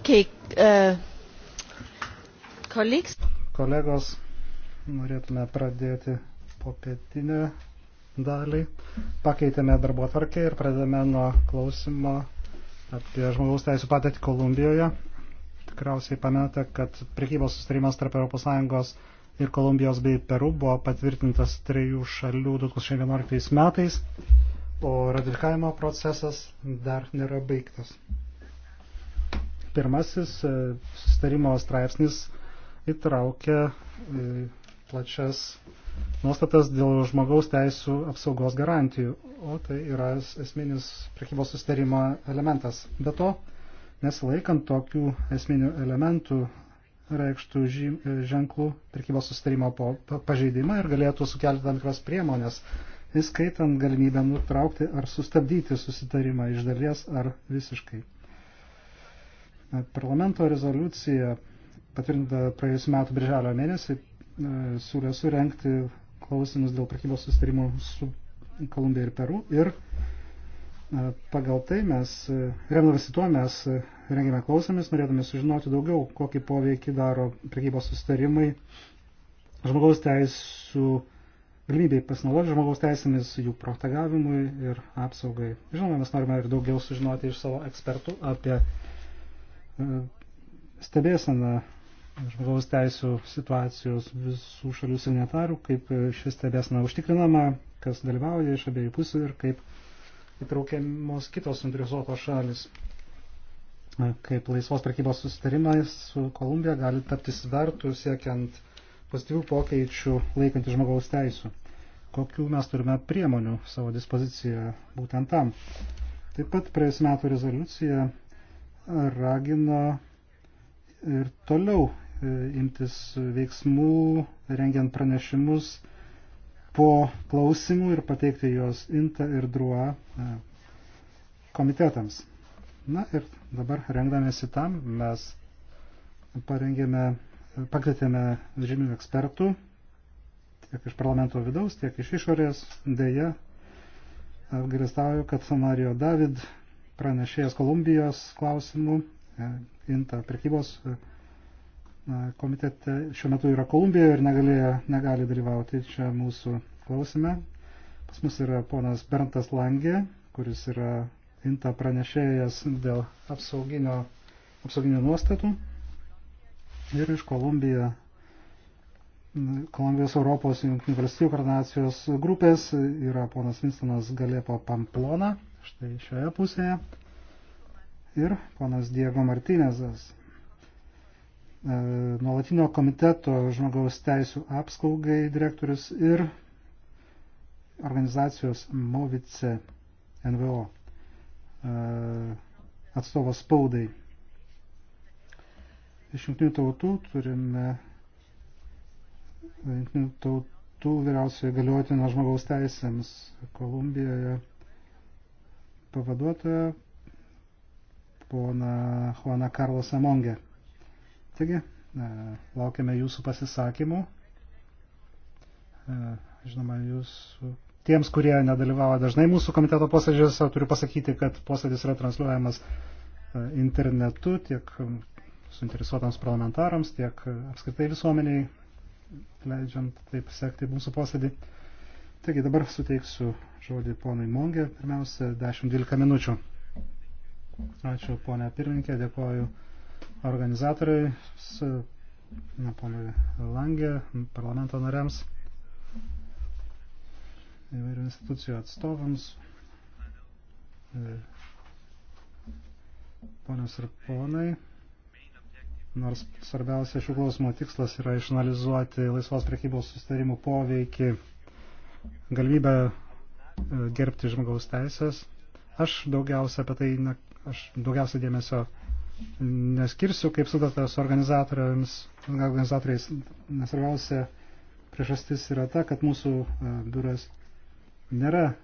Okay, uh, colleagues. Kolegos, norėtume pradėti popietinę dalį. Pakeitėme darbo tvarkę ir pradedame nuo klausimo apie žmogaus teisų patėtį Kolumbijoje. Tikriausiai pamėte, kad prekybos sustarimas tarp ES ir Kolumbijos bei Peru buvo patvirtintas trijų šalių 2011 metais, o ratifikavimo procesas dar nėra baigtas. Pirmasis e, sustarimo straipsnis įtraukia e, plačias nuostatas dėl žmogaus teisų apsaugos garantijų, o tai yra esminis prekybos sustarimo elementas. Be to, nesilaikant tokių esminių elementų reikštų e, ženklų prekybos sustarimo pažeidimą ir galėtų sukelti tam tikras priemonės, įskaitant galimybę nutraukti ar sustabdyti susitarimą iš dalies ar visiškai. Parlamento rezoliucija patvirtinta praėjusiu metu birželio mėnesį e, siūlė surenkti klausimus dėl prekybos sustarimų su Kolumbija ir Peru. Ir e, pagal tai mes, e, remdamasi tuo, mes rengėme klausimus, norėdami sužinoti daugiau, kokį poveikį daro prekybos sustarimai žmogaus teisų galimybėj pasinaudoti žmogaus teisėmis, jų protagavimui ir apsaugai. Žinoma, mes norime ir daugiau sužinoti iš savo ekspertų apie Mm. stebėsena žmogaus teisų situacijos visų šalių signatarių, kaip šis stebėsena užtikrinama, kas dalyvauja iš abiejų pusių ir kaip įtraukiamos kitos suinteresuotos šalis. Kaip laisvos prekybos susitarimai su Kolumbija gali tapti svertų siekiant pozityvių pokyčių laikantį žmogaus teisų. Kokių mes turime priemonių savo dispozicijoje būtent tam. Taip pat praėjus metų rezoliucija ragino ir toliau e, imtis veiksmų, rengiant pranešimus po klausimų ir pateikti juos INTA ir DRUA e, komitetams. Na ir dabar rengdamėsi tam mes parengėme, pakvietėme žymių ekspertų tiek iš parlamento vidaus, tiek iš išorės. Dėja, apgrėstauju, kad Mario David pranešėjas Kolumbijos klausimų, e, Inta prekybos e, komitete šiuo metu yra Kolumbijoje ir negalėjo, negali dalyvauti čia mūsų klausime. Pas mus yra ponas Berntas Langė, kuris yra Inta pranešėjas dėl apsauginio, apsauginio nuostatų. Ir iš Kolumbiją, Kolumbijos Europos Junktinių valstybių koordinacijos grupės yra ponas Vinstonas Galėpo Pamplona štai šioje pusėje. Ir ponas Diego Martinezas, e, nuolatinio komiteto žmogaus teisų apsaugai direktorius ir organizacijos Movice NVO e, atstovas spaudai. Iš jungtinių tautų turime jungtinių tautų vyriausiojo galiotinio žmogaus teisėms Kolumbijoje pavaduotoją, pona Juana Karlos Amongė. Taigi, e, laukiame jūsų pasisakymų. E, žinoma, jūsų tiems, kurie nedalyvavo dažnai mūsų komiteto posėdžiuose, turiu pasakyti, kad posėdis yra transliuojamas e, internetu tiek suinteresuotams parlamentarams, tiek apskritai visuomeniai, leidžiant taip sekti mūsų posėdį. Taigi dabar suteiksiu žodį ponui Mongė, pirmiausia 10-12 minučių. Ačiū ponė pirmininkė, dėkoju organizatoriai, na, ponui Langė, parlamento nariams, įvairių institucijų atstovams, e, ponios ir ponai. Nors svarbiausia šių klausimų tikslas yra išanalizuoti laisvos prekybos sustarimų poveikį galimybę e, gerbti žmogaus teisės. Aš daugiausia apie tai, na, aš daugiausia dėmesio neskirsiu kaip sudatas organizatoriams, organizatoriais, nes svarbiausia priežastis yra ta, kad mūsų e, biuras nėra e,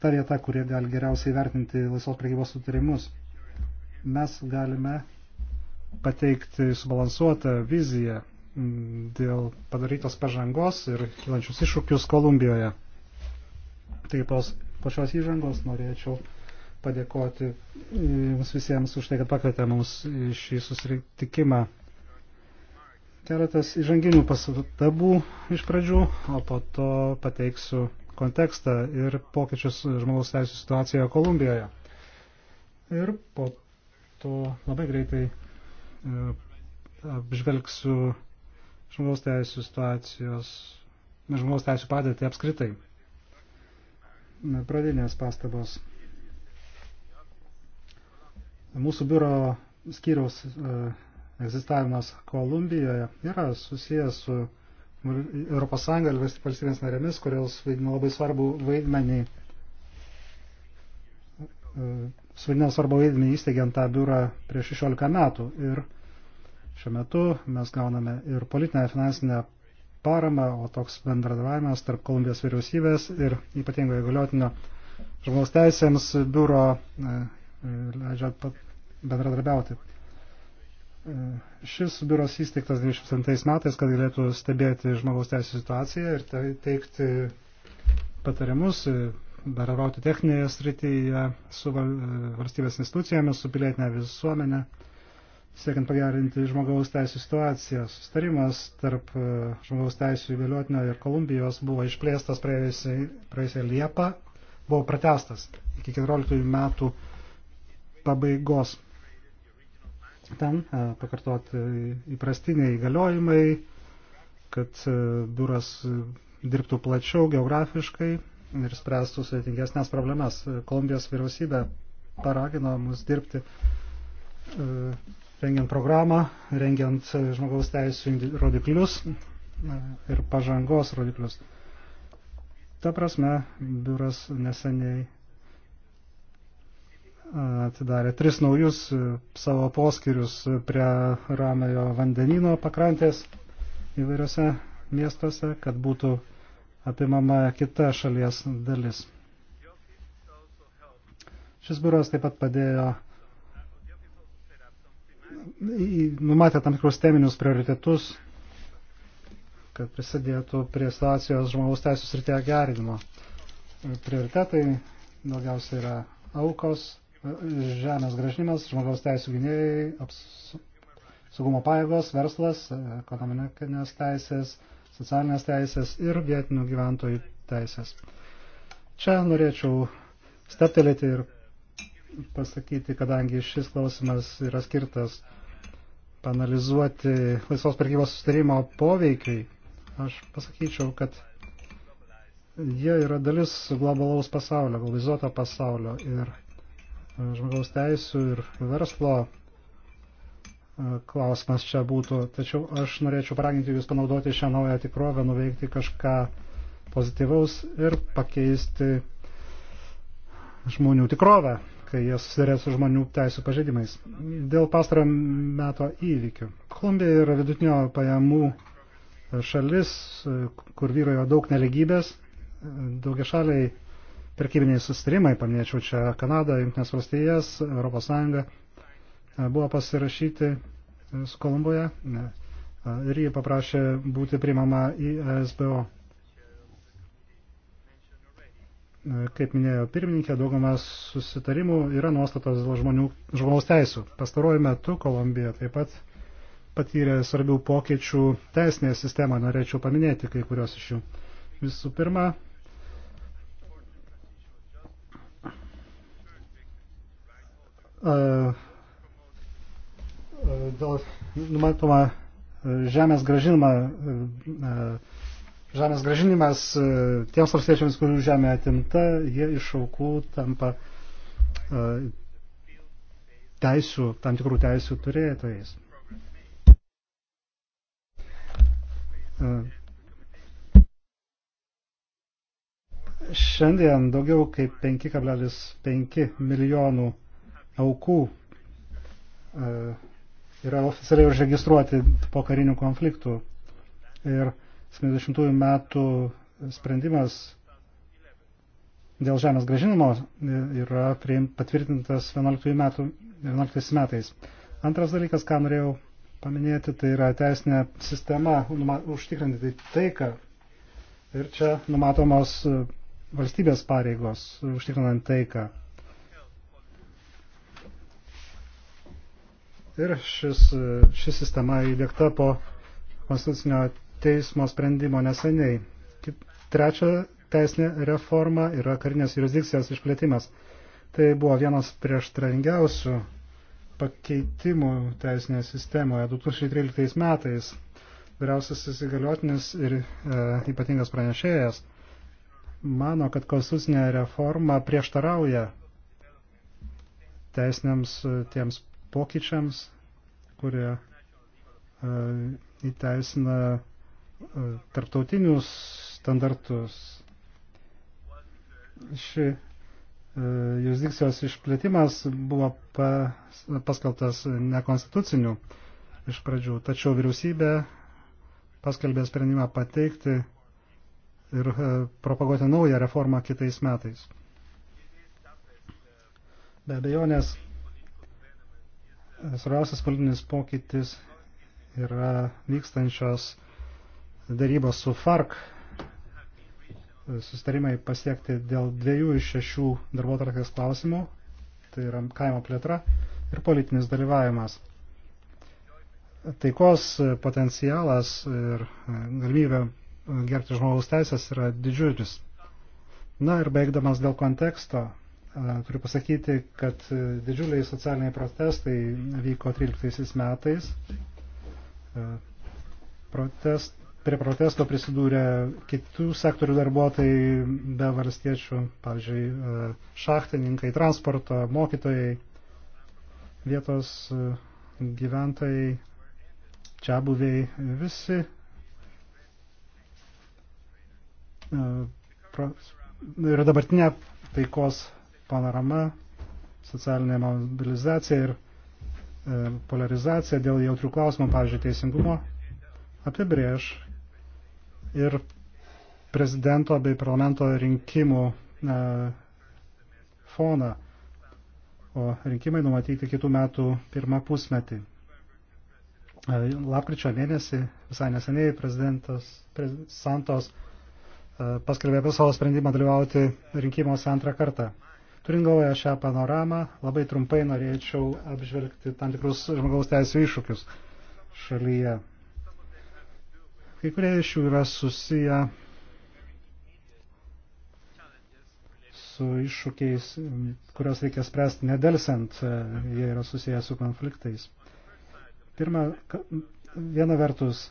ta vieta, kurie gali geriausiai vertinti laisvos prekybos sutarimus. Mes galime pateikti subalansuotą viziją dėl padarytos pažangos ir kilančius iššūkius Kolumbijoje. Tai tos pačios įžangos norėčiau padėkoti e, jums visiems už tai, kad pakvietė mums šį susitikimą. Keletas įžanginių pastabų iš pradžių, o po to pateiksiu kontekstą ir pokyčius žmogaus teisų situacijoje Kolumbijoje. Ir po to labai greitai e, apžvelgsiu žmogaus teisų situacijos, žmogaus teisų padėtį apskritai. Pradinės pastabos. Mūsų biuro skyriaus e, egzistavimas Kolumbijoje yra susijęs su ES ir valstybės narėmis, kurios vaidina labai svarbu vaidmenį e, suvaidino svarbu vaidmenį įsteigiant tą biurą prieš 16 metų. Ir Šiuo metu mes gauname ir politinę, finansinę paramą, o toks bendradavimas tarp Kolumbijos vyriausybės ir ypatingo įgaliotinio žmogaus teisėms biuro e, leidžia bendradarbiauti. E, šis biuros įsteigtas 27 metais, kad galėtų stebėti žmogaus teisų situaciją ir teikti patarimus, e, dalyvauti techninėje srityje su valstybės institucijomis, su pilietinė visuomenė siekiant pagerinti žmogaus teisų situaciją. Sustarimas tarp e, žmogaus teisų įgaliotinio ir Kolumbijos buvo išplėstas praėjusią Liepą, buvo pratestas iki 14 metų pabaigos. Ten e, pakartoti įprastiniai įgaliojimai, kad e, biuras dirbtų plačiau geografiškai ir spręstų sudėtingesnės problemas. Kolumbijos vyriausybė paragino mus dirbti rengiant programą, rengiant e, žmogaus teisų rodiklius e, ir pažangos rodiklius. Ta prasme, biuras neseniai e, atidarė tris naujus savo poskirius prie Ramiojo vandenino pakrantės įvairiose miestuose, kad būtų apimama kita šalies dalis. Šis biuras taip pat padėjo numatė tam tikrus teminius prioritetus, kad prisidėtų prie situacijos žmogaus teisų srityje gerinimo. Prioritetai daugiausiai yra aukos, žemės gražinimas, žmogaus teisų gynėjai, apsu, saugumo pajėgos, verslas, ekonominės teisės, socialinės teisės ir vietinių gyventojų teisės. Čia norėčiau steptelėti ir pasakyti, kadangi šis klausimas yra skirtas panalizuoti laisvos prekybos sustarimo poveikiai, aš pasakyčiau, kad jie yra dalis globalaus pasaulio, globalizuoto pasaulio ir e, žmogaus teisų ir verslo e, klausimas čia būtų. Tačiau aš norėčiau paraginti Jūs panaudoti šią naują tikrovę, nuveikti kažką pozityvaus ir pakeisti žmonių tikrovę kai jie susidarė su žmonių teisų pažeidimais. Dėl pastarojo meto įvykių. Kolumbija yra vidutinio pajamų šalis, kur vyrojo daug neligybės, daugia šaliai prekybiniai sustarimai, paminėčiau čia Kanadą, Junktinės valstijas, Europos Sąjungą, buvo pasirašyti su Kolumboje ir jį paprašė būti primama į SBO kaip minėjo pirmininkė, daugumas susitarimų yra nuostatos dėl žmonių, žmogaus teisų. Pastaruoju metu Kolumbija taip pat patyrė svarbių pokyčių teisinėje sistemoje, norėčiau paminėti kai kurios iš jų. Visų pirma, dėl numatoma žemės gražinimą žemės gražinimas e, tiems valstiečiams, kurių žemė atimta, jie iš aukų tampa e, teisų, tam tikrų teisų turėtojais. E, šiandien daugiau kaip 5,5 milijonų aukų yra oficialiai užregistruoti po karinių konfliktų. Ir 70 metų sprendimas dėl žemės gražinimo yra patvirtintas 11, metų, 11 metais. Antras dalykas, ką norėjau paminėti, tai yra teisinė sistema užtikrinti taiką. Ir čia numatomos e, valstybės pareigos užtikrinant taiką. Ir šis, e, ši sistema įdėkta po konstitucinio teismo sprendimo neseniai. Trečia teisinė reforma yra karinės jurisdikcijos išplėtimas. Tai buvo vienas prieštrangiausių pakeitimų teisinėje sistemoje 2013 metais. Vyriausiasis įgaliotinis ir e, ypatingas pranešėjas mano, kad konstitucinė reforma prieštarauja teisiniams e, tiems pokyčiams, kurie e, įteisina tarptautinius standartus. Ši e, jurisdikcijos išplėtimas buvo paskeltas nekonstituciniu iš pradžių, tačiau vyriausybė paskelbė sprendimą pateikti ir e, propaguoti naują reformą kitais metais. Be abejonės, e, svarbiausias politinis pokytis yra vykstančios darybos su FARC sustarimai pasiekti dėl dviejų iš šešių darbo tarkės klausimų, tai yra kaimo plėtra ir politinis dalyvavimas. Taikos potencialas ir galimybė gerbti žmogaus teisės yra didžiulis. Na ir baigdamas dėl konteksto, turiu pasakyti, kad didžiuliai socialiniai protestai vyko 13 metais. Protest, prie protesto prisidūrė kitų sektorių darbuotojai be valstiečių, pavyzdžiui, e, šachtininkai, transporto, mokytojai, vietos e, gyventojai, čia buviai, visi ir e, dabartinė taikos panorama, socialinė mobilizacija ir polarizacija dėl jautrių klausimų, pavyzdžiui, teisingumo, apibrėž, ir prezidento bei parlamento rinkimų e, foną, o rinkimai numatyti kitų metų pirmą pusmetį. E, lapkričio mėnesį, visai neseniai, prezidentas prez, Santos e, paskelbė apie savo sprendimą dalyvauti rinkimuose antrą kartą. Turint galvoje šią panoramą, labai trumpai norėčiau apžvelgti tam tikrus žmogaus teisų iššūkius šalyje. Kai kurie iš jų yra susiję su iššūkiais, kurios reikia spręsti nedelsiant, e, jie yra susiję su konfliktais. Pirma, viena vertus, e,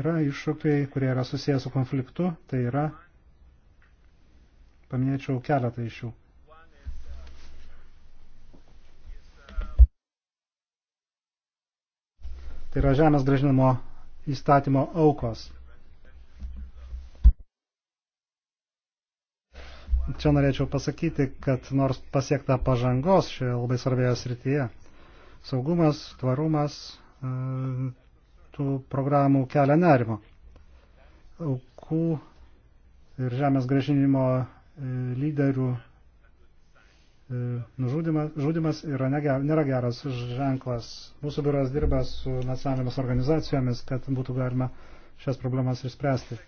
yra iššūkiai, kurie yra susiję su konfliktu, tai yra, paminėčiau keletą iš jų. tai yra žemės gražinimo įstatymo aukos. Čia norėčiau pasakyti, kad nors pasiekta pažangos šioje labai svarbėje srityje, saugumas, tvarumas e, tų programų kelia nerimo. Aukų ir žemės gražinimo e, lyderių E, nu, žudimas, žudimas yra neger, nėra geras ženklas. Mūsų biuras dirba su nacionalinėmis organizacijomis, kad būtų galima šias problemas išspręsti.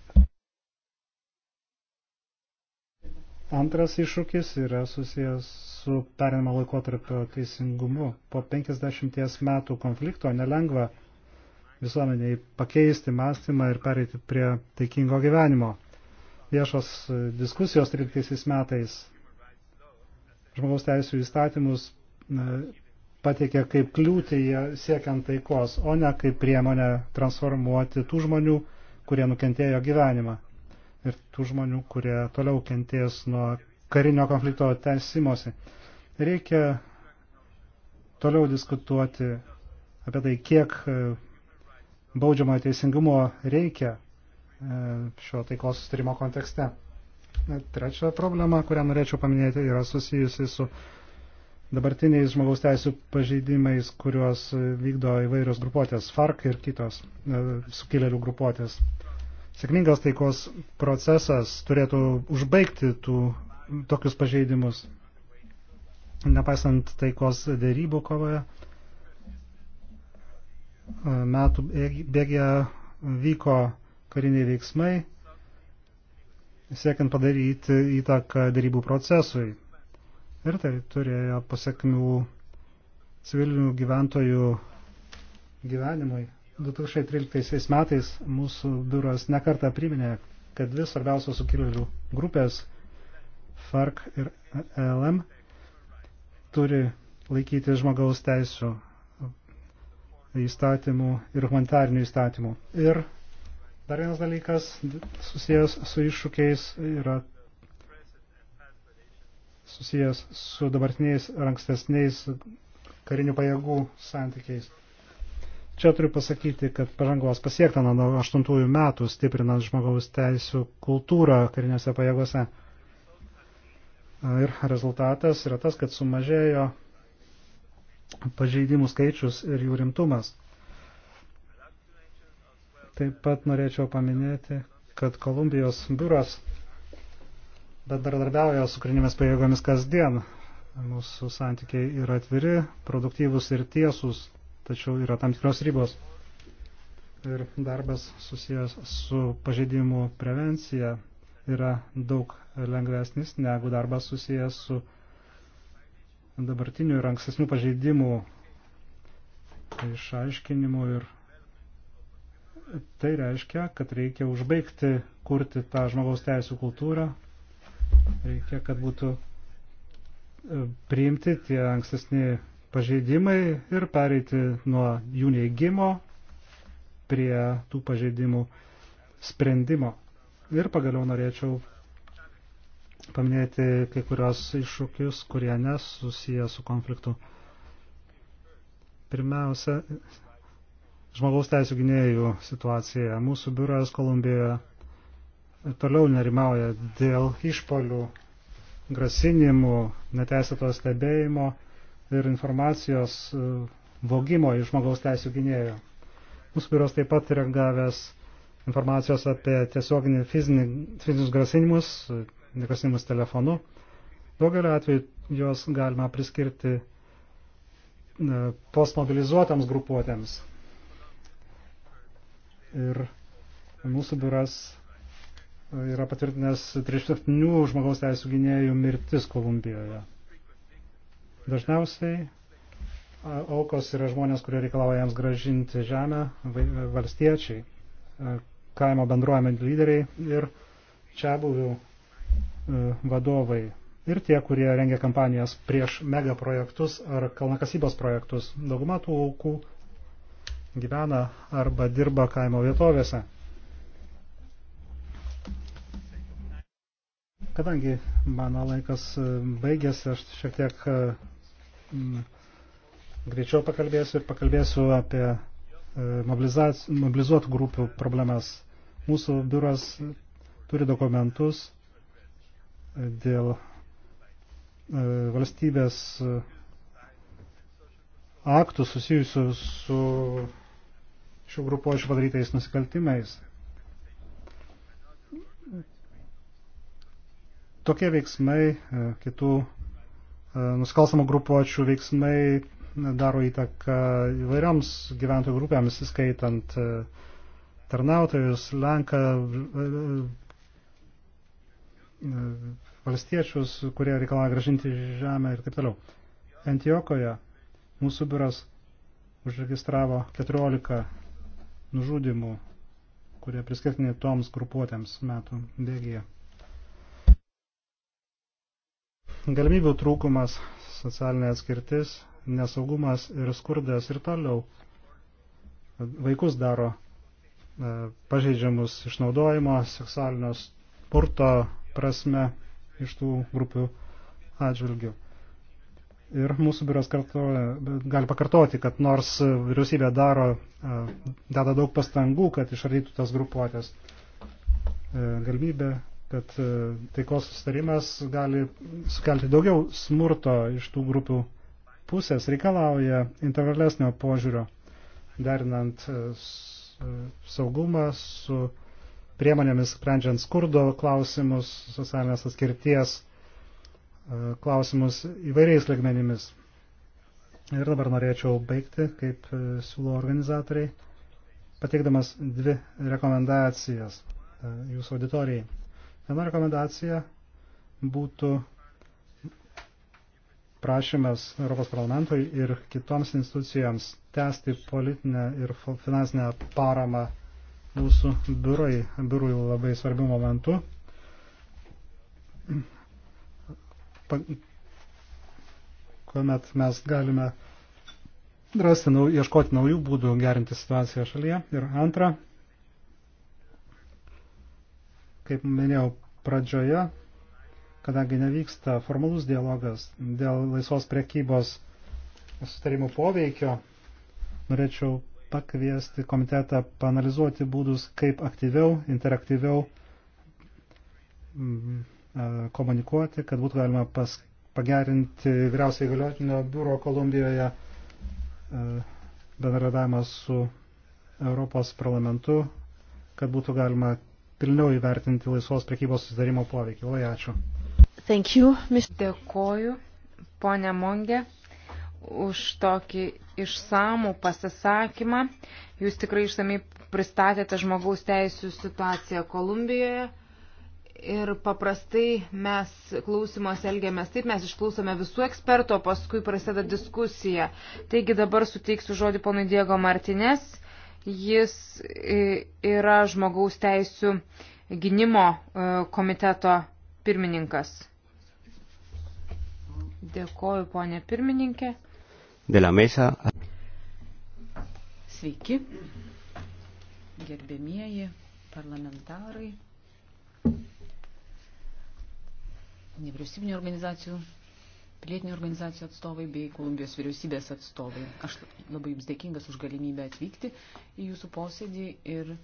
Antras iššūkis yra susijęs su perinimo laikotarpio teisingumu. Po 50 metų konflikto nelengva visuomeniai pakeisti mąstymą ir pereiti prie taikingo gyvenimo. Viešos diskusijos 13 metais žmogaus teisų įstatymus pateikė kaip kliūtį siekiant taikos, o ne kaip priemonę transformuoti tų žmonių, kurie nukentėjo gyvenimą ir tų žmonių, kurie toliau kenties nuo karinio konflikto teisimosi. Reikia toliau diskutuoti apie tai, kiek e, baudžiamo teisingumo reikia e, šio taikos sustarimo kontekste. Trečia problema, kurią norėčiau paminėti, yra susijusi su dabartiniais žmogaus teisų pažeidimais, kuriuos vykdo įvairios grupuotės FARC ir kitos e, sukilėlių grupuotės. Sėkmingas taikos procesas turėtų užbaigti tų, tokius pažeidimus, nepaisant taikos dėrybų kovoje. E, metų bėgėje vyko kariniai veiksmai siekiant padaryti įtaką darybų procesui. Ir tai turėjo pasiekmių civilinių gyventojų gyvenimui. 2013 metais mūsų biuras nekartą priminė, kad dvi svarbiausios sukilėlių grupės FARC ir ELM turi laikyti žmogaus teisų įstatymų ir humanitarinių įstatymų. Ir Dar vienas dalykas susijęs su iššūkiais yra susijęs su dabartiniais ar ankstesniais karinių pajėgų santykiais. Čia turiu pasakyti, kad pažangos pasiekta nuo 8 metų stiprinant žmogaus teisų kultūrą karinėse pajėgose. Ir rezultatas yra tas, kad sumažėjo pažeidimų skaičius ir jų rimtumas. Taip pat norėčiau paminėti, kad Kolumbijos biuras bendradarbiauja su karinėmis pajėgomis kasdien. Mūsų santykiai yra atviri, produktyvūs ir tiesūs, tačiau yra tam tikros ribos. Ir darbas susijęs su pažeidimų prevencija yra daug lengvesnis negu darbas susijęs su dabartiniu ir ankstesnių pažeidimų išaiškinimu ir tai reiškia, kad reikia užbaigti kurti tą žmogaus teisų kultūrą. Reikia, kad būtų e, priimti tie ankstesni pažeidimai ir pereiti nuo jų neigimo prie tų pažeidimų sprendimo. Ir pagaliau norėčiau paminėti kai kurios iššūkius, kurie nesusiję su konfliktu. Pirmiausia, žmogaus teisų gynėjų situacija. Mūsų biuras Kolumbijoje toliau nerimauja dėl išpolių, grasinimų, neteisėto stebėjimo ir informacijos e, vogimo iš žmogaus teisų gynėjų. Mūsų biuras taip pat yra gavęs informacijos apie tiesioginį fizinį, fizinius grasinimus, grasinimus telefonu. Daugelio atveju juos galima priskirti e, postmobilizuotams grupuotėms ir mūsų biuras yra patvirtinęs 37 žmogaus teisų gynėjų mirtis Kolumbijoje. Dažniausiai aukos yra žmonės, kurie reikalauja jiems gražinti žemę, valstiečiai, kaimo bendruomenių lyderiai ir čia buvių vadovai. Ir tie, kurie rengia kampanijas prieš megaprojektus ar kalnakasybos projektus. Dauguma tų aukų gyvena arba dirba kaimo vietovėse. Kadangi mano laikas e, baigėsi, aš šiek tiek e, greičiau pakalbėsiu ir pakalbėsiu apie e, mobilizuotų grupių problemas. Mūsų biuras turi dokumentus dėl valstybės aktų susijusių su šių grupuočių padarytais nusikaltimais. Tokie veiksmai, e, kitų e, nusikalstamų grupuočių veiksmai e, daro įtaką įvairioms gyventojų grupėms, įskaitant tarnautojus, Lenką, valstiečius, kurie reikalavo gražinti žemę ir taip toliau. Antiokoje mūsų biuras užregistravo 14 nužudimų, kurie priskirtini toms grupuotėms metų bėgyje. Galimybių trūkumas, socialinė atskirtis, nesaugumas ir skurdas ir toliau vaikus daro e, pažeidžiamus išnaudojimo, seksualinio spurto prasme iš tų grupių atžvilgių. Ir mūsų biuras kartuoja, gali pakartoti, kad nors vyriausybė daro, e, deda daug pastangų, kad išardytų tas grupuotės e, galimybę, kad e, taikos sustarimas gali sukelti daugiau smurto iš tų grupių pusės, reikalauja intervalesnio požiūrio, derinant saugumą su priemonėmis sprendžiant skurdo klausimus, socialinės atskirties E, klausimus įvairiais lagmenimis. Ir dabar norėčiau baigti, kaip e, siūlo organizatoriai, pateikdamas dvi rekomendacijas e, jūsų auditorijai. Viena rekomendacija būtų prašymas Europos parlamentui ir kitoms institucijoms tęsti politinę ir finansinę paramą mūsų biurui, biurui labai svarbių momentų kuomet mes galime rasti, nau, ieškoti naujų būdų gerinti situaciją šalyje. Ir antra, kaip minėjau pradžioje, kadangi nevyksta formalus dialogas dėl laisvos priekybos sustarimų poveikio, norėčiau pakviesti komitetą panalizuoti būdus, kaip aktyviau, interaktyviau mm, komunikuoti, kad būtų galima pas, pagerinti vyriausiai galiotinio biuro Kolumbijoje bendradavimą su Europos parlamentu, kad būtų galima pilniau įvertinti laisvos prekybos susidarimo poveikį. Labai ačiū. Thank you, Mr. Dėkoju, ponė Mongė, už tokį išsamų pasisakymą. Jūs tikrai išsamei pristatėte žmogaus teisų situaciją Kolumbijoje. Ir paprastai mes klausimuose elgiamės taip, mes išklausome visų eksperto, paskui prasideda diskusija. Taigi dabar suteiksiu žodį ponui Diego Martinės. Jis e, yra žmogaus teisų gynimo e, komiteto pirmininkas. Dėkoju, ponė pirmininkė. De la mesa. Sveiki, gerbėmieji parlamentarai nevyriausybinio organizacijų, pilietinių organizacijų atstovai bei Kolumbijos vyriausybės atstovai. Aš labai jums dėkingas už galimybę atvykti į jūsų posėdį ir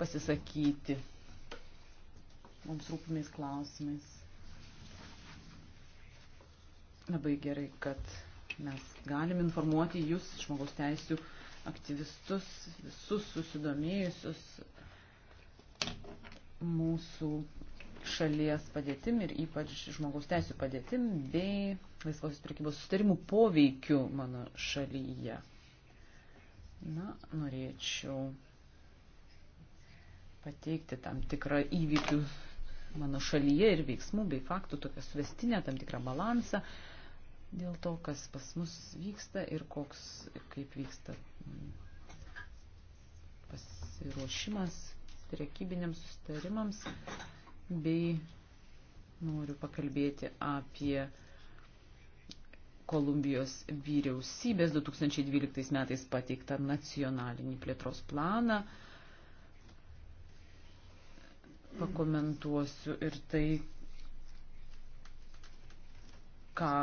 pasisakyti mums rūpimais klausimais. Labai gerai, kad mes galim informuoti jūs, žmogaus teisų aktyvistus, visus susidomėjusius mūsų šalies padėtim ir ypač žmogaus teisų padėtim bei laisvosios prekybos sustarimų poveikiu mano šalyje. Na, norėčiau pateikti tam tikrą įvykių mano šalyje ir veiksmų bei faktų, tokią suvestinę, tam tikrą balansą dėl to, kas pas mus vyksta ir koks, kaip vyksta pasiruošimas priekybiniams sustarimams bei noriu pakalbėti apie Kolumbijos vyriausybės 2012 metais pateiktą nacionalinį plėtros planą. Pakomentuosiu ir tai, ką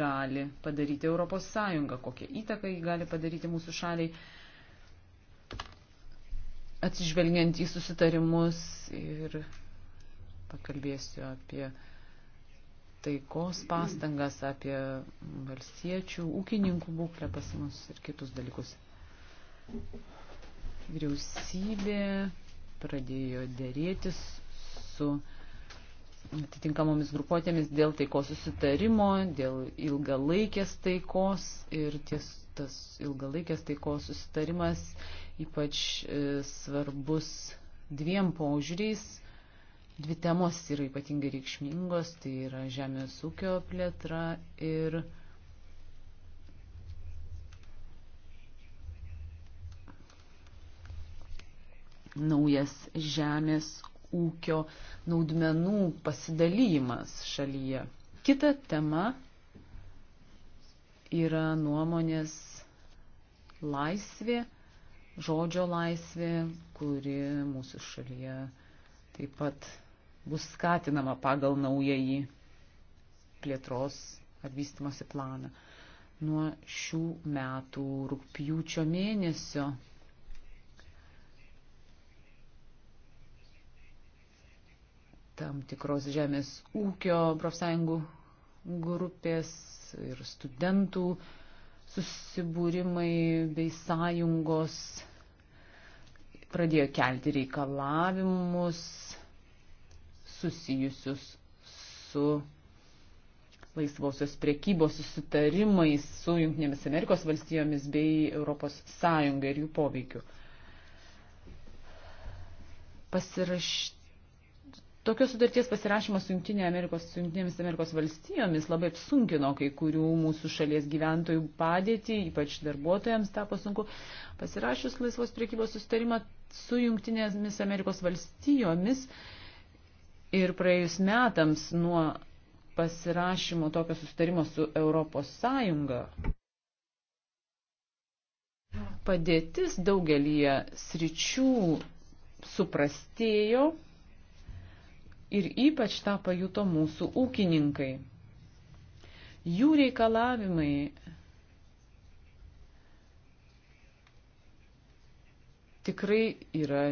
gali padaryti Europos Sąjunga, kokią įtaką jį gali padaryti mūsų šaliai, atsižvelgiant į susitarimus ir pakalbėsiu apie taikos pastangas, apie valstiečių, ūkininkų būklę pas mus ir kitus dalykus. Vyriausybė pradėjo dėrėtis su atitinkamomis grupuotėmis dėl taikos susitarimo, dėl ilgalaikės taikos ir ties tas ilgalaikės taikos susitarimas ypač e, svarbus dviem paužiūriais Dvi temos yra ypatingai reikšmingos, tai yra žemės ūkio plėtra ir naujas žemės ūkio naudmenų pasidalymas šalyje. Kita tema yra nuomonės laisvė, žodžio laisvė, kuri mūsų šalyje taip pat bus skatinama pagal naująjį plėtros ar vystimosi planą. Nuo šių metų rūpjūčio mėnesio tam tikros žemės ūkio profsąjungų grupės ir studentų susibūrimai bei sąjungos pradėjo kelti reikalavimus susijusius su laisvosios priekybos susitarimais su Junktinėmis Amerikos valstijomis bei Europos Sąjunga ir jų poveikiu. Pasiraš... Tokios sudarties pasirašymas su, Junktinė Amerikos, su Junktinėmis Amerikos valstijomis labai apsunkino kai kurių mūsų šalies gyventojų padėtį, ypač darbuotojams tapo sunku. Pasirašius laisvos priekybos susitarimą su Junktinėmis Amerikos valstijomis, uh, Ir praėjus metams nuo pasirašymo tokio sustarimo su Europos Sąjunga padėtis daugelįje sričių suprastėjo ir ypač tą pajuto mūsų ūkininkai. Jų reikalavimai tikrai yra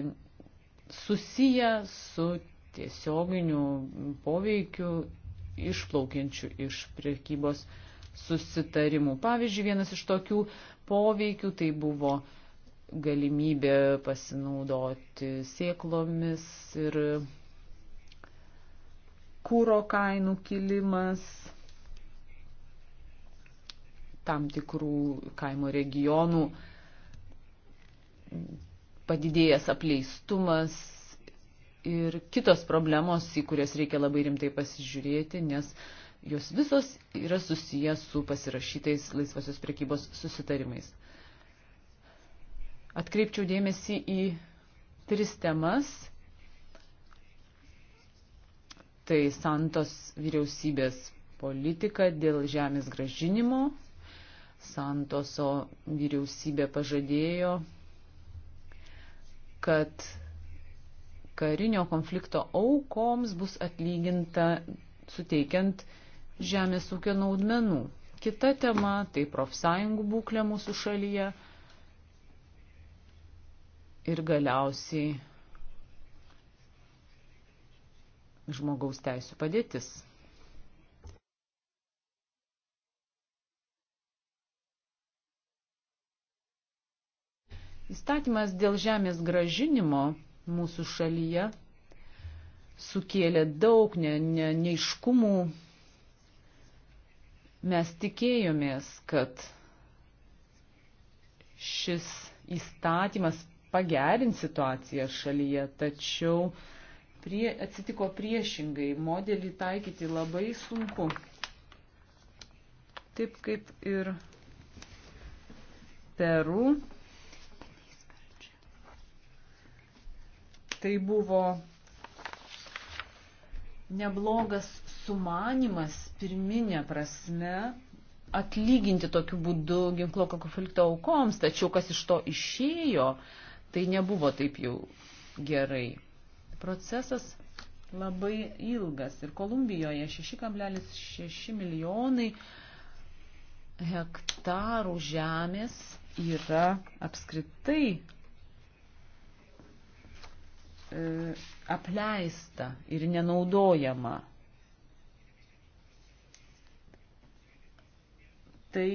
susiję su tiesioginių poveikių išplaukiančių iš priekybos susitarimų. Pavyzdžiui, vienas iš tokių poveikių tai buvo galimybė pasinaudoti sėklomis ir kūro kainų kilimas tam tikrų kaimo regionų padidėjęs apleistumas, ir kitos problemos, į kurias reikia labai rimtai pasižiūrėti, nes jos visos yra susijęs su pasirašytais laisvosios prekybos susitarimais. Atkreipčiau dėmesį į tris temas. Tai Santos vyriausybės politika dėl žemės gražinimo. Santoso vyriausybė pažadėjo, kad karinio konflikto aukoms bus atlyginta suteikiant žemės ūkio naudmenų. Kita tema - tai profsąjungų būklė mūsų šalyje. Ir galiausiai žmogaus teisų padėtis. Įstatymas dėl žemės gražinimo mūsų šalyje sukėlė daug ne, ne, neiškumų. Mes tikėjomės, kad šis įstatymas pagerins situaciją šalyje, tačiau prie, atsitiko priešingai, modelį taikyti labai sunku. Taip kaip ir Peru Tai buvo neblogas sumanimas pirminė prasme atlyginti tokiu būdu ginklo konflikto aukoms, tačiau kas iš to išėjo, tai nebuvo taip jau gerai. Procesas labai ilgas ir Kolumbijoje 6,6 milijonai hektarų žemės yra apskritai E, apleista ir nenaudojama. Tai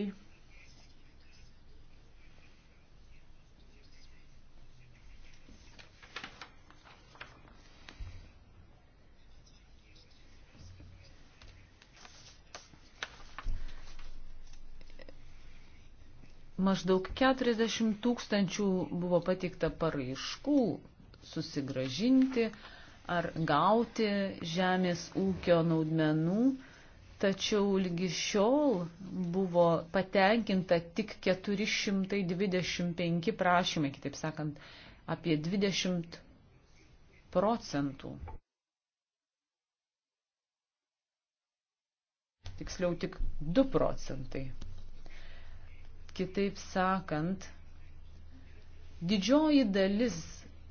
maždaug 40 tūkstančių buvo pateikta paraiškų susigražinti ar gauti žemės ūkio naudmenų, tačiau lygi šiol buvo patenkinta tik 425 prašymai, kitaip sakant, apie 20 procentų. Tiksliau tik 2 procentai. Kitaip sakant, didžioji dalis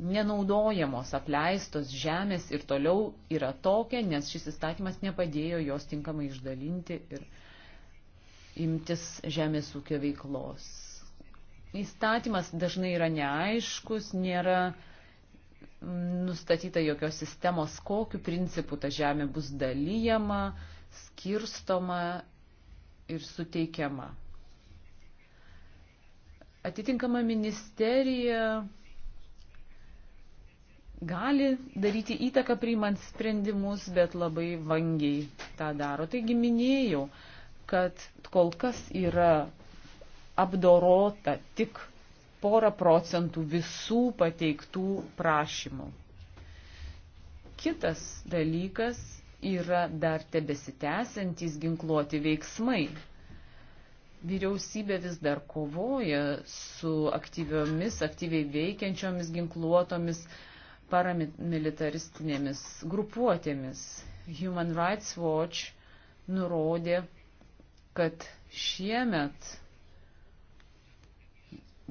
nenaudojamos, apleistos žemės ir toliau yra tokia, nes šis įstatymas nepadėjo jos tinkamai išdalinti ir imtis žemės ūkio veiklos. Įstatymas dažnai yra neaiškus, nėra nustatyta jokios sistemos, kokiu principu ta žemė bus dalyjama, skirstoma ir suteikiama. Atitinkama ministerija gali daryti įtaką priimant sprendimus, bet labai vangiai tą daro. Taigi minėjau, kad kol kas yra apdorota tik porą procentų visų pateiktų prašymų. Kitas dalykas yra dar tebesitęsiantys ginkluoti veiksmai. Vyriausybė vis dar kovoja su aktyviomis, aktyviai veikiančiomis ginkluotomis paramilitaristinėmis grupuotėmis. Human Rights Watch nurodė, kad šiemet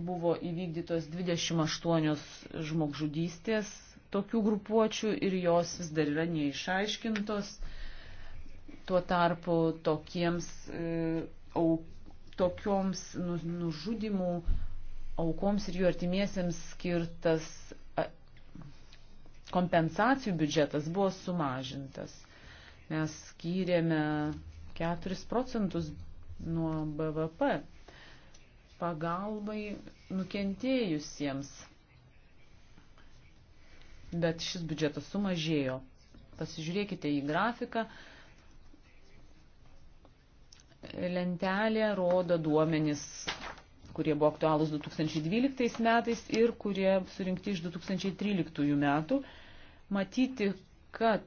buvo įvykdytos 28 žmogžudystės tokių grupuočių ir jos vis dar yra neišaiškintos. Tuo tarpu tokiems, e, au, tokioms nu, nužudimų aukoms ir jų artimiesiems skirtas kompensacijų biudžetas buvo sumažintas. Mes skyrėme 4 procentus nuo BVP pagalbai nukentėjusiems. Bet šis biudžetas sumažėjo. Pasižiūrėkite į grafiką. Lentelė rodo duomenis, kurie buvo aktualūs 2012 metais ir kurie surinkti iš 2013 metų matyti, kad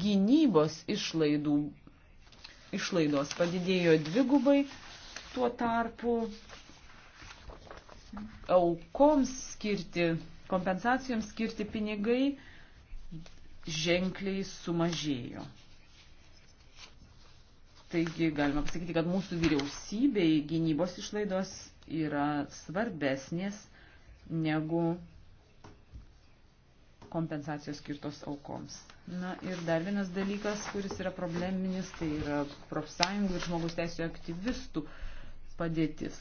gynybos išlaidų, išlaidos padidėjo dvigubai, tuo tarpu aukoms skirti, kompensacijoms skirti pinigai ženkliai sumažėjo. Taigi galima pasakyti, kad mūsų vyriausybei gynybos išlaidos yra svarbesnės negu kompensacijos skirtos aukoms. Na ir dar vienas dalykas, kuris yra probleminis, tai yra profsąjungų ir žmogus teisų aktyvistų padėtis.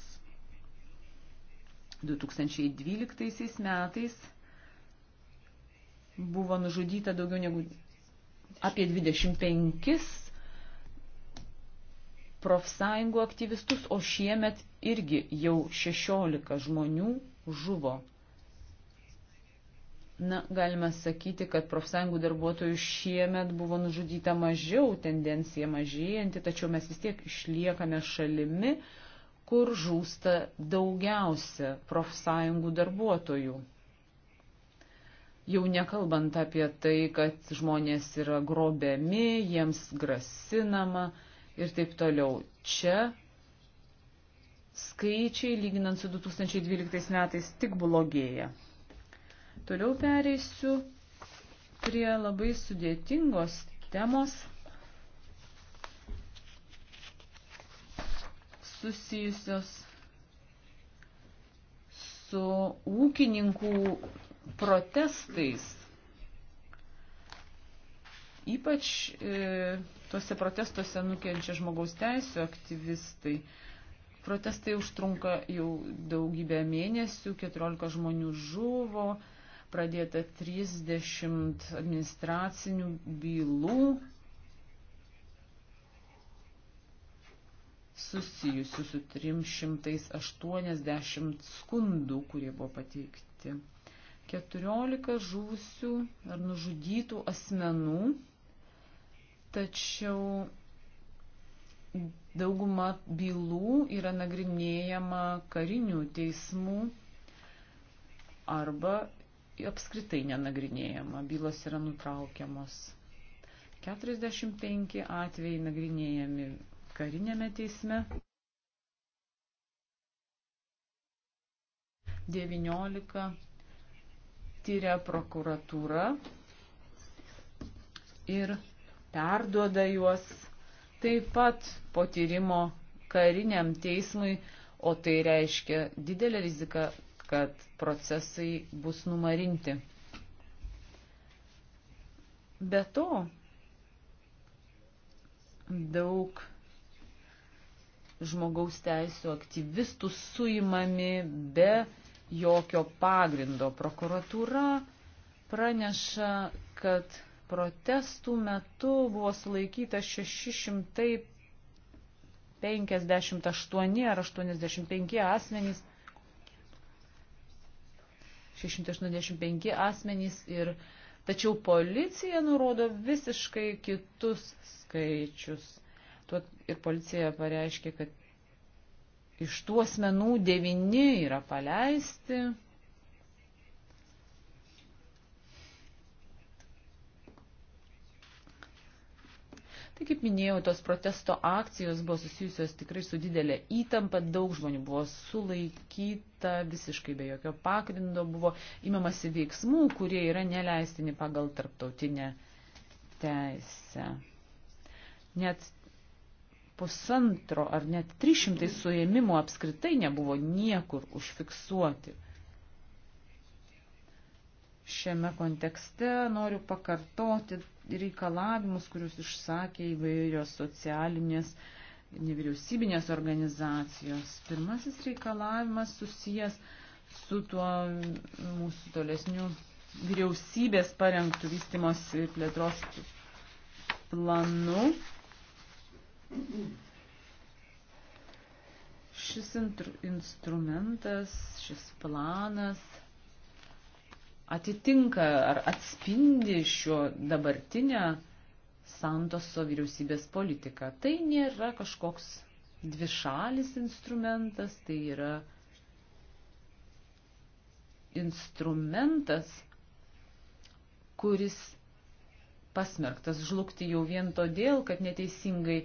2012 metais buvo nužudyta daugiau negu apie 25 profsąjungų aktyvistus, o šiemet irgi jau 16 žmonių žuvo Na, galime sakyti, kad profsąjungų darbuotojų šiemet buvo nužudyta mažiau, tendencija mažėjanti, tačiau mes vis tiek išliekame šalimi, kur žūsta daugiausia profsąjungų darbuotojų. Jau nekalbant apie tai, kad žmonės yra grobiami, jiems grasinama ir taip toliau. Čia skaičiai, lyginant su 2012 metais, tik blogėja. Toliau pereisiu prie labai sudėtingos temos susijusios su ūkininkų protestais. Ypač e, tuose protestuose nukenčia žmogaus teisų aktyvistai. Protestai užtrunka jau daugybę mėnesių, 14 žmonių žuvo, e, pradėta 30 administracinių bylų susijusių su 380 skundų, kurie buvo pateikti. 14 žuvusių ar nužudytų asmenų, tačiau dauguma bylų yra nagrinėjama karinių teismų arba apskritai nenagrinėjama, bylos yra nutraukiamos. 45 atvejai nagrinėjami karinėme teisme. 19 tyria prokuratūra ir perduoda juos taip pat po tyrimo kariniam teismui, o tai reiškia didelę riziką kad procesai bus numarinti. Be to, daug žmogaus teisų aktyvistų suimami be jokio pagrindo. Prokuratūra praneša, kad protestų metu buvo sulaikyta 658 ar 85 asmenys 685 asmenys ir tačiau policija nurodo visiškai kitus skaičius. Tuo ir policija pareiškė, kad iš tų asmenų devini yra paleisti Tai kaip minėjau, tos protesto akcijos buvo susijusios tikrai su didelė įtampa, daug žmonių buvo sulaikyta, visiškai be jokio pagrindo buvo imamasi veiksmų, kurie yra neleistini pagal tarptautinę teisę. Net pusantro ar net 300 suėmimų apskritai nebuvo niekur užfiksuoti šiame kontekste noriu pakartoti reikalavimus, kuriuos išsakė įvairios socialinės nevyriausybinės organizacijos. Pirmasis reikalavimas susijęs su tuo mūsų tolesniu vyriausybės parengtų vystimos ir plėtros planu. Šis instrumentas, šis planas atitinka ar atspindi šio dabartinę Santoso vyriausybės politiką. Tai nėra kažkoks dvišalis instrumentas, tai yra instrumentas, kuris pasmerktas žlugti jau vien todėl, kad neteisingai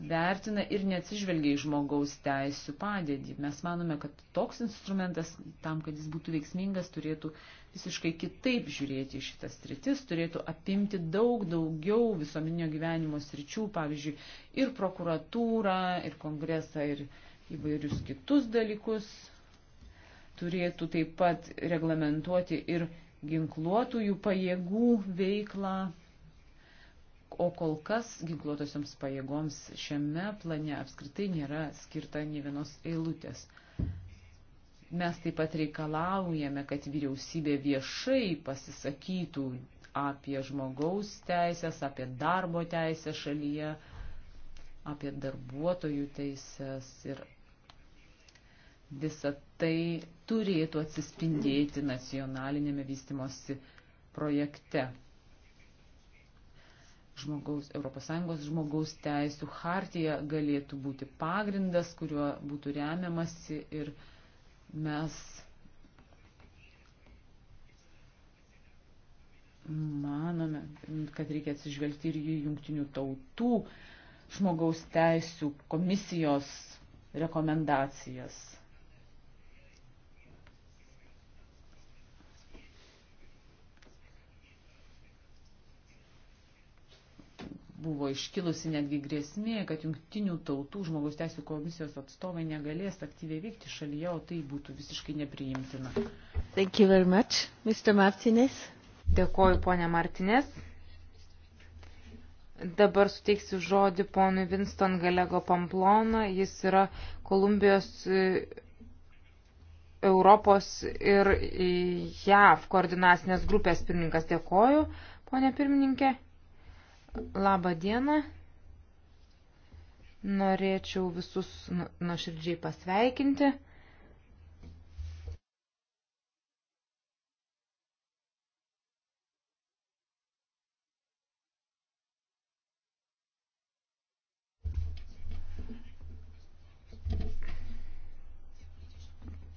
vertina ir neatsižvelgia į žmogaus teisų padėdį. Mes manome, kad toks instrumentas, tam, kad jis būtų veiksmingas, turėtų visiškai kitaip žiūrėti į šitas sritis, turėtų apimti daug daugiau visuomeninio gyvenimo sričių, pavyzdžiui, ir prokuratūrą, ir kongresą, ir įvairius kitus dalykus. Turėtų taip pat reglamentuoti ir ginkluotųjų pajėgų veiklą O kol kas ginkluotosioms pajėgoms šiame plane apskritai nėra skirta nei vienos eilutės. Mes taip pat reikalaujame, kad vyriausybė viešai pasisakytų apie žmogaus teisės, apie darbo teisę šalyje, apie darbuotojų teisės ir visa tai turėtų atsispindėti nacionalinėme vystimosi projekte žmogaus, ES žmogaus teisų hartija galėtų būti pagrindas, kuriuo būtų remiamasi ir mes manome, kad reikia atsižvelgti ir į jungtinių tautų žmogaus teisų komisijos rekomendacijas. buvo iškilusi netgi grėsmė, kad jungtinių tautų žmogaus teisų komisijos atstovai negalės aktyviai veikti šalyje, o tai būtų visiškai nepriimtina. Thank you very much, Mr. Martinez. Dėkoju, ponė Martinez. Dabar suteiksiu žodį ponui Winston Galego Pamplona. Jis yra Kolumbijos e, Europos ir e, JAV koordinacinės grupės pirmininkas. Dėkoju, ponė pirmininkė. Labą dieną. Norėčiau visus nu- nuoširdžiai pasveikinti.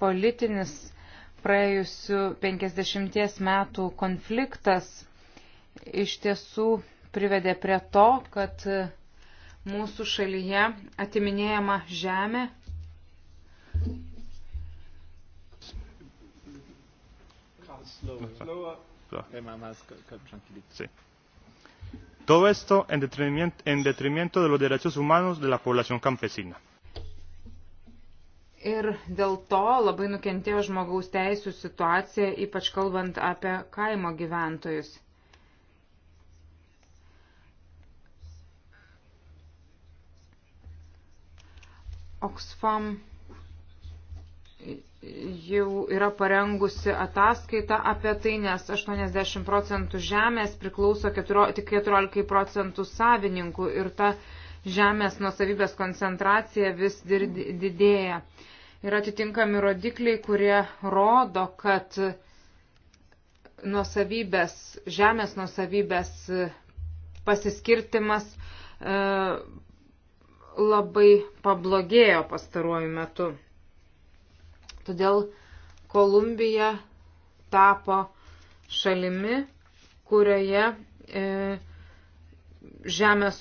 Politinis praėjusių 50 metų konfliktas iš tiesų privedė prie to, kad mūsų šalyje atiminėjama žemė. Todo esto en detrimento, en detrimento de los derechos humanos de la población campesina. Ir dėl to labai nukentėjo žmogaus teisų situacija, ypač kalbant apie kaimo gyventojus. Oxfam jau yra parengusi ataskaitą apie tai, nes 80 procentų žemės priklauso keturo, tik 14 procentų savininkų ir ta žemės nusavybės koncentracija vis didėja. Yra atitinkami rodikliai, kurie rodo, kad nusavybės, žemės nusavybės pasiskirtimas e, labai pablogėjo pastaruoju metu. Todėl Kolumbija tapo šalimi, kurioje e, žemės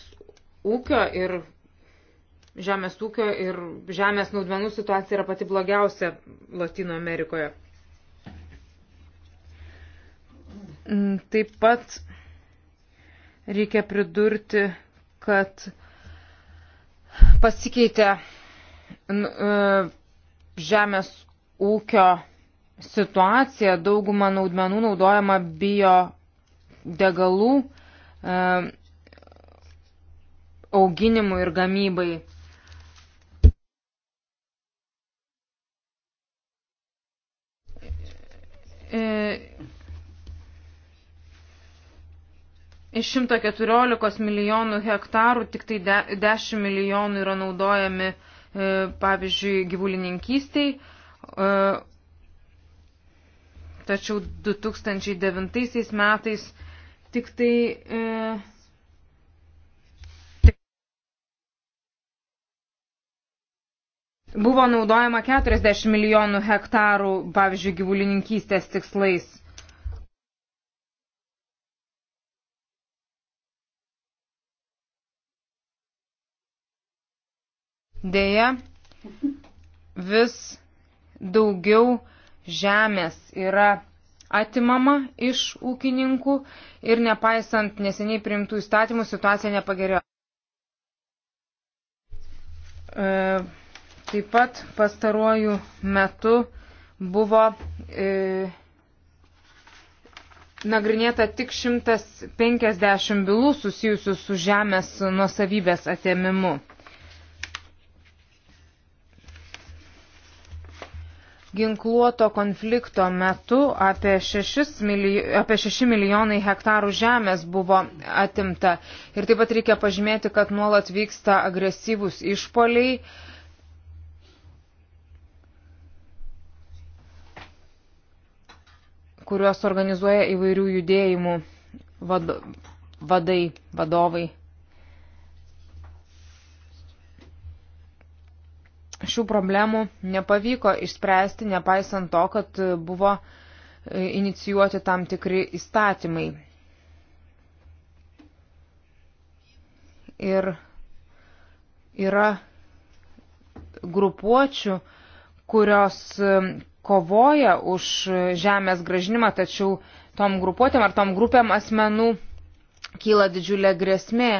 ūkio ir žemės ūkio ir žemės naudmenų situacija yra pati blogiausia Latino Amerikoje. Taip pat reikia pridurti, kad pasikeitė e, žemės ūkio situacija, dauguma naudmenų naudojama bio degalų e, auginimui ir gamybai. E, Iš 114 milijonų hektarų tik tai 10 milijonų yra naudojami, e, pavyzdžiui, gyvulininkystiai. E, tačiau 2009 metais tik tai. E, buvo naudojama 40 milijonų hektarų, pavyzdžiui, gyvulininkystės tikslais. Deja, vis daugiau žemės yra atimama iš ūkininkų ir nepaisant neseniai priimtų įstatymų situacija nepagerėjo. E, taip pat pastaruoju metu buvo e, nagrinėta tik 150 bylų susijusių su žemės nuosavybės atėmimu. ginkluoto konflikto metu apie 6, milijonai, apie 6 milijonai hektarų žemės buvo atimta. Ir taip pat reikia pažymėti, kad nuolat vyksta agresyvūs išpoliai. kuriuos organizuoja įvairių judėjimų vad, vadai, vadovai. šių problemų nepavyko išspręsti, nepaisant to, kad buvo e, inicijuoti tam tikri įstatymai. Ir yra grupuočių, kurios e, kovoja už žemės gražinimą, tačiau tom grupuotėm ar tom grupėm asmenų kyla didžiulė grėsmė.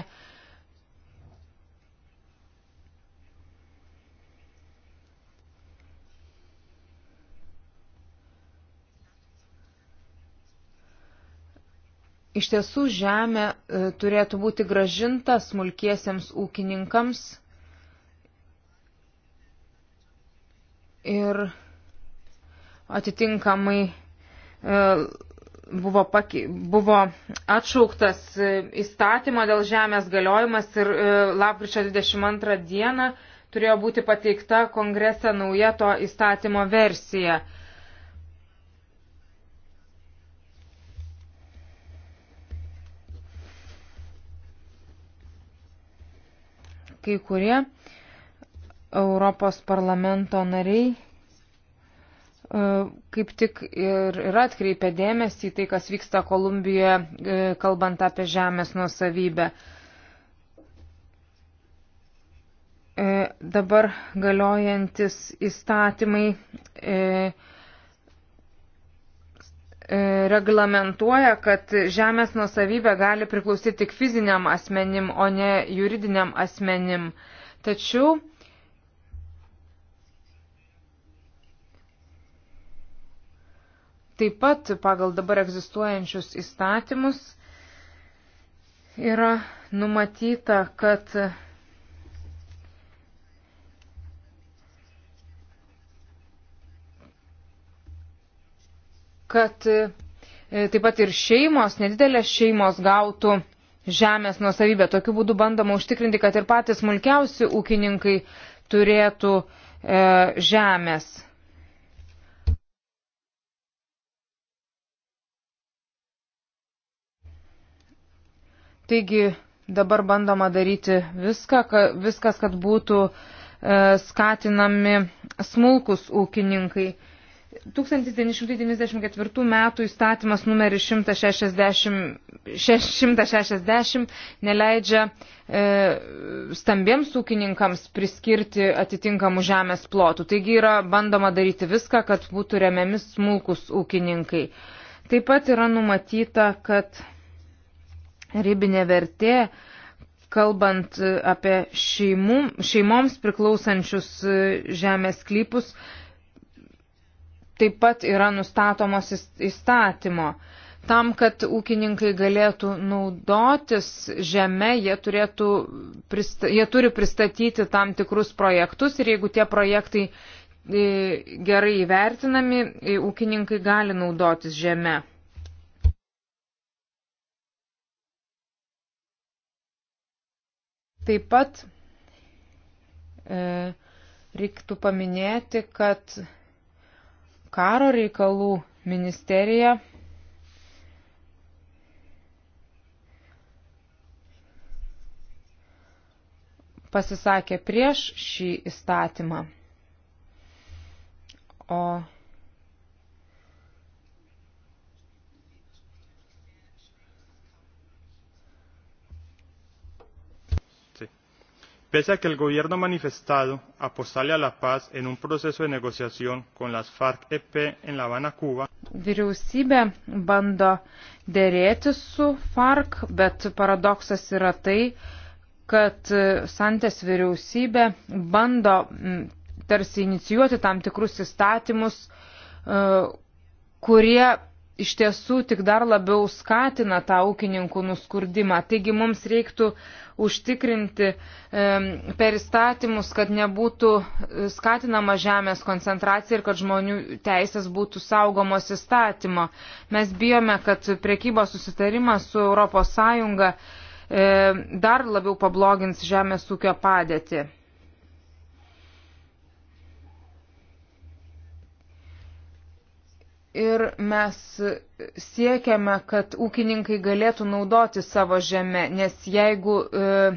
Iš tiesų žemė e, turėtų būti gražinta smulkiesiems ūkininkams ir atitinkamai e, buvo, paki, buvo atšauktas įstatymo dėl žemės galiojimas ir e, lapkričio 22 dieną turėjo būti pateikta kongrese nauja to įstatymo versija. kai kurie Europos parlamento nariai e, kaip tik ir yra atkreipę dėmesį į tai, kas vyksta Kolumbijoje, e, kalbant apie žemės nuosavybę. E, dabar galiojantis įstatymai E, reglamentuoja, kad žemės nusavybė gali priklausyti tik fiziniam asmenim, o ne juridiniam asmenim. Tačiau taip pat pagal dabar egzistuojančius įstatymus yra numatyta, kad kad e, taip pat ir šeimos, nedidelės šeimos gautų žemės nuosavybę. Tokiu būdu bandoma užtikrinti, kad ir patys smulkiausi ūkininkai turėtų e, žemės. Taigi dabar bandoma daryti viską, ka, viskas, kad būtų e, skatinami smulkus ūkininkai. 1994 metų įstatymas numeris 160, 160 neleidžia e, stambiems ūkininkams priskirti atitinkamų žemės plotų. Taigi yra bandoma daryti viską, kad būtų remiami smulkus ūkininkai. Taip pat yra numatyta, kad ribinė vertė, kalbant apie šeimų, šeimoms priklausančius e, žemės klypus, taip pat yra nustatomos įstatymo. Tam, kad ūkininkai galėtų naudotis žemę, jie, turėtų, jie turi pristatyti tam tikrus projektus ir jeigu tie projektai e, gerai įvertinami, e, ūkininkai gali naudotis žemę. Taip pat e, reiktų paminėti, kad Karo reikalų ministerija pasisakė prieš šį įstatymą, o pese a que el gobierno ha manifestado apostarle a la paz en un proceso de negociación con las farc ep en la habana cuba vyriausybė bando dėrėtis su farc bet paradoksas yra tai kad santės vyriausybė bando tarsi inicijuoti tam tikrus įstatymus e, kurie iš tiesų tik dar labiau skatina tą ūkininkų nuskurdimą. Taigi mums reiktų užtikrinti e, per įstatymus, kad nebūtų e, skatinama žemės koncentracija ir kad žmonių teisės būtų saugomos įstatymo. Mes bijome, kad priekybos susitarimas su ES e, dar labiau pablogins žemės ūkio padėtį. ir mes siekiame, kad ūkininkai galėtų naudoti savo žemę, nes jeigu e,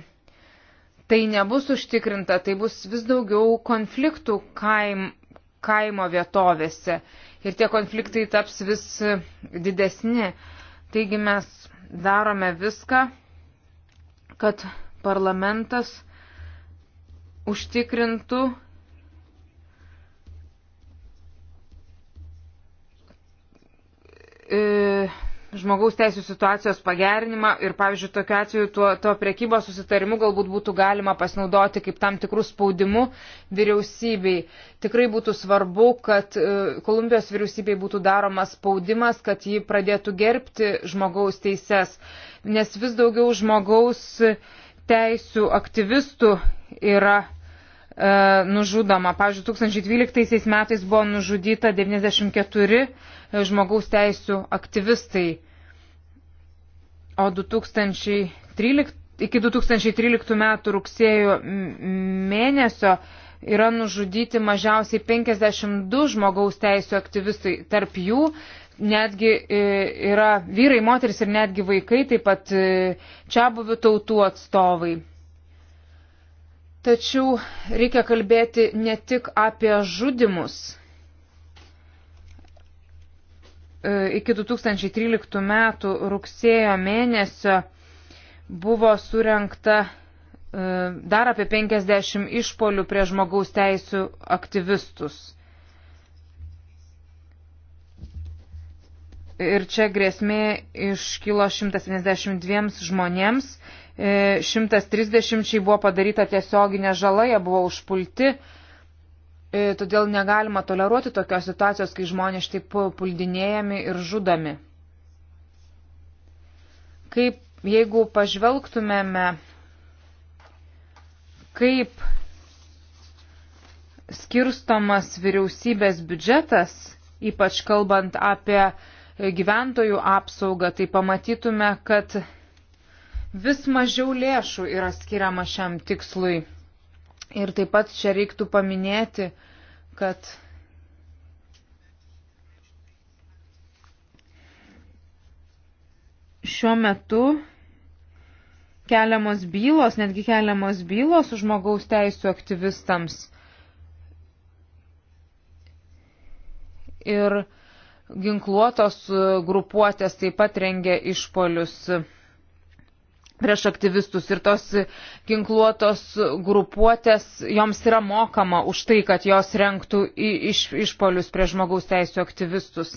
tai nebus užtikrinta, tai bus vis daugiau konfliktų kaim, kaimo vietovėse ir tie konfliktai taps vis e, didesni. Taigi mes darome viską, kad parlamentas užtikrintų e, žmogaus teisų situacijos pagerinimą ir, pavyzdžiui, tokiu atveju tuo, tuo priekybos susitarimu galbūt būtų galima pasinaudoti kaip tam tikrų spaudimų vyriausybei. Tikrai būtų svarbu, kad e, Kolumbijos vyriausybei būtų daromas spaudimas, kad ji pradėtų gerbti žmogaus teises, nes vis daugiau žmogaus teisų aktyvistų yra E, nužudoma. Pavyzdžiui, 2012 metais buvo nužudyta 94 e, žmogaus teisų aktyvistai, o 2013, iki 2013 metų rugsėjo mėnesio yra nužudyti mažiausiai 52 žmogaus teisų aktyvistai, tarp jų netgi e, yra vyrai, moteris ir netgi vaikai, taip pat čia buvių tautų atstovai. Tačiau reikia kalbėti ne tik apie žudimus. E, iki 2013 metų rugsėjo mėnesio buvo surenkta e, dar apie 50 išpolių prie žmogaus teisų aktyvistus. Ir čia grėsmė iškilo 172 žmonėms 130 e, buvo padaryta tiesioginė žala, jie buvo užpulti. E, todėl negalima toleruoti tokios situacijos, kai žmonės taip puldinėjami ir žudami. Kaip, jeigu pažvelgtumėme, kaip skirstomas vyriausybės biudžetas, ypač kalbant apie gyventojų apsaugą, tai pamatytume, kad vis mažiau lėšų yra skiriama šiam tikslui. Ir taip pat čia reiktų paminėti, kad šiuo metu keliamos bylos, netgi keliamos bylos žmogaus teisų aktyvistams. Ir ginkluotos grupuotės taip pat rengia išpolius prieš aktyvistus ir tos ginkluotos grupuotės, joms yra mokama už tai, kad jos renktų iš, išpolius prieš žmogaus teisų aktyvistus.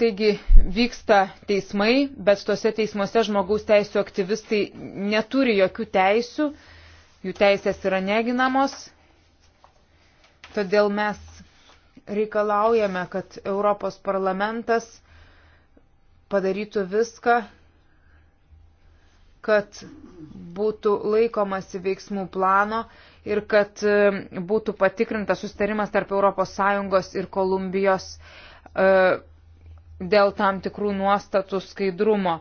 Taigi vyksta teismai, bet tuose teismuose žmogaus teisų aktyvistai neturi jokių teisių, jų teisės yra neginamos. Todėl mes reikalaujame, kad Europos parlamentas padarytų viską, kad būtų laikomasi veiksmų plano ir kad e, būtų patikrintas sustarimas tarp ES ir Kolumbijos e, dėl tam tikrų nuostatų skaidrumo.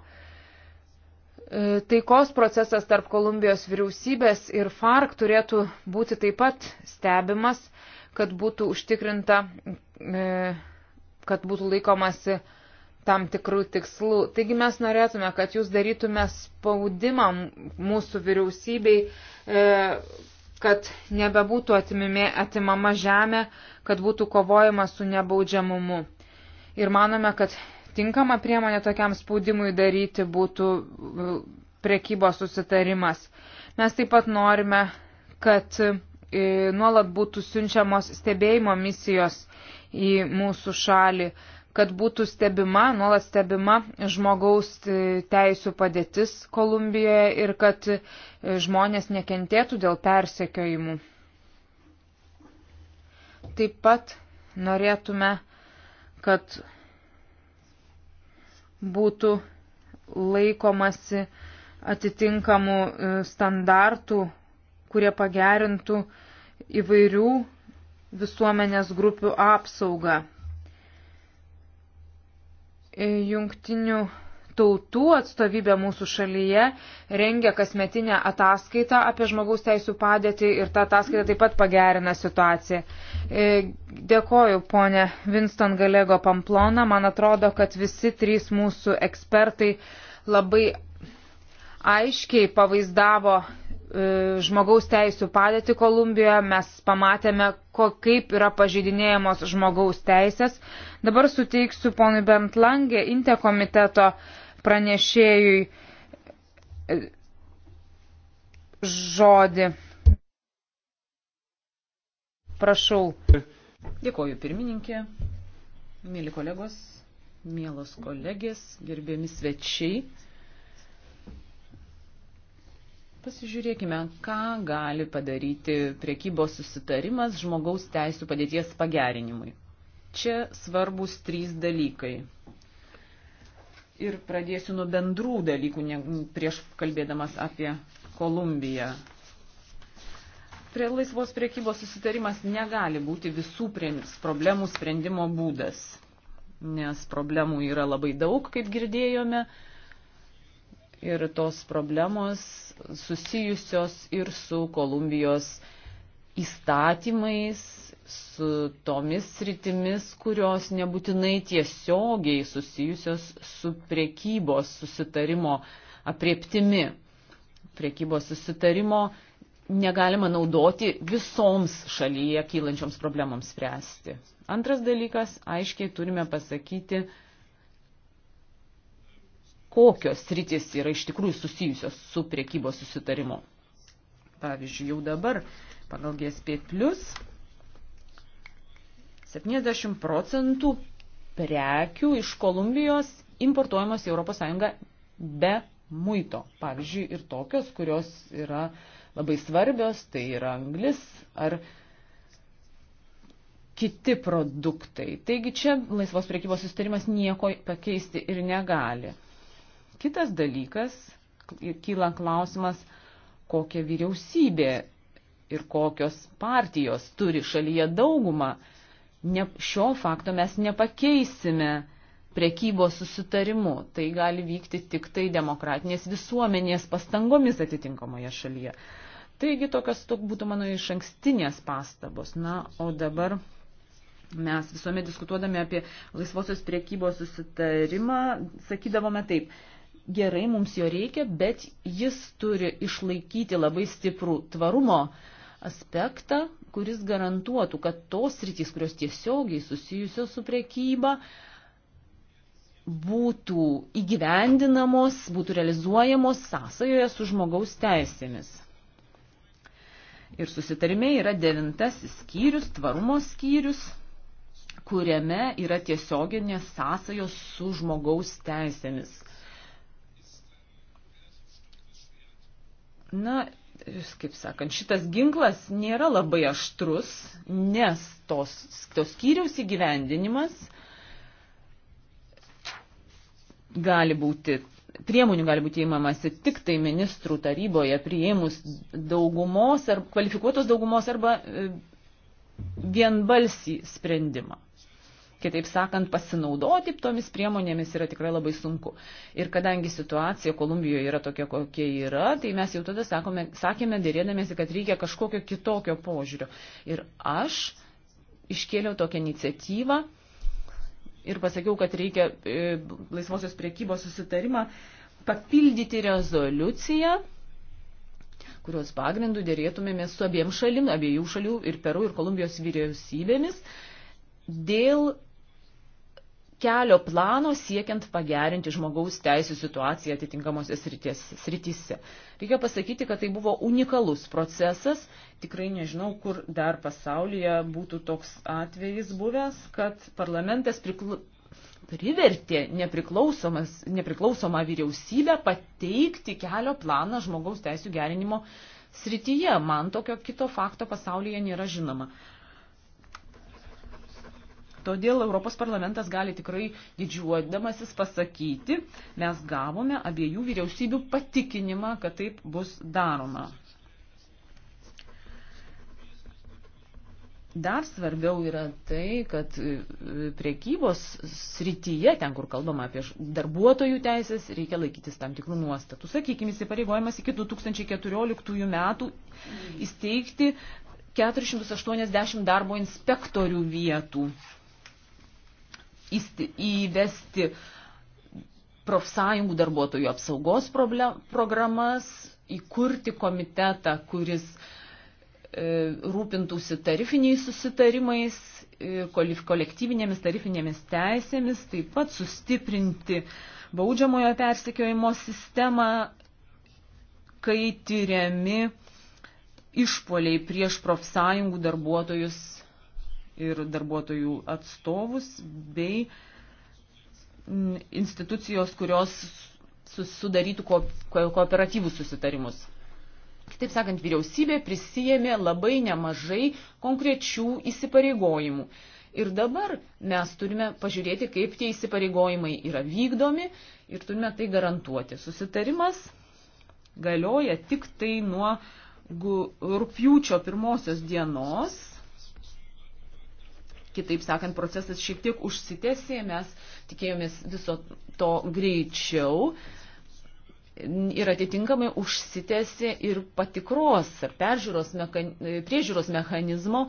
E, taikos procesas tarp Kolumbijos vyriausybės ir FARC turėtų būti taip pat stebimas, kad būtų užtikrinta, e, kad būtų laikomasi tam tikrų tikslų. Taigi mes norėtume, kad jūs darytume spaudimą mūsų vyriausybei, e, kad nebebūtų atimimi, atimama žemė, kad būtų kovojama su nebaudžiamumu. Ir manome, kad tinkama priemonė tokiam spaudimui daryti būtų e, prekybos susitarimas. Mes taip pat norime, kad E, nuolat būtų siunčiamos stebėjimo misijos į mūsų šalį, kad būtų stebima, nuolat stebima žmogaus e, teisų padėtis Kolumbijoje ir kad e, žmonės nekentėtų dėl persekiojimų. Taip pat norėtume, kad būtų laikomasi atitinkamų standartų kurie pagerintų įvairių visuomenės grupių apsaugą. E, jungtinių tautų atstovybė mūsų šalyje rengia kasmetinę ataskaitą apie žmogaus teisų padėtį ir ta ataskaita taip pat pagerina situaciją. E, dėkoju, ponė Winston Galego Pamplona. Man atrodo, kad visi trys mūsų ekspertai labai aiškiai pavaizdavo E, žmogaus teisų padėtį Kolumbijoje, mes pamatėme, ko, kaip yra pažydinėjamos žmogaus teisės. Dabar suteiksiu ponui Bentlangė, Inte komiteto pranešėjui e, žodį. Prašau. Dėkoju pirmininkė, mėly kolegos, mėlos kolegės, gerbėmi svečiai. Pasižiūrėkime, ką gali padaryti priekybos susitarimas žmogaus teisų padėties pagerinimui. Čia svarbus trys dalykai. Ir pradėsiu nuo bendrų dalykų, ne, prieš kalbėdamas apie Kolumbiją. Prie laisvos priekybos susitarimas negali būti visų problemų sprendimo būdas, nes problemų yra labai daug, kaip girdėjome. Uh, ir tos problemos susijusios ir su Kolumbijos įstatymais, su tomis sritimis, kurios nebūtinai tiesiogiai susijusios su priekybos susitarimo aprieptimi. Priekybos susitarimo negalima naudoti visoms šalyje kylančioms problemoms spręsti. Antras dalykas, aiškiai turime pasakyti, kokios sritis yra iš tikrųjų susijusios su priekybos susitarimu. Pavyzdžiui, jau dabar pagal GSP plus 70 procentų prekių iš Kolumbijos importuojamos į ES be muito. Pavyzdžiui, ir tokios, kurios yra labai svarbios, tai yra anglis ar kiti produktai. Taigi čia laisvos priekybos sustarimas nieko pakeisti ir negali. Kitas dalykas, kyla klausimas, kokia vyriausybė ir kokios partijos turi šalyje daugumą. Ne, šio fakto mes nepakeisime prekybos susitarimu. Tai gali vykti tik tai demokratinės visuomenės pastangomis atitinkamoje šalyje. Taigi tokios tok būtų mano iš ankstinės pastabos. Na, o dabar mes visuomet diskutuodami apie laisvosios priekybos susitarimą sakydavome taip gerai, mums jo reikia, bet jis turi išlaikyti labai stiprų tvarumo aspektą, kuris garantuotų, kad tos rytis, kurios tiesiogiai susijusios su priekyba, būtų įgyvendinamos, būtų realizuojamos sąsajoje su žmogaus teisėmis. Ir susitarime yra devintasis skyrius, tvarumo skyrius, kuriame yra tiesioginės sąsajos su žmogaus teisėmis. Na, kaip sakant, šitas ginklas nėra labai aštrus, nes tos, tos skyriaus įgyvendinimas gali būti, priemonių gali būti įmamasi tik tai ministrų taryboje prieimus daugumos ar kvalifikuotos daugumos arba e, vienbalsį sprendimą. Kitaip sakant, pasinaudoti tomis priemonėmis yra tikrai labai sunku. Ir kadangi situacija Kolumbijoje yra tokia, kokia yra, tai mes jau tada sakome, sakėme dėrėdamėsi, kad reikia kažkokio kitokio požiūrio. Ir aš iškėliau tokią iniciatyvą ir pasakiau, kad reikia e, laisvosios priekybos susitarimą papildyti rezoliuciją kurios pagrindų dėrėtumėmės su abiem šalim, abiejų šalių ir Peru ir Kolumbijos vyriausybėmis dėl kelio plano siekiant pagerinti žmogaus teisų situaciją atitinkamosios srities, srityse. Reikia pasakyti, kad tai buvo unikalus procesas. Tikrai nežinau, kur dar pasaulyje būtų toks atvejis buvęs, kad parlamentas prikla... privertė nepriklausomą vyriausybę pateikti kelio planą žmogaus teisų gerinimo srityje. Man tokio kito fakto pasaulyje nėra žinoma. Todėl Europos parlamentas gali tikrai didžiuodamasis pasakyti, mes gavome abiejų vyriausybių patikinimą, kad taip bus daroma. Dar svarbiau yra tai, kad e, priekybos srityje, ten kur kalbama apie darbuotojų teisės, reikia laikytis tam tikrų nuostatų. Sakykime, įsipareigojimas iki 2014 metų įsteigti 480 darbo inspektorių vietų įvesti profsąjungų darbuotojų apsaugos programas, įkurti komitetą, kuris e, rūpintųsi tarifiniais susitarimais, e, kolektyvinėmis tarifinėmis teisėmis, taip pat sustiprinti baudžiamojo persekiojimo sistemą, kai tyriami išpoliai prieš profsąjungų darbuotojus ir darbuotojų atstovus bei mm, institucijos, kurios sudarytų kooperatyvus susitarimus. Kitaip sakant, vyriausybė prisijėmė labai nemažai konkrečių įsipareigojimų. Ir dabar mes turime pažiūrėti, kaip tie įsipareigojimai yra vykdomi ir turime tai garantuoti. Susitarimas galioja tik tai nuo rūpjūčio pirmosios dienos Kitaip sakant, procesas šiek tiek užsitęsė, mes tikėjomės viso to greičiau ir atitinkamai užsitęsė ir patikros ar peržiūros mechan, priežiūros mechanizmo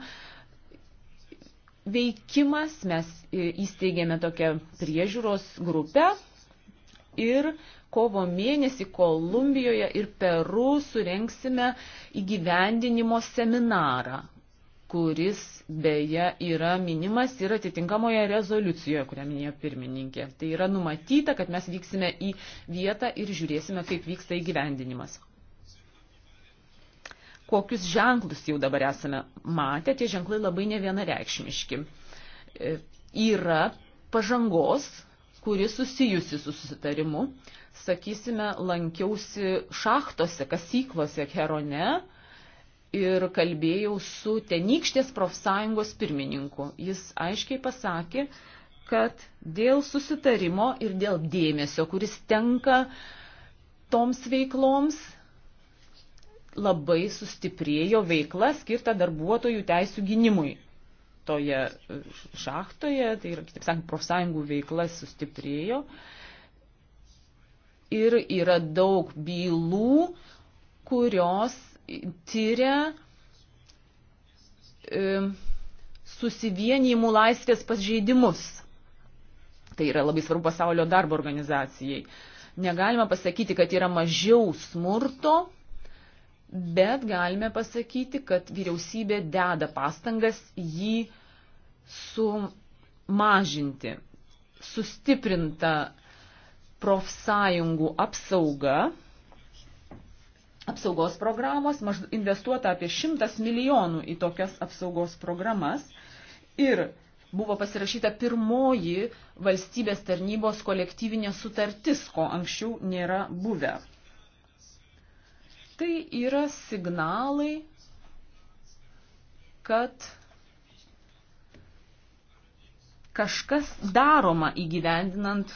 veikimas. Mes e, įsteigėme tokią priežiūros grupę ir kovo mėnesį Kolumbijoje ir Peru surenksime įgyvendinimo seminarą kuris beje yra minimas ir atitinkamoje rezoliucijoje, kurią minėjo pirmininkė. Tai yra numatyta, kad mes vyksime į vietą ir žiūrėsime, kaip vyksta įgyvendinimas. Kokius ženklus jau dabar esame matę, tie ženklai labai nevienareikšmiški. E, yra pažangos, kuri susijusi su susitarimu. Sakysime, lankiausi šachtose, kasyklose, herone, ir kalbėjau su tenykštės profsąjungos pirmininku. Jis aiškiai pasakė, kad dėl susitarimo ir dėl dėmesio, kuris tenka toms veikloms, labai sustiprėjo veikla skirta darbuotojų teisų gynimui. Toje e, šachtoje, tai yra, kitaip sakant, profsąjungų veikla sustiprėjo ir yra daug bylų, kurios tyria e, susivienijimų laisvės pažeidimus. Tai yra labai svarbu pasaulio darbo organizacijai. Negalime pasakyti, kad yra mažiau smurto, bet galime pasakyti, kad vyriausybė deda pastangas jį sumažinti. Sustiprinta profsąjungų apsauga apsaugos programos, mažd, investuota apie 100 milijonų į tokias apsaugos programas ir buvo pasirašyta pirmoji valstybės tarnybos kolektyvinė sutartis, ko anksčiau nėra buvę. Tai yra signalai, kad kažkas daroma įgyvendinant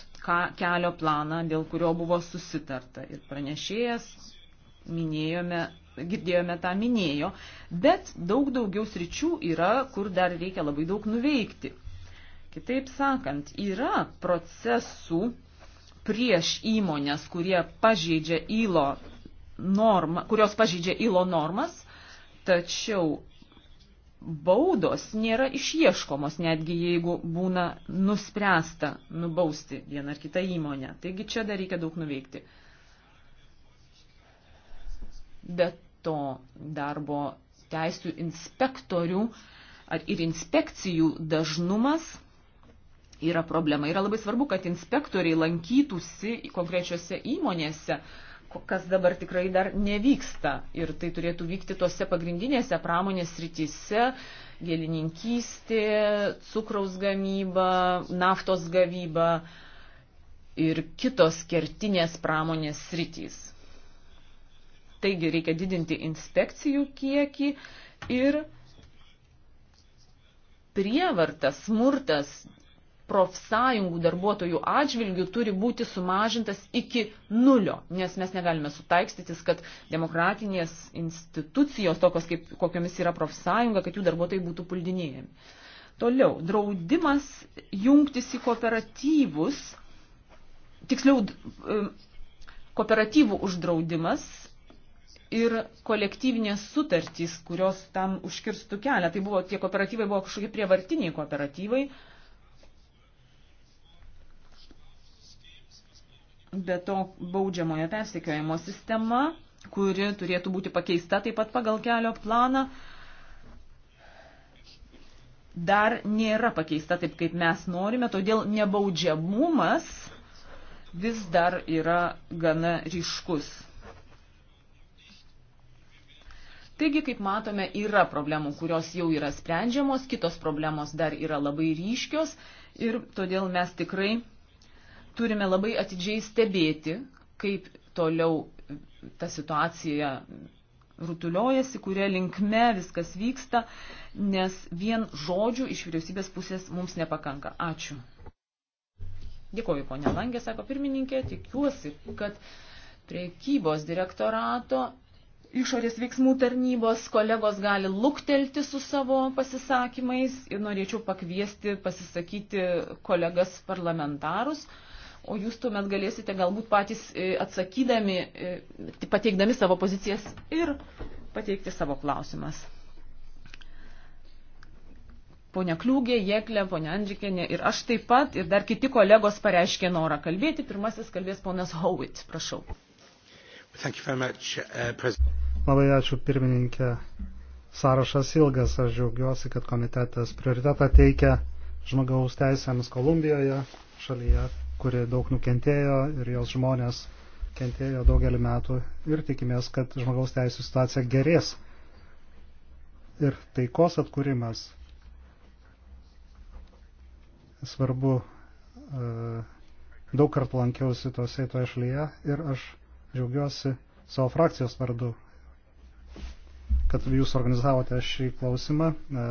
kelio planą, dėl kurio buvo susitarta. Ir pranešėjas minėjome, girdėjome tą minėjo, bet daug daugiau sričių yra, kur dar reikia labai daug nuveikti. Kitaip sakant, yra procesų prieš įmonės, kurie pažeidžia įlo normą, kurios pažeidžia įlo normas, tačiau baudos nėra išieškomos, netgi jeigu būna nuspręsta nubausti vieną ar kitą įmonę. Taigi čia dar reikia daug nuveikti be to darbo teisų inspektorių ar ir inspekcijų dažnumas yra problema. Yra labai svarbu, kad inspektoriai lankytųsi konkrečiose įmonėse, kas dabar tikrai dar nevyksta. Ir tai turėtų vykti tose pagrindinėse pramonės rytise - gėlininkystė, cukraus gamyba, naftos gavyba ir kitos kertinės pramonės rytys. Taigi reikia didinti inspekcijų kiekį ir prievartas, smurtas profsąjungų darbuotojų atžvilgių turi būti sumažintas iki nulio, nes mes negalime sutaikstytis, kad demokratinės institucijos, tokios kaip kokiomis yra profsąjunga, kad jų darbuotojai būtų puldinėjami. Toliau, draudimas jungtis į kooperatyvus, tiksliau, e, kooperatyvų uždraudimas ir kolektyvinės sutartys, kurios tam užkirstų kelią. Tai buvo, tie kooperatyvai buvo kažkokie prievartiniai kooperatyvai. Be to baudžiamojo persekiojimo sistema, kuri turėtų būti pakeista taip pat pagal kelio planą, dar nėra pakeista taip, kaip mes norime, todėl nebaudžiamumas vis dar yra gana ryškus Taigi, kaip matome, yra problemų, kurios jau yra sprendžiamos, kitos problemos dar yra labai ryškios ir todėl mes tikrai turime labai atidžiai stebėti, kaip toliau ta situacija rutuliojasi, kuria linkme viskas vyksta, nes vien žodžių iš vyriausybės pusės mums nepakanka. Ačiū. Dėkoju, ponė Langė, sako pirmininkė, tikiuosi, kad priekybos direktorato išorės veiksmų tarnybos kolegos gali luktelti su savo pasisakymais ir norėčiau pakviesti pasisakyti kolegas parlamentarus, o jūs tuomet galėsite galbūt patys e, atsakydami, e, pateikdami savo pozicijas ir pateikti savo klausimas. Pone Kliūgė, Jeklė, pone Andrikenė ir aš taip pat ir dar kiti kolegos pareiškė norą kalbėti. Pirmasis kalbės ponas Howitt, prašau. Thank you very much, uh, President. Labai ačiū pirmininkė. Sąrašas ilgas, aš džiaugiuosi, kad komitetas prioritetą teikia žmogaus teisėms Kolumbijoje, šalyje, kuri daug nukentėjo ir jos žmonės kentėjo daugelį metų ir tikimės, kad žmogaus teisų situacija gerės ir taikos atkūrimas svarbu. E, daug kartų lankiausi tose toje šalyje ir aš džiaugiuosi savo frakcijos vardu kad jūs organizavote šį klausimą. E,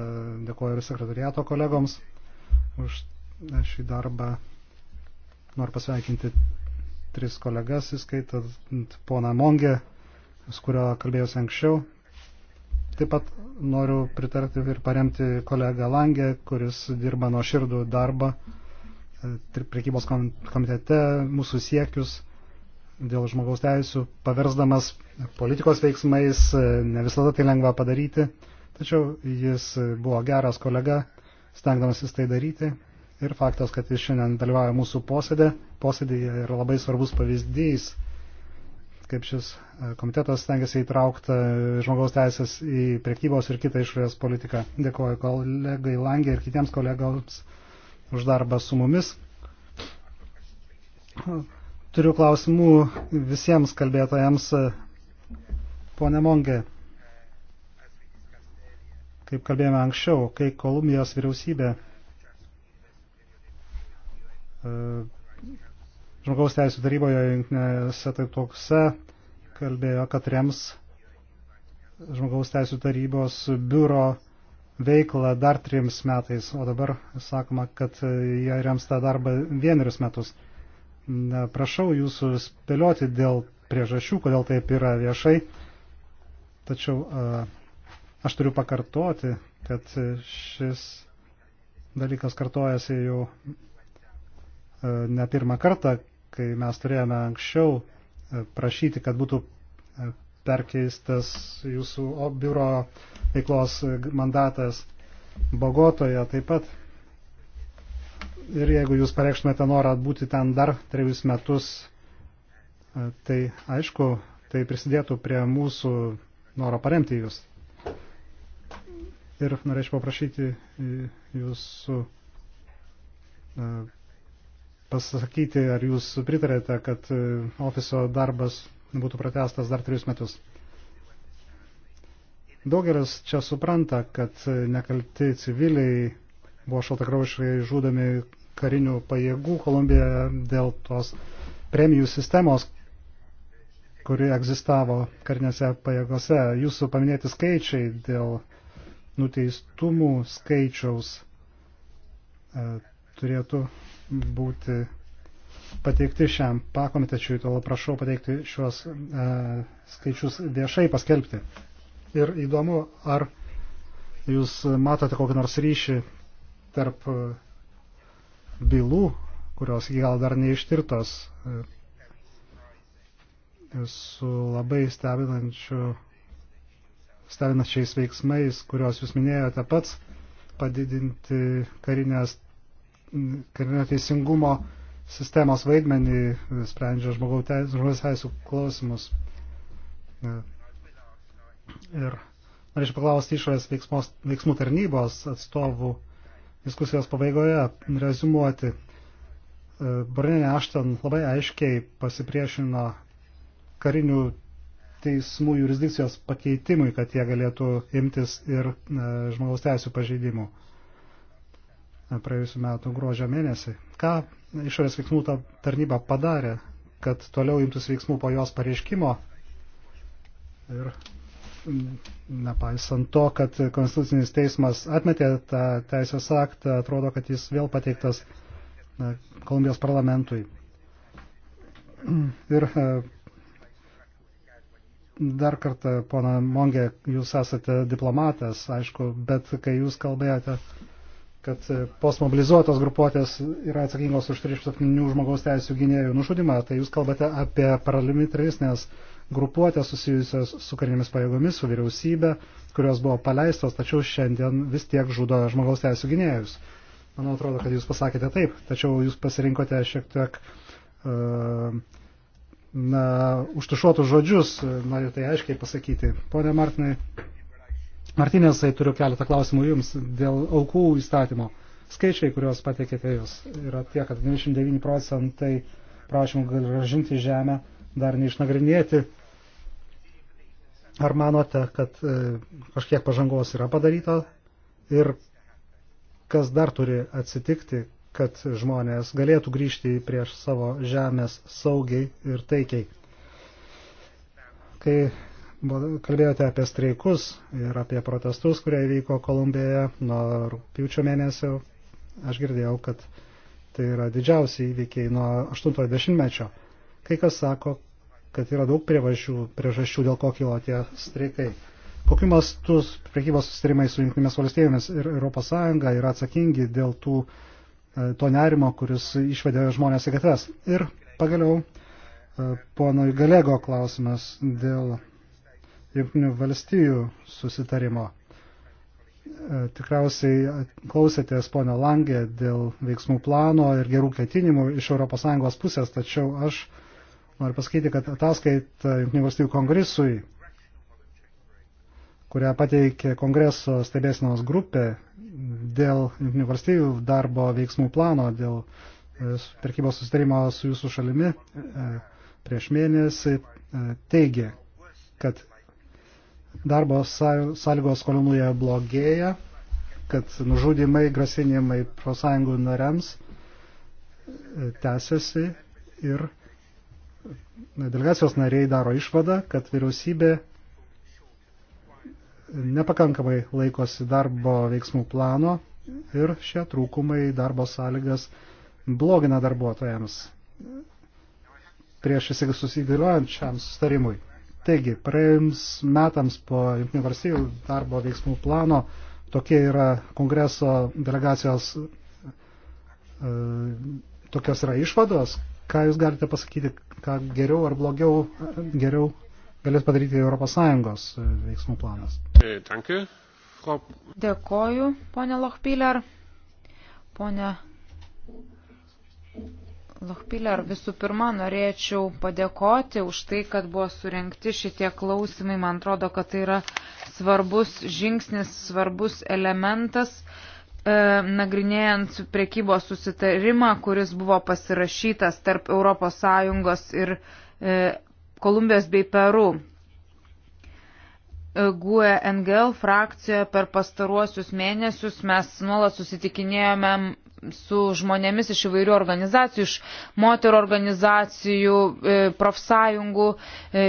Dėkuoju ir sekretariato kolegoms už e, šį darbą. Noriu pasveikinti tris kolegas, įskaitant poną Mongę, su kurio kalbėjusi anksčiau. Taip pat noriu pritarti ir paremti kolegą Langę, kuris dirba nuo širdų darbą e, prekybos komitete, mūsų siekius dėl žmogaus teisų, paversdamas politikos veiksmais, ne visada tai lengva padaryti, tačiau jis buvo geras kolega, stengdamasis tai daryti. Ir faktas, kad jis šiandien dalyvauja mūsų posėdė, posėdėje yra labai svarbus pavyzdys, kaip šis e, komitetas stengiasi įtraukti e, žmogaus teisės į priekybos ir kitą išorės politiką. Dėkuoju kolegai Langė ir kitiems kolegams už darbą su mumis. Turiu klausimų visiems kalbėtojams. Pone Mongė, kaip kalbėjome anksčiau, kai Kolumbijos vyriausybė e, žmogaus teisų taryboje jungtinėse tautokse kalbėjo, kad rems žmogaus teisų tarybos biuro veiklą dar trims metais, o dabar sakoma, kad jie rems tą darbą vienerius metus. Na, prašau jūsų spėlioti dėl priežasčių, kodėl taip yra viešai. Tačiau aš turiu pakartoti, kad šis dalykas kartojasi jau ne pirmą kartą, kai mes turėjome anksčiau prašyti, kad būtų perkeistas jūsų biuro veiklos mandatas Bogotoje taip pat ir jeigu jūs pareikštumėte norą būti ten dar trejus metus, e, tai aišku, tai prisidėtų prie mūsų noro paremti jūs. Ir norėčiau paprašyti e, jūsų e, pasakyti, ar jūs pritarėte, kad ofiso darbas būtų pratestas dar trejus metus. Daugelis čia supranta, kad nekalti civiliai buvo šaltakraušiai žūdami karinių pajėgų Kolumbijoje dėl tos premijų sistemos, kuri egzistavo karinėse pajėgose. Jūsų paminėti skaičiai dėl nuteistumų skaičiaus e, turėtų būti pateikti šiam pakomitečiui, tol prašau pateikti šiuos e, skaičius viešai paskelbti. Ir įdomu, ar jūs matote kokį nors ryšį tarp e, bylų, kurios iki gal dar neištirtos e, su labai stebinančiu, stebinančiais veiksmais, kuriuos jūs minėjote pats, padidinti karinės, karinio teisingumo sistemos vaidmenį, sprendžia žmogaus teisų klausimus. E, ir norėčiau paklausti išorės veiksmos, veiksmų tarnybos atstovų, diskusijos pabaigoje rezumuoti. E, Barinė Ašten labai aiškiai pasipriešino karinių teismų jurisdikcijos pakeitimui, kad jie galėtų imtis ir e, žmogaus teisų pažeidimų e, praėjusiu metu gruodžio mėnesį. Ką išorės veiksmų ta tarnyba padarė, kad toliau imtųsi veiksmų po jos pareiškimo ir nepaisant to, kad Konstitucinis teismas atmetė tą teisės aktą, atrodo, kad jis vėl pateiktas Kolumbijos parlamentui. Ir e, dar kartą, pona Mongė, jūs esate diplomatas, aišku, bet kai jūs kalbėjote, kad postmobilizuotos grupuotės yra atsakingos už 37 žmogaus teisų gynėjų nužudimą, tai jūs kalbate apie paramilitaristinės grupuotę susijusias su karinėmis pajėgomis, su vyriausybė, kurios buvo paleistos, tačiau šiandien vis tiek žudo žmogaus teisų gynėjus. Man atrodo, kad jūs pasakėte taip, tačiau jūs pasirinkote šiek tiek uh, na, užtušuotus žodžius, e, noriu tai aiškiai pasakyti. Pone Martinai, Martinėsai turiu keletą klausimų jums dėl aukų įstatymo. Skaičiai, kuriuos pateikėte jūs, yra tie, kad 99 procentai prašymų gražinti žemę dar neišnagrinėti Ar manote, kad e, kažkiek pažangos yra padaryta ir kas dar turi atsitikti, kad žmonės galėtų grįžti prieš savo žemės saugiai ir taikiai? Kai kalbėjote apie streikus ir apie protestus, kurie vyko Kolumbijoje nuo rūpiučio mėnesio, aš girdėjau, kad tai yra didžiausiai įvykiai nuo 80-mečio. Kai kas sako, kad yra daug priežasčių, dėl ko kilo tie streikai. Kokiu mastu priekybos sustarimai su Junktinėmis valstybėmis ir ES yra atsakingi dėl tų, e, to nerimo, kuris išvedė žmonės į gatves. Ir pagaliau e, ponui Galego klausimas dėl Junktinių valstijų susitarimo. E, tikriausiai klausėtės ponio Langė dėl veiksmų plano ir gerų ketinimų iš ES pusės, tačiau aš Noriu pasakyti, kad ataskaita Junktinių valstybių kongresui, kurią pateikė kongreso stebėsinos grupė dėl Junktinių valstybių darbo veiksmų plano, dėl e, prekybos sustarimo su jūsų šalimi e, prieš mėnesį e, teigė, kad darbo sąlygos kolonuje blogėja, kad nužudimai, grasinimai profsąjungų nariams tęsiasi ir delegacijos nariai daro išvadą, kad vyriausybė nepakankamai laikosi darbo veiksmų plano ir šie trūkumai darbo sąlygas blogina darbuotojams prieš įsigaliojant šiam sustarimui. Taigi, praėjus metams po Junktinių valstybių darbo veiksmų plano tokie yra kongreso delegacijos, e, tokios yra išvados, Ką Jūs galite pasakyti, ką geriau ar blogiau geriau galės padaryti ES e, veiksmų planas? E, Dėkoju, ponė Lochpiller. Ponė Lochpiller, visų pirma, norėčiau padėkoti už tai, kad buvo surinkti šitie klausimai. Man atrodo, kad tai yra svarbus žingsnis, svarbus elementas. Uh, E, nagrinėjant prekybos susitarimą, kuris buvo pasirašytas tarp ES ir e, Kolumbijos bei Peru. E, GUE NGL frakcijoje per pastaruosius mėnesius mes nuolat susitikinėjome su žmonėmis iš įvairių organizacijų, iš moterų organizacijų, profsąjungų,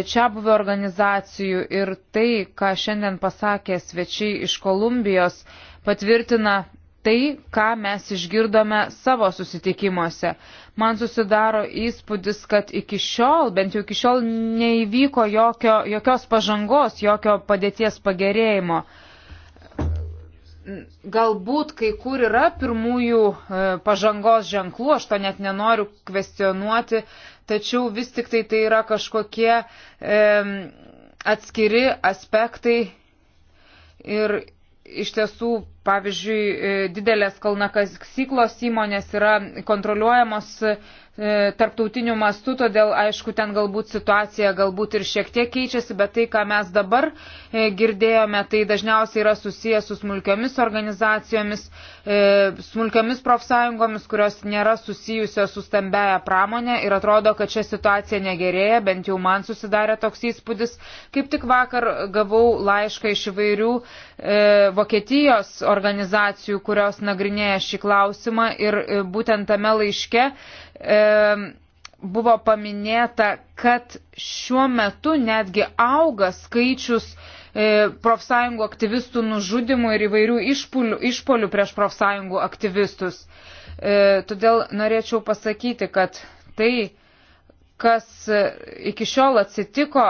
čia buvę organizacijų ir tai, ką šiandien pasakė svečiai iš Kolumbijos, patvirtina tai, ką mes išgirdome savo susitikimuose. Man susidaro įspūdis, kad iki šiol, bent jau iki šiol, neįvyko jokio, jokios pažangos, jokio padėties pagerėjimo. Galbūt kai kur yra pirmųjų e, pažangos ženklų, aš to net nenoriu kvestionuoti, tačiau vis tik tai tai yra kažkokie e, atskiri aspektai ir iš tiesų, pavyzdžiui, didelės kalnakasyklos įmonės yra kontroliuojamos E, tarptautiniu mastu, todėl aišku, ten galbūt situacija galbūt ir šiek tiek keičiasi, bet tai, ką mes dabar e, girdėjome, tai dažniausiai yra susijęs su smulkiomis organizacijomis, e, smulkiomis profsąjungomis, kurios nėra susijusios su stambeja pramonė ir atrodo, kad čia situacija negerėja, bent jau man susidarė toks įspūdis. Kaip tik vakar gavau laišką iš įvairių Vokietijos organizacijų, kurios nagrinėja šį klausimą ir būtent tame laiške E, buvo paminėta, kad šiuo metu netgi auga skaičius e, profsąjungų aktyvistų nužudimų ir įvairių išpolių, išpolių prieš profsąjungų aktyvistus. E, todėl norėčiau pasakyti, kad tai, kas iki šiol atsitiko,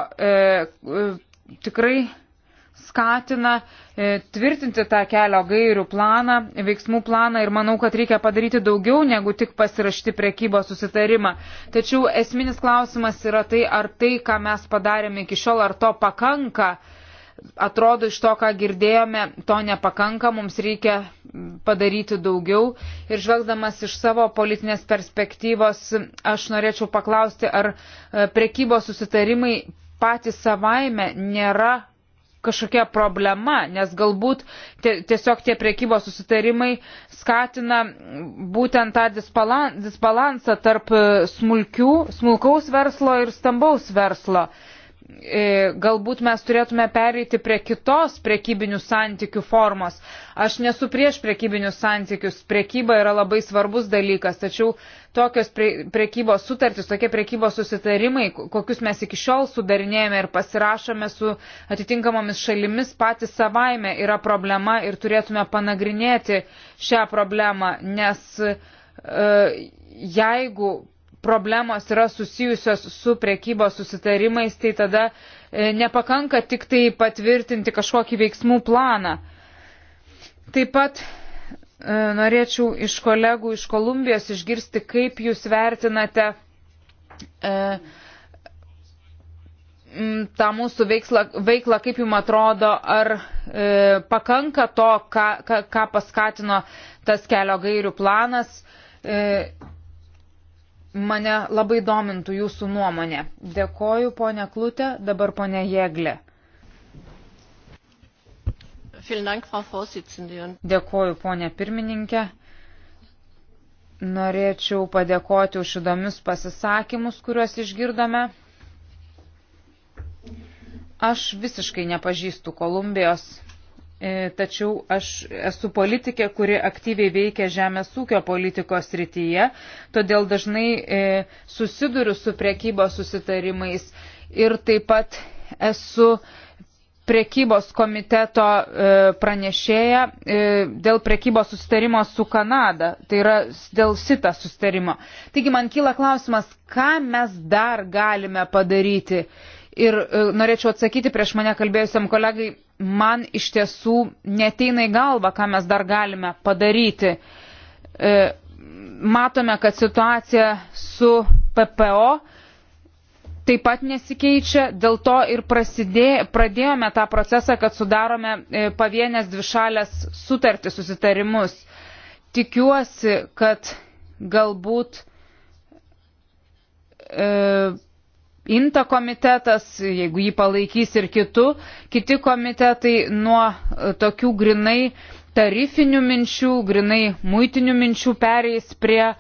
tikrai skatina e, tvirtinti tą kelio gairių planą, veiksmų planą ir manau, kad reikia padaryti daugiau negu tik pasirašti prekybos susitarimą. Tačiau esminis klausimas yra tai, ar tai, ką mes padarėme iki šiol, ar to pakanka. Atrodo, iš to, ką girdėjome, to nepakanka, mums reikia padaryti daugiau. Ir žvelgdamas iš savo politinės perspektyvos, aš norėčiau paklausti, ar e, prekybos susitarimai patys savaime nėra kažkokia problema, nes galbūt tiesiog tie priekybos susitarimai skatina būtent tą disbalansą tarp e, smulkių, smulkaus verslo ir stambaus verslo. E, galbūt mes turėtume pereiti prie kitos priekybinių santykių formos. Aš nesu prieš priekybinius santykius, priekyba yra labai svarbus dalykas, tačiau tokios pre, prekybos sutartys, tokie prekybos susitarimai, kokius mes iki šiol sudarinėjame ir pasirašome su atitinkamomis šalimis patys savaime yra problema ir turėtume panagrinėti šią problemą, nes e, jeigu problemos yra susijusios su prekybos susitarimais, tai tada e, nepakanka tik tai patvirtinti kažkokį veiksmų planą. Taip pat E, norėčiau iš kolegų iš Kolumbijos išgirsti, kaip jūs vertinate e, tą mūsų veiklą, veiklą, kaip jums atrodo, ar e, pakanka to, ką, ką, ką paskatino tas kelio gairių planas. E, mane labai domintų jūsų nuomonė. Dėkoju, ponė Klutė, dabar ponė Jėglė. Dėkuoju, ponė pirmininkė. Norėčiau padėkoti už įdomius pasisakymus, kuriuos išgirdome. Aš visiškai nepažįstu Kolumbijos, e, tačiau aš esu politikė, kuri aktyviai veikia žemės ūkio politikos rytyje, todėl dažnai e, susiduriu su priekybos susitarimais ir taip pat esu priekybos komiteto e, pranešėja e, dėl priekybos sustarimo su Kanada, tai yra dėl šitą sustarimo. Taigi man kyla klausimas, ką mes dar galime padaryti. Ir e, norėčiau atsakyti prieš mane kalbėjusiam kolegai, man iš tiesų neteina į galvą, ką mes dar galime padaryti. Matome, kad situacija su PPO taip pat nesikeičia, dėl to ir prasidė, pradėjome tą procesą, kad sudarome e, pavienės dvišalės sutartį susitarimus. Tikiuosi, kad galbūt e, INTA komitetas, jeigu jį palaikys ir kitu, kiti komitetai nuo e, tokių grinai tarifinių minčių, grinai muitinių minčių pereis prie e,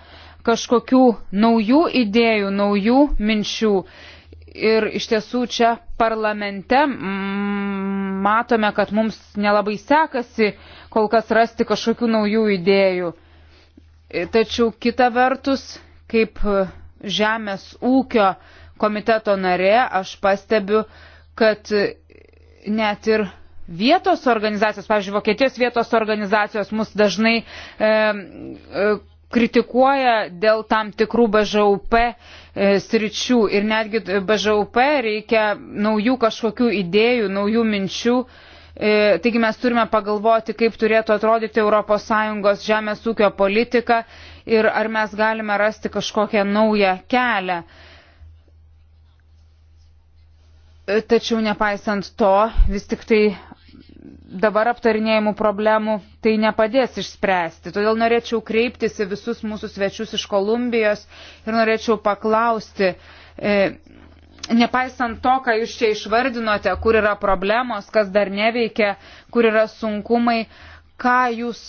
kažkokių naujų idėjų, naujų minčių. Ir iš tiesų čia parlamente matome, kad mums nelabai sekasi kol kas rasti kažkokių naujų idėjų. Tačiau kita vertus, kaip Žemės ūkio komiteto narė, aš pastebiu, kad net ir vietos organizacijos, pavyzdžiui, Vokietijos vietos organizacijos mus dažnai e, e, kritikuoja dėl tam tikrų BŽUP e, sričių ir netgi BŽUP reikia naujų kažkokių idėjų, naujų minčių. E, taigi mes turime pagalvoti, kaip turėtų atrodyti ES žemės ūkio politika ir ar mes galime rasti kažkokią naują kelią. E, tačiau nepaisant to, vis tik tai dabar aptarinėjimų problemų tai nepadės išspręsti. Todėl norėčiau kreiptis į visus mūsų svečius iš Kolumbijos ir norėčiau paklausti, e, nepaisant to, ką jūs čia išvardinote, kur yra problemos, kas dar neveikia, kur yra sunkumai, ką jūs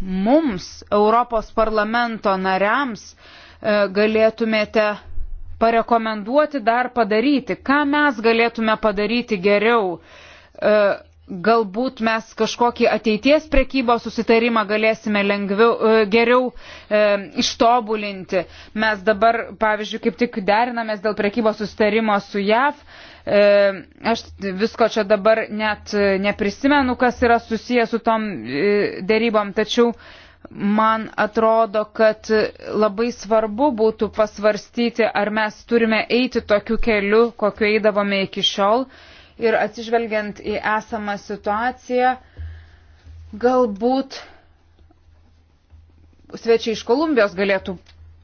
mums, Europos parlamento nariams, e, galėtumėte parekomenduoti dar padaryti, ką mes galėtume padaryti geriau. E, galbūt mes kažkokį ateities prekybos susitarimą galėsime lengviau, e, geriau e, ištobulinti. Mes dabar, pavyzdžiui, kaip tik derinamės dėl prekybos susitarimo su JAV. E, aš visko čia dabar net e, neprisimenu, kas yra susijęs su tom e, dėrybom, tačiau man atrodo, kad labai svarbu būtų pasvarstyti, ar mes turime eiti tokiu keliu, kokiu eidavome iki šiol. E, ir atsižvelgiant į esamą situaciją, galbūt svečiai iš Kolumbijos galėtų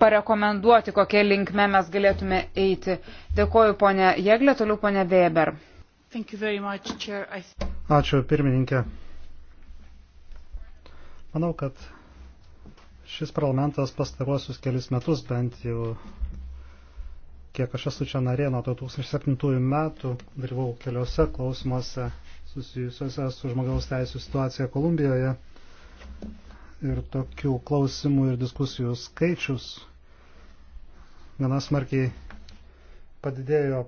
parekomenduoti, kokie linkme mes galėtume eiti. Dėkoju ponė Jeglė, toliau ponė Weber. Much, I... Ačiū pirmininkė. Manau, kad šis parlamentas pastaruosius kelius metus bent jau kiek aš esu čia narė nuo 2007 metų, dalyvau keliose klausimuose susijusiuose su žmogaus teisų situacija Kolumbijoje. Ir tokių klausimų ir diskusijų skaičius gana smarkiai padidėjo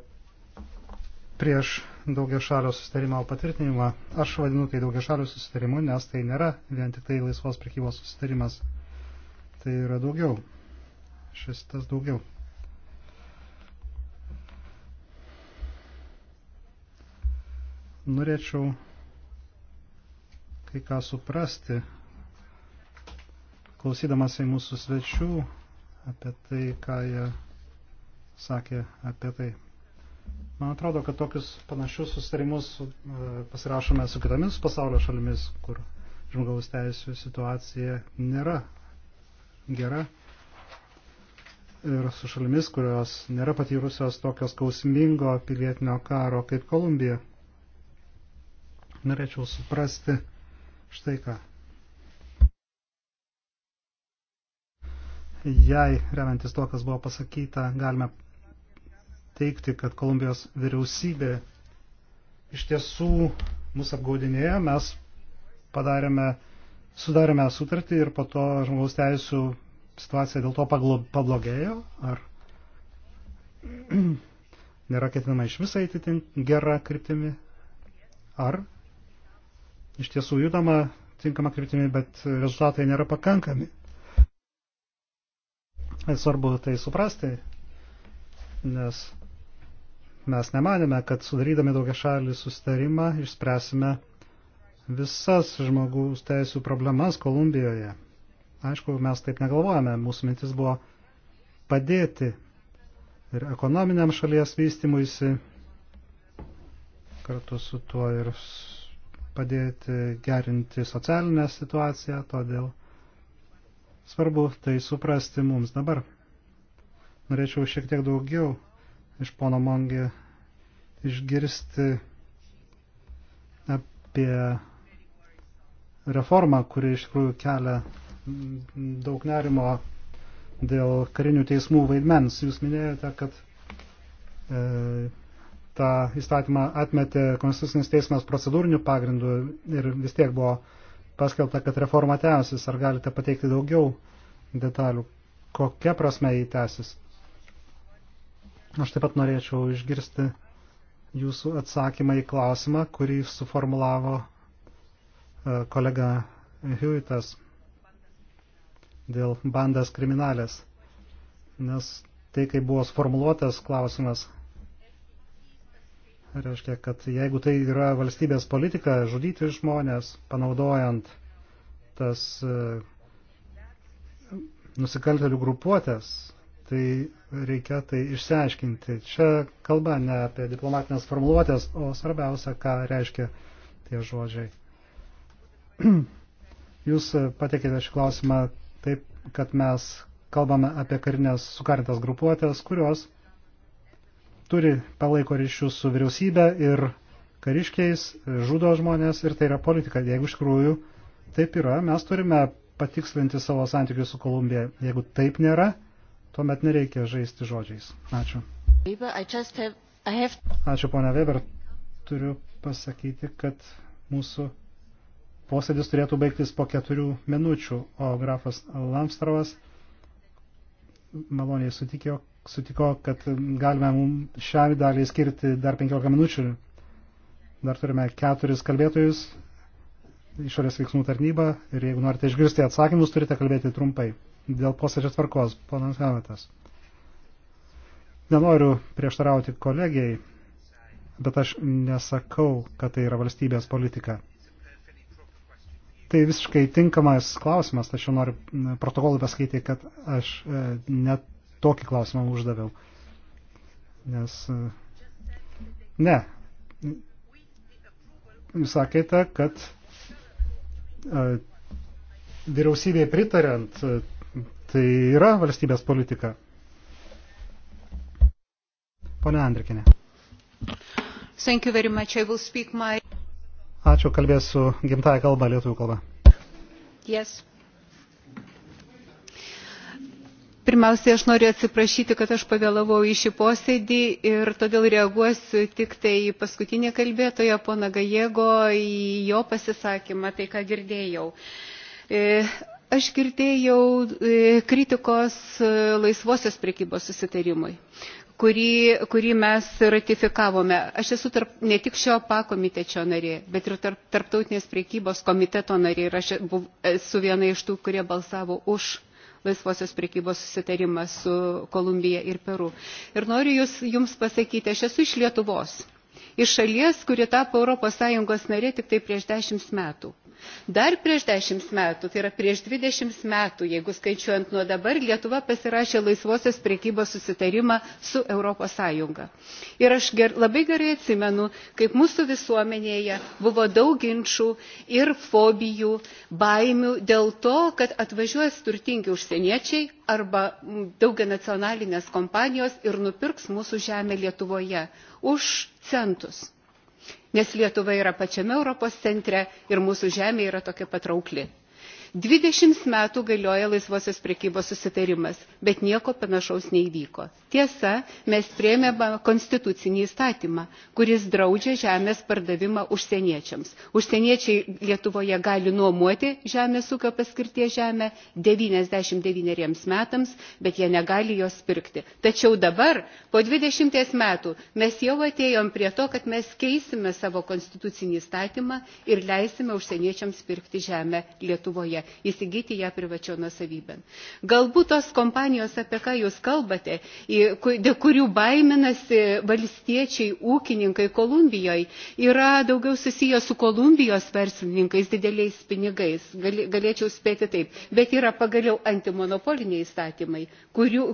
prieš daugia šalio susitarimo patvirtinimą. Aš vadinu tai daugia šalio susitarimu, nes tai nėra vien tik tai laisvos prekybos susitarimas. Tai yra daugiau. Šis tas daugiau. Norėčiau kai ką suprasti, klausydamas į mūsų svečių apie tai, ką jie sakė apie tai. Man atrodo, kad tokius panašius susitarimus e, pasirašome su kitomis pasaulio šalimis, kur žmogaus teisų situacija nėra gera ir su šalimis, kurios nėra patyrusios tokios kausmingo pilietinio karo kaip Kolumbija norėčiau suprasti štai ką. Jei, remiantis to, kas buvo pasakyta, galime teikti, kad Kolumbijos vyriausybė iš tiesų mus apgaudinėjo, mes padarėme, sudarėme sutartį ir po to žmogaus teisų situacija dėl to pablogėjo, ar nėra ketinama iš visai eiti gerą kryptimį, ar iš tiesų judama tinkama kryptimi, bet rezultatai nėra pakankami. Svarbu tai suprasti, nes mes nemanėme, kad sudarydami daugia šalį sustarimą išspręsime visas žmogaus teisų problemas Kolumbijoje. Aišku, mes taip negalvojame, mūsų mintis buvo padėti ir ekonominiam šalies vystimuisi, kartu su tuo ir padėti gerinti socialinę situaciją, todėl svarbu tai suprasti mums dabar. Norėčiau šiek tiek daugiau iš pono Mongi išgirsti apie reformą, kuri iš tikrųjų kelia daug nerimo dėl karinių teismų vaidmens. Jūs minėjote, kad e, tą įstatymą atmetė Konstitucinis teismas procedūrinių pagrindų ir vis tiek buvo paskelbta, kad reforma tęsis. Ar galite pateikti daugiau detalių? Kokia prasme jį tęsis? Aš taip pat norėčiau išgirsti jūsų atsakymą į klausimą, kurį suformulavo e, kolega Hewitas dėl bandas kriminalės. Nes tai, kai buvo sformuluotas klausimas, reiškia, kad jeigu tai yra valstybės politika, žudyti žmonės, panaudojant tas e, nusikaltelių grupuotės, tai reikia tai išsiaiškinti. Čia kalba ne apie diplomatinės formuluotės, o svarbiausia, ką reiškia tie žodžiai. Jūs patekėte šį klausimą taip, kad mes kalbame apie karinės sukarintas grupuotės, kurios turi palaiko ryšius su vyriausybė ir kariškiais, žudo žmonės ir tai yra politika. Jeigu iš tikrųjų taip yra, mes turime patikslinti savo santykius su Kolumbija. Jeigu taip nėra, tuomet nereikia žaisti žodžiais. Ačiū. Ačiū, ponia Weber. Turiu pasakyti, kad mūsų posėdis turėtų baigtis po keturių minučių, o grafas Lamstravas maloniai sutikėjo, sutiko, kad galime šią dalį skirti dar 15 minučių. Dar turime keturis kalbėtojus, išorės veiksmų tarnybą ir jeigu norite išgirsti atsakymus, turite kalbėti trumpai. Dėl posėdžio tvarkos, ponas Hametas. Nenoriu prieštarauti kolegijai, bet aš nesakau, kad tai yra valstybės politika. Tai visiškai tinkamas klausimas, tačiau noriu protokolą pasakyti, kad aš e, net tokį klausimą uždaviau. Nes. E, ne. Jūs sakėte, kad e, vyriausybėje pritariant, e, tai yra valstybės politika. Pone Andrikinė. My... Ačiū, kalbėsiu gimtąją kalbą, lietuvių kalbą. Yes. pirmiausia aš noriu atsiprašyti kad aš pavėlavau į šį posėdį ir todėl reaguosiu tik tai į paskutinį kalbėtoją poną gajego į jo pasisakymą tai ką girdėjau. E, aš girdėjau e, kritikos e, laisvosios prekybos susitarimui kurį, kurį mes ratifikavome. Aš esu tarp, ne tik šio pakomitečio narė, bet ir tarp, tarptautinės priekybos komiteto narė ir aš esu viena iš tų, kurie balsavo už uh, laisvosios priekybos susitarimą su Kolumbija ir Peru. Ir noriu jūs, jums pasakyti, aš esu iš Lietuvos, iš šalies, kuri tapo ES narė tik tai prieš dešimt metų dar prieš dešimt metų tai yra prieš dvidešimt metų jeigu skaičiuojant nuo dabar lietuva pasirašė laisvosios prekybos susitarimą su europos sąjunga ir aš ger, labai gerai atsimenu kaip mūsų visuomenėje buvo daug ginčų ir fobijų baimių dėl to kad atvažiuos turtingi užsieniečiai arba daugianacionalinės kompanijos ir nupirks mūsų žemę lietuvoje už centus nes Lietuva yra pačiame Europos centre ir mūsų žemė yra tokia patraukli. 20 metų galioja laisvosios prekybos susitarimas, bet nieko panašaus neįvyko. Tiesa, mes prieimėme konstitucinį įstatymą, kuris draudžia žemės pardavimą užsieniečiams. Užsieniečiai Lietuvoje gali nuomuoti žemės ūkio paskirtie žemę 99 metams, bet jie negali jos pirkti. Tačiau dabar, po 20 metų, mes jau atėjom prie to, kad mes keisime savo konstitucinį įstatymą ir leisime užsieniečiams pirkti žemę Lietuvoje, įsigyti ją privačio nusavybę. Galbūt tos kompanijos, apie ką jūs kalbate, į dėl kurių baiminasi valstiečiai ūkininkai Kolumbijoje, yra daugiau susiję su Kolumbijos verslininkais dideliais pinigais. Galėčiau spėti taip. Bet yra pagaliau antimonopoliniai įstatymai, kurių,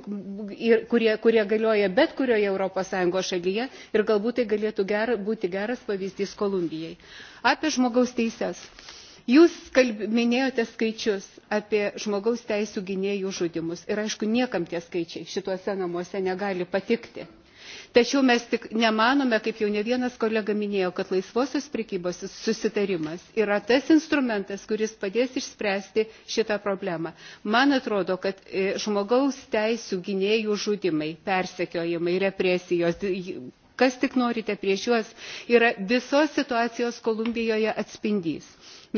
ir, kurie, kurie galioja bet kurioje ES šalyje ir galbūt tai galėtų ger, būti geras pavyzdys Kolumbijai. Apie žmogaus teises. Jūs kalb, minėjote skaičius apie žmogaus teisų gynėjų žudimus ir aišku, niekam tie skaičiai šituose namuose negali patikti. Tačiau mes tik nemanome, kaip jau ne vienas kolega minėjo, kad laisvosios prekybos susitarimas yra tas instrumentas, kuris padės išspręsti šitą problemą. Man atrodo, kad e, žmogaus teisų gynėjų žudimai, persekiojimai, represijos, kas tik norite prieš juos, yra visos situacijos Kolumbijoje atspindys.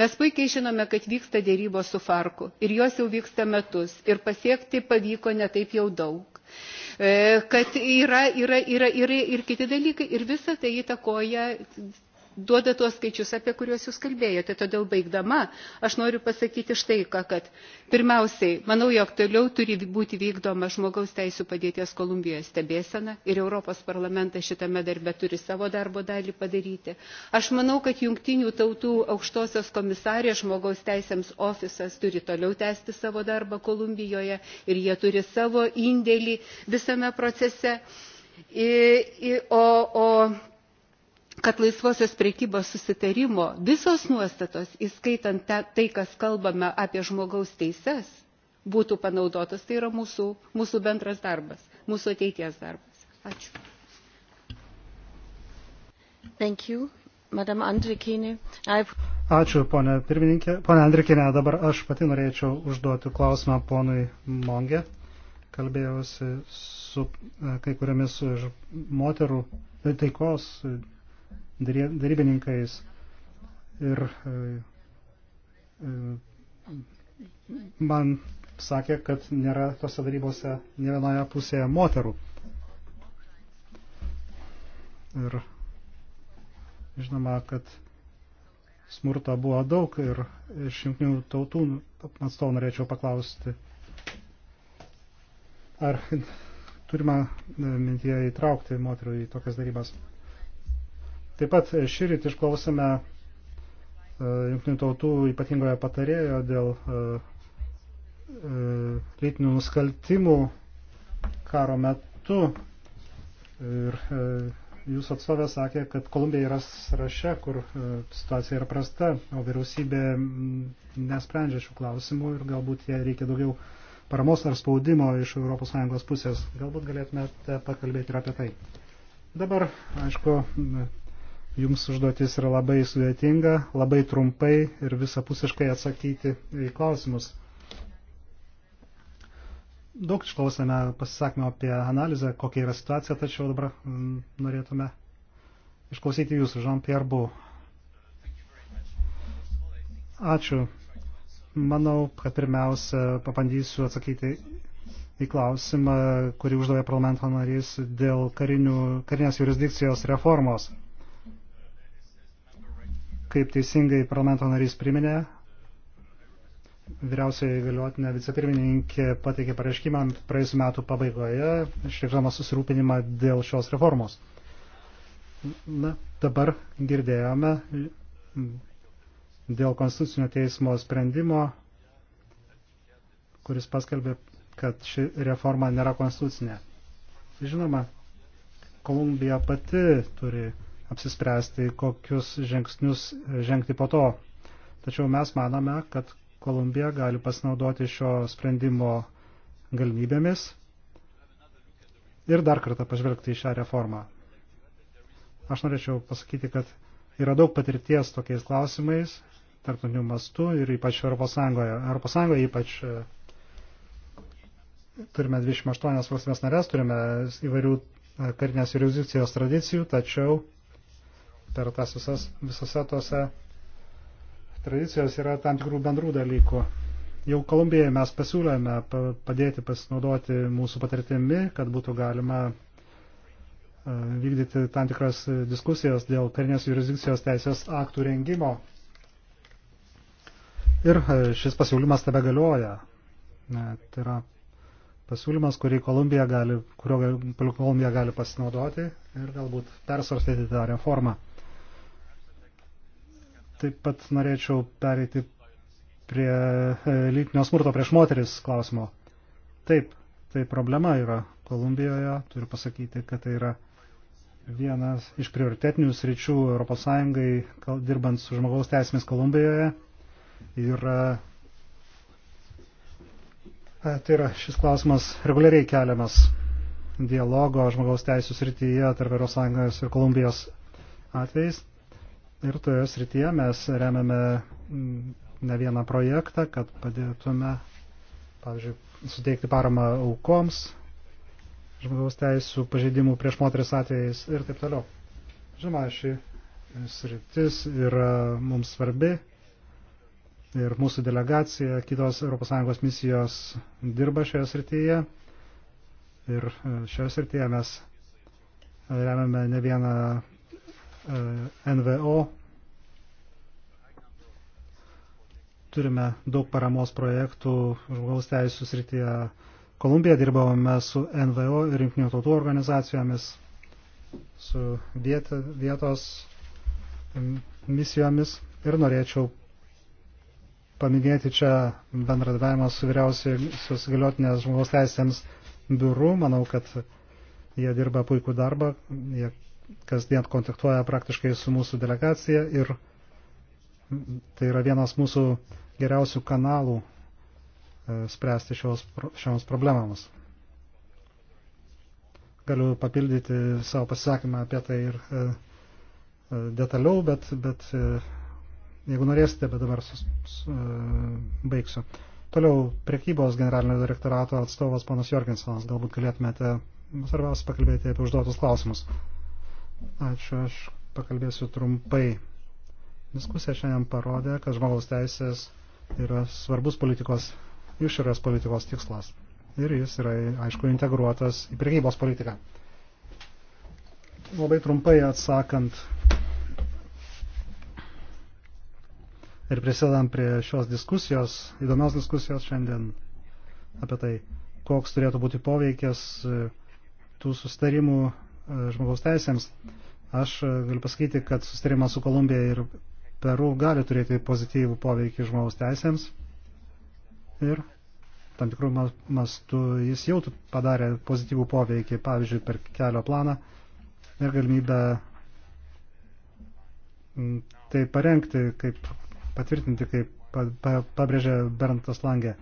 Mes puikiai žinome, kad vyksta dėrybos su Farku ir jos jau vyksta metus ir pasiekti pavyko netaip jau daug e, kad yra, yra, yra, yra ir kiti dalykai ir visa tai įtakoja duoda tuos skaičius, apie kuriuos jūs kalbėjote. Todėl baigdama, aš noriu pasakyti štai ką, kad pirmiausiai, manau, jog toliau turi būti vykdoma žmogaus teisų padėties Kolumbijoje stebėsena ir Europos parlamentas šitame darbe turi savo darbo dalį padaryti. Aš manau, kad jungtinių tautų aukštosios komisarė žmogaus teisėms ofisas turi toliau tęsti savo darbą Kolumbijoje ir jie turi savo indėlį visame procese. I, i, o, o kad laisvosios priekybos susitarimo visos nuostatos, įskaitant tai, kas kalbame apie žmogaus teises, būtų panaudotas. Tai yra mūsų, mūsų bendras darbas, mūsų ateities darbas. Ačiū. Thank you. Madam Andrikinė. Ačiū, ponė pirmininkė. Pone Andrikinė, dabar aš pati norėčiau užduoti klausimą ponui Mongė. Kalbėjausi su e, kai kuriamis e, moterų taikos darybininkais ir e, e, man sakė, kad nėra tose darybose ne vienoje pusėje moterų. Ir žinoma, kad smurto buvo daug ir iš jungtinių tautų atstovų norėčiau paklausti, ar turime mintyje įtraukti moterų į tokias darybas. Taip pat šį rytį išklausėme e, Junktinių tautų ypatingoje patarėjo dėl e, e, lytinių nusikaltimų karo metu. Ir jūsų atstovė sakė, kad Kolumbija yra sąraše, kur situacija yra prasta, o vyriausybė nesprendžia šių klausimų ir galbūt jie reikia daugiau paramos ar spaudimo iš ES pusės. Galbūt galėtumėte pakalbėti ir apie tai. Dabar, aišku, Jums užduotis yra labai sudėtinga, labai trumpai ir visapusiškai atsakyti į klausimus. Daug išklausėme pasisakymą apie analizę, kokia yra situacija, tačiau dabar mm, norėtume išklausyti jūsų, Jean-Pierre Bou. Ačiū. Manau, kad pirmiausia pabandysiu atsakyti į klausimą, kurį uždavė parlamento narys dėl karinių, karinės jurisdikcijos reformos kaip teisingai parlamento narys priminė, vyriausioji galiotinė vicepirmininkė pateikė pareiškimą praėjusiu metu pabaigoje, išreikšdama susirūpinimą dėl šios reformos. Na, dabar girdėjome dėl Konstitucinio teismo sprendimo, kuris paskelbė, kad ši reforma nėra konstitucinė. Žinoma, Kolumbija pati turi apsispręsti, kokius žingsnius žengti po to. Tačiau mes manome, kad Kolumbija gali pasinaudoti šio sprendimo galimybėmis ir dar kartą pažvelgti į šią reformą. Aš norėčiau pasakyti, kad yra daug patirties tokiais klausimais, tarptautiniu mastu ir ypač Europos Sąjungoje. Europos Sąjungoje ypač e, turime 28 valstybės narės, turime įvairių e, karinės jurisdikcijos tradicijų, tačiau per tas visas, visose tose tradicijos yra tam tikrų bendrų dalykų. Jau Kolumbijai mes pasiūlėme padėti pasinaudoti mūsų patirtimi, kad būtų galima e, vykdyti tam tikras diskusijas dėl karinės jurisdikcijos teisės aktų rengimo. Ir e, šis pasiūlymas tebe galioja. E, tai yra pasiūlymas, kurį Kolumbija gali, kurio Kolumbija gali pasinaudoti ir galbūt persvarstyti tą reformą. Taip pat norėčiau pereiti prie e, lytinio smurto prieš moteris klausimo. Taip, tai problema yra Kolumbijoje. Turiu pasakyti, kad tai yra vienas iš prioritetinių sričių ES, dirbant su žmogaus teisėmis Kolumbijoje, yra, e, e, tai yra šis klausimas reguliariai keliamas dialogo žmogaus teisų srityje tarp ES ir Kolumbijos atvejais. Ir toje srityje mes remiame mm, ne vieną projektą, kad padėtume, pavyzdžiui, suteikti paramą aukoms, žmogaus teisų pažeidimų prieš moteris atvejais ir taip toliau. Žinoma, ši sritis yra mums svarbi ir mūsų delegacija, kitos ES misijos dirba šioje srityje ir e, šioje srityje mes remiame ne vieną E, NVO. Turime daug paramos projektų žmogaus teisų srityje. Kolumbija dirbavome su NVO ir rinktinių tautų organizacijomis, su viet, vietos misijomis ir norėčiau paminėti čia bendradarbiavimą su vyriausios galiotinės žmogaus teisėms biuru. Manau, kad jie dirba puikų darbą, jie kasdien kontaktuoja praktiškai su mūsų delegacija ir tai yra vienas mūsų geriausių kanalų e, spręsti šios, šioms problemams. Galiu papildyti savo pasisakymą apie tai ir e, e, detaliau, bet, bet jeigu norėsite, bet dabar sus, su, baigsiu. Toliau priekybos generalinio direktorato atstovas panas Jorgensonas, galbūt galėtumėte svarbiausia pakalbėti apie užduotus klausimus. Ačiū, aš pakalbėsiu trumpai. Diskusija šiandien parodė, kad žmogaus teisės yra svarbus politikos, išorės politikos tikslas. Ir jis yra, aišku, integruotas į priekybos politiką. Labai trumpai atsakant ir prisėdam prie šios diskusijos, įdomios diskusijos šiandien apie tai, koks turėtų būti poveikis tų sustarimų žmogaus teisėms, aš e, galiu pasakyti, kad sustarimas su Kolumbija ir Peru gali turėti pozityvų poveikį žmogaus teisėms ir tam tikrų mastų jis jau padarė pozityvų poveikį, pavyzdžiui, per kelio planą ir galimybę tai parengti, kaip patvirtinti, kaip pabrėžė Berntas Langė.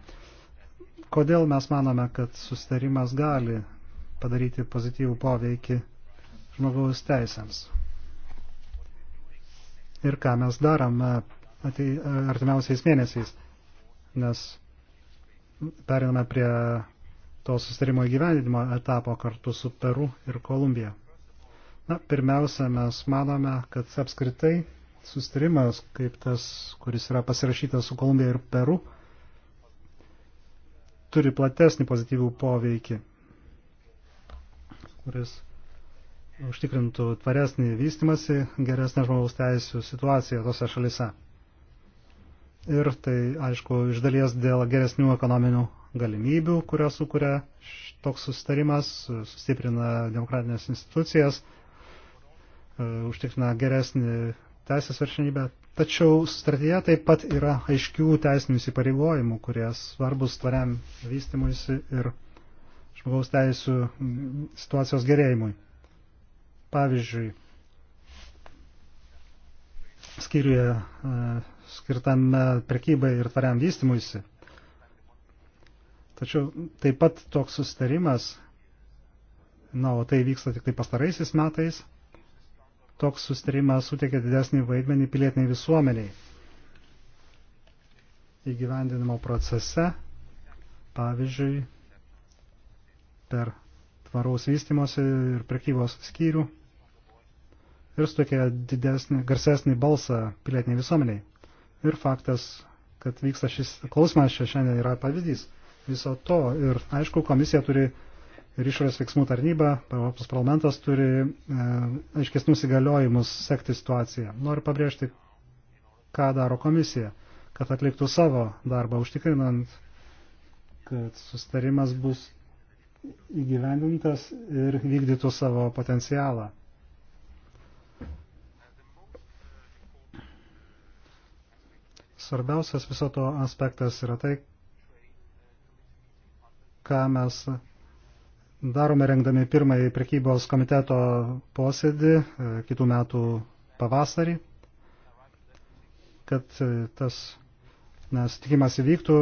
Kodėl mes manome, kad susitarimas gali padaryti pozityvų poveikį žmogaus teisėms. Ir ką mes darome e, artimiausiais mėnesiais, nes periname prie to sustarimo įgyvendinimo etapo kartu su Peru ir Kolumbija. Na, pirmiausia, mes manome, kad apskritai sustarimas, kaip tas, kuris yra pasirašytas su Kolumbija ir Peru, turi platesnį pozityvų poveikį, kuris užtikrintų tvaresnį vystimasi, geresnę žmogaus teisų situaciją tose šalise. Ir tai, aišku, iš dalies dėl geresnių ekonominių galimybių, kurios sukuria toks sustarimas, sustiprina demokratinės institucijas, e, užtikrina geresnį teisės viršinybę. Tačiau sutartyje taip pat yra aiškių teisinių įsipareigojimų, kurie svarbus tvariam vystimuisi ir žmogaus teisų situacijos gerėjimui. Pavyzdžiui, skyriuje e, skirtame prekybai ir tvariam vystimuisi. Tačiau taip pat toks susitarimas, na, o tai vyksta tik tai pastaraisiais metais, toks susitarimas suteikia didesnį vaidmenį pilietiniai visuomeniai įgyvendinimo procese, pavyzdžiui, per tvaraus vystimosi ir prekybos skyrių ir suteikia didesnį, garsesnį balsą pilietiniai visuomeniai. Ir faktas, kad vyksta šis klausimas čia šiandien yra pavyzdys viso to. Ir aišku, komisija turi ir išorės veiksmų tarnyba, Europos parlamentas turi e, aiškesnius įgaliojimus sekti situaciją. Noriu pabrėžti, ką daro komisija, kad atliktų savo darbą, užtikrinant, kad sustarimas bus įgyvendintas ir vykdytų savo potencialą. Svarbiausias viso to aspektas yra tai, ką mes darome rengdami pirmąjį prekybos komiteto posėdį e, kitų metų pavasarį, kad e, tas nes tikimas įvyktų,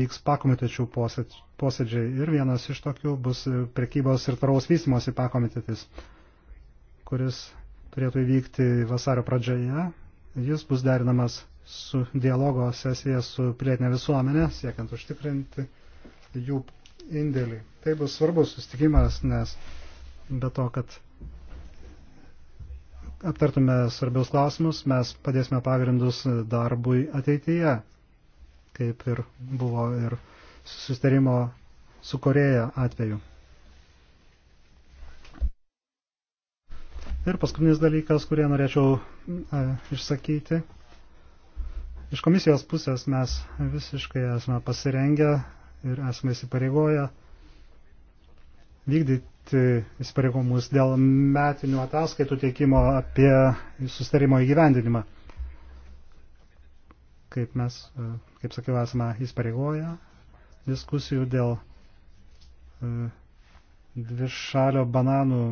vyks pakomitečių posėdžiai ir vienas iš tokių bus prekybos ir tvaraus vystimosi pakomitetis, kuris turėtų įvykti vasario pradžioje. Jis bus derinamas su dialogo sesija su pilietinė visuomenė, siekiant užtikrinti jų indėlį. Tai bus svarbus sustikimas, nes be to, kad aptartume svarbiaus klausimus, mes padėsime pagrindus darbui ateityje, kaip ir buvo ir susitarimo su Koreja atveju. Ir paskutinis dalykas, kurį norėčiau e, išsakyti, Iš komisijos pusės mes visiškai esame pasirengę ir esame įsipareigoję vykdyti įsipareigomus dėl metinių ataskaitų teikimo apie sustarimo įgyvendinimą. Kaip mes, kaip sakiau, esame įsipareigoję diskusijų dėl e, dvišalio bananų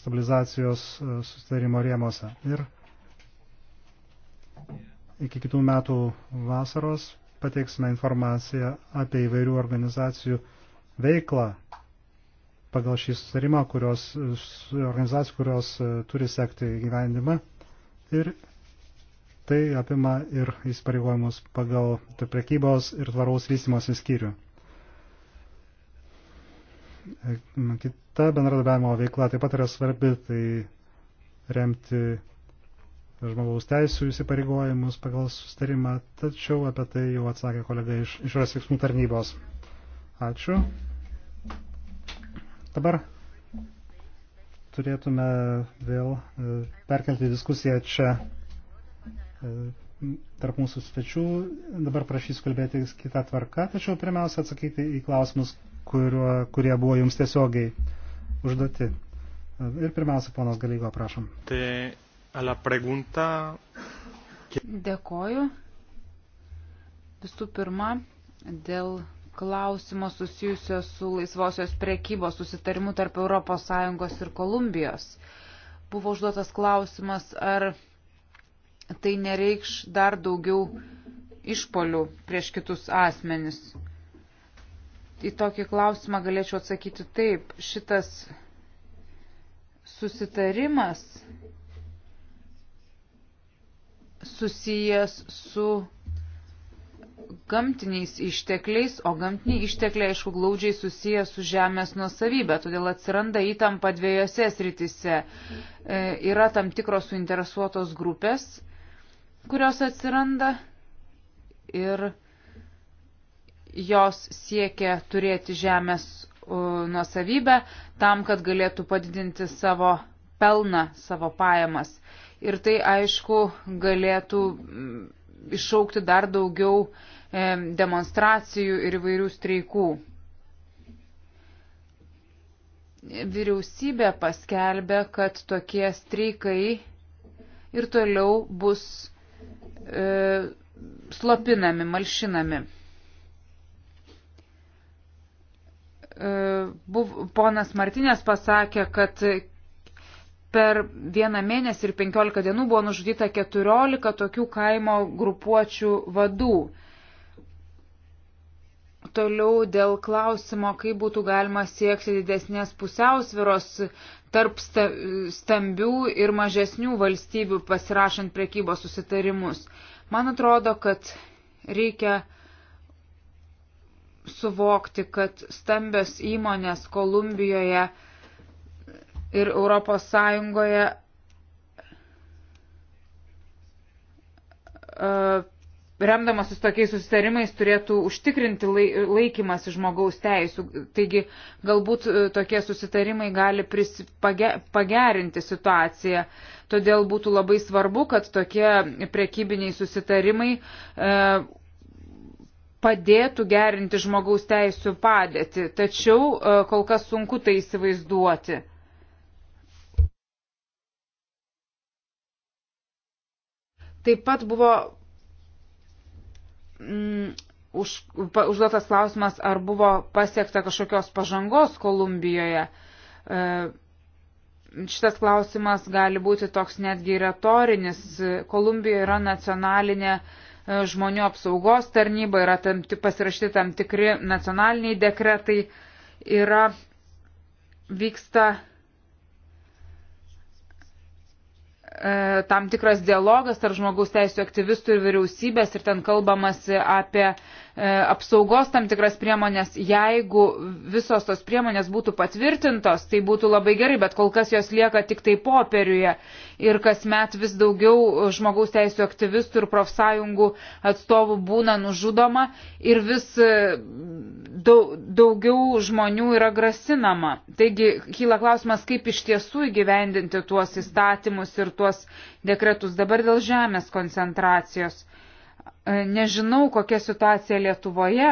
stabilizacijos e, sustarimo rėmose. Ir iki kitų metų vasaros pateiksime informaciją apie įvairių organizacijų veiklą pagal šį sustarimą, kurios, organizacijų, kurios e, turi sekti gyvenimą ir tai apima ir įsipareigojimus pagal prekybos ir tvaraus vystimos įskyrių. E, kita bendradarbiavimo veikla taip pat yra svarbi, tai remti žmogaus teisų įsipareigojimus pagal sustarimą, tačiau apie tai jau atsakė kolega iš išorės veiksmų tarnybos. Ačiū. Dabar turėtume vėl e, perkelti diskusiją čia e, tarp mūsų svečių. Dabar prašysiu kalbėti kitą tvarką, tačiau pirmiausia atsakyti į klausimus, kurio, kurie buvo jums tiesiogiai užduoti. E, ir pirmiausia, ponas Galygo, prašom. Tai Dėkoju. Visų pirma, dėl klausimo susijusio su laisvosios prekybos susitarimu tarp ES ir Kolumbijos. Buvo užduotas klausimas, ar tai nereikš dar daugiau išpolių prieš kitus asmenis. Į tokį klausimą galėčiau atsakyti taip. Šitas susitarimas susijęs su gamtiniais ištekliais, o gamtiniai ištekliai, aišku, glaudžiai susiję su žemės nuosavybė, todėl atsiranda įtampa dviejose sritise. E, yra tam tikros suinteresuotos grupės, kurios atsiranda ir jos siekia turėti žemės nuosavybę tam, kad galėtų padidinti savo pelną, savo pajamas. E, ir tai aišku galėtų mm, iššaukti dar daugiau demonstracijų ir įvairių streikų. Vyriausybė paskelbė, kad tokie streikai ir toliau bus e, slopinami, malšinami. E, buv, ponas Martinės pasakė, kad per vieną mėnesį ir 15 dienų buvo nužudyta 14 tokių kaimo grupuočių vadų. Toliau dėl klausimo, kaip būtų galima siekti didesnės pusiausviros tarp stambių ir mažesnių valstybių pasirašant prekybos susitarimus. Man atrodo, kad reikia suvokti, kad stambios įmonės Kolumbijoje ir Europos Sąjungoje e, remdamasis tokiais susitarimais turėtų užtikrinti laikymasi žmogaus teisų. Taigi galbūt e, tokie susitarimai gali pagerinti situaciją. Todėl būtų labai svarbu, kad tokie priekybiniai susitarimai e, padėtų gerinti žmogaus teisų padėtį. Tačiau kol kas sunku tai įsivaizduoti. Taip pat buvo mm, už, pa, užduotas klausimas, ar buvo pasiekta kažkokios pažangos Kolumbijoje. E, šitas klausimas gali būti toks netgi retorinis. Kolumbijoje yra nacionalinė e, žmonių apsaugos tarnyba, yra tam, pasirašti tam tikri nacionaliniai dekretai, yra vyksta E, tam tikras dialogas tarp žmogaus teisų aktyvistų ir vyriausybės ir ten kalbamas apie E, apsaugos tam tikras priemonės, jeigu visos tos priemonės būtų patvirtintos, tai būtų labai gerai, bet kol kas jos lieka tik tai popieriuje. Ir kasmet vis daugiau žmogaus teisų aktyvistų ir profsąjungų atstovų būna nužudoma ir vis e, daugiau žmonių yra grasinama. Taigi kyla klausimas, kaip iš tiesų įgyvendinti tuos įstatymus ir tuos dekretus dabar dėl žemės koncentracijos. E, nežinau, kokia situacija Lietuvoje,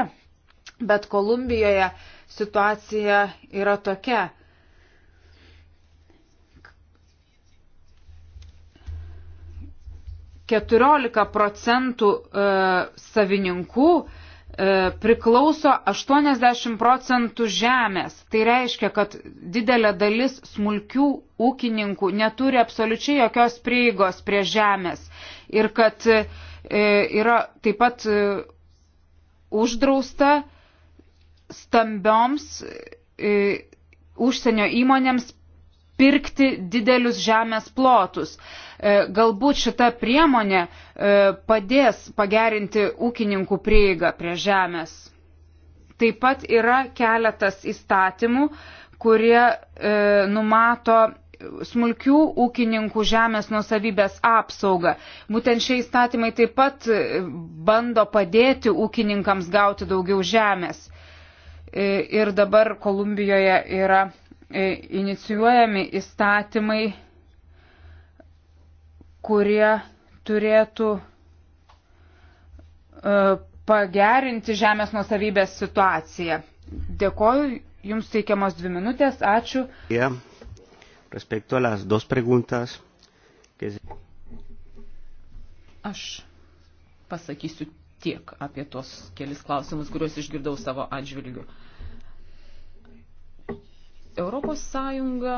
bet Kolumbijoje situacija yra tokia. Keturiolika procentų e, savininkų e, priklauso 80 procentų žemės. Tai reiškia, kad didelė dalis smulkių ūkininkų neturi absoliučiai jokios prieigos prie žemės. Ir kad uh, E, yra taip pat e, uždrausta stambioms e, užsienio įmonėms pirkti didelius žemės plotus. Galbūt šita priemonė padės pagerinti ūkininkų prieigą prie žemės. Taip pat yra keletas įstatymų, kurie numato smulkių ūkininkų žemės nusavybės apsaugą. Būtent šie įstatymai taip pat e, bando padėti ūkininkams gauti daugiau žemės. E, ir dabar Kolumbijoje yra e, inicijuojami įstatymai, kurie turėtų pagerinti žemės nusavybės situaciją. Dėkoju, jums teikiamos dvi minutės, ačiū. Yeah. Respecto a las dos preguntas que. Aš pasakysiu tiek apie tuos kelis klausimus, kuriuos išgirdau savo atžvilgiu. Europos Sąjunga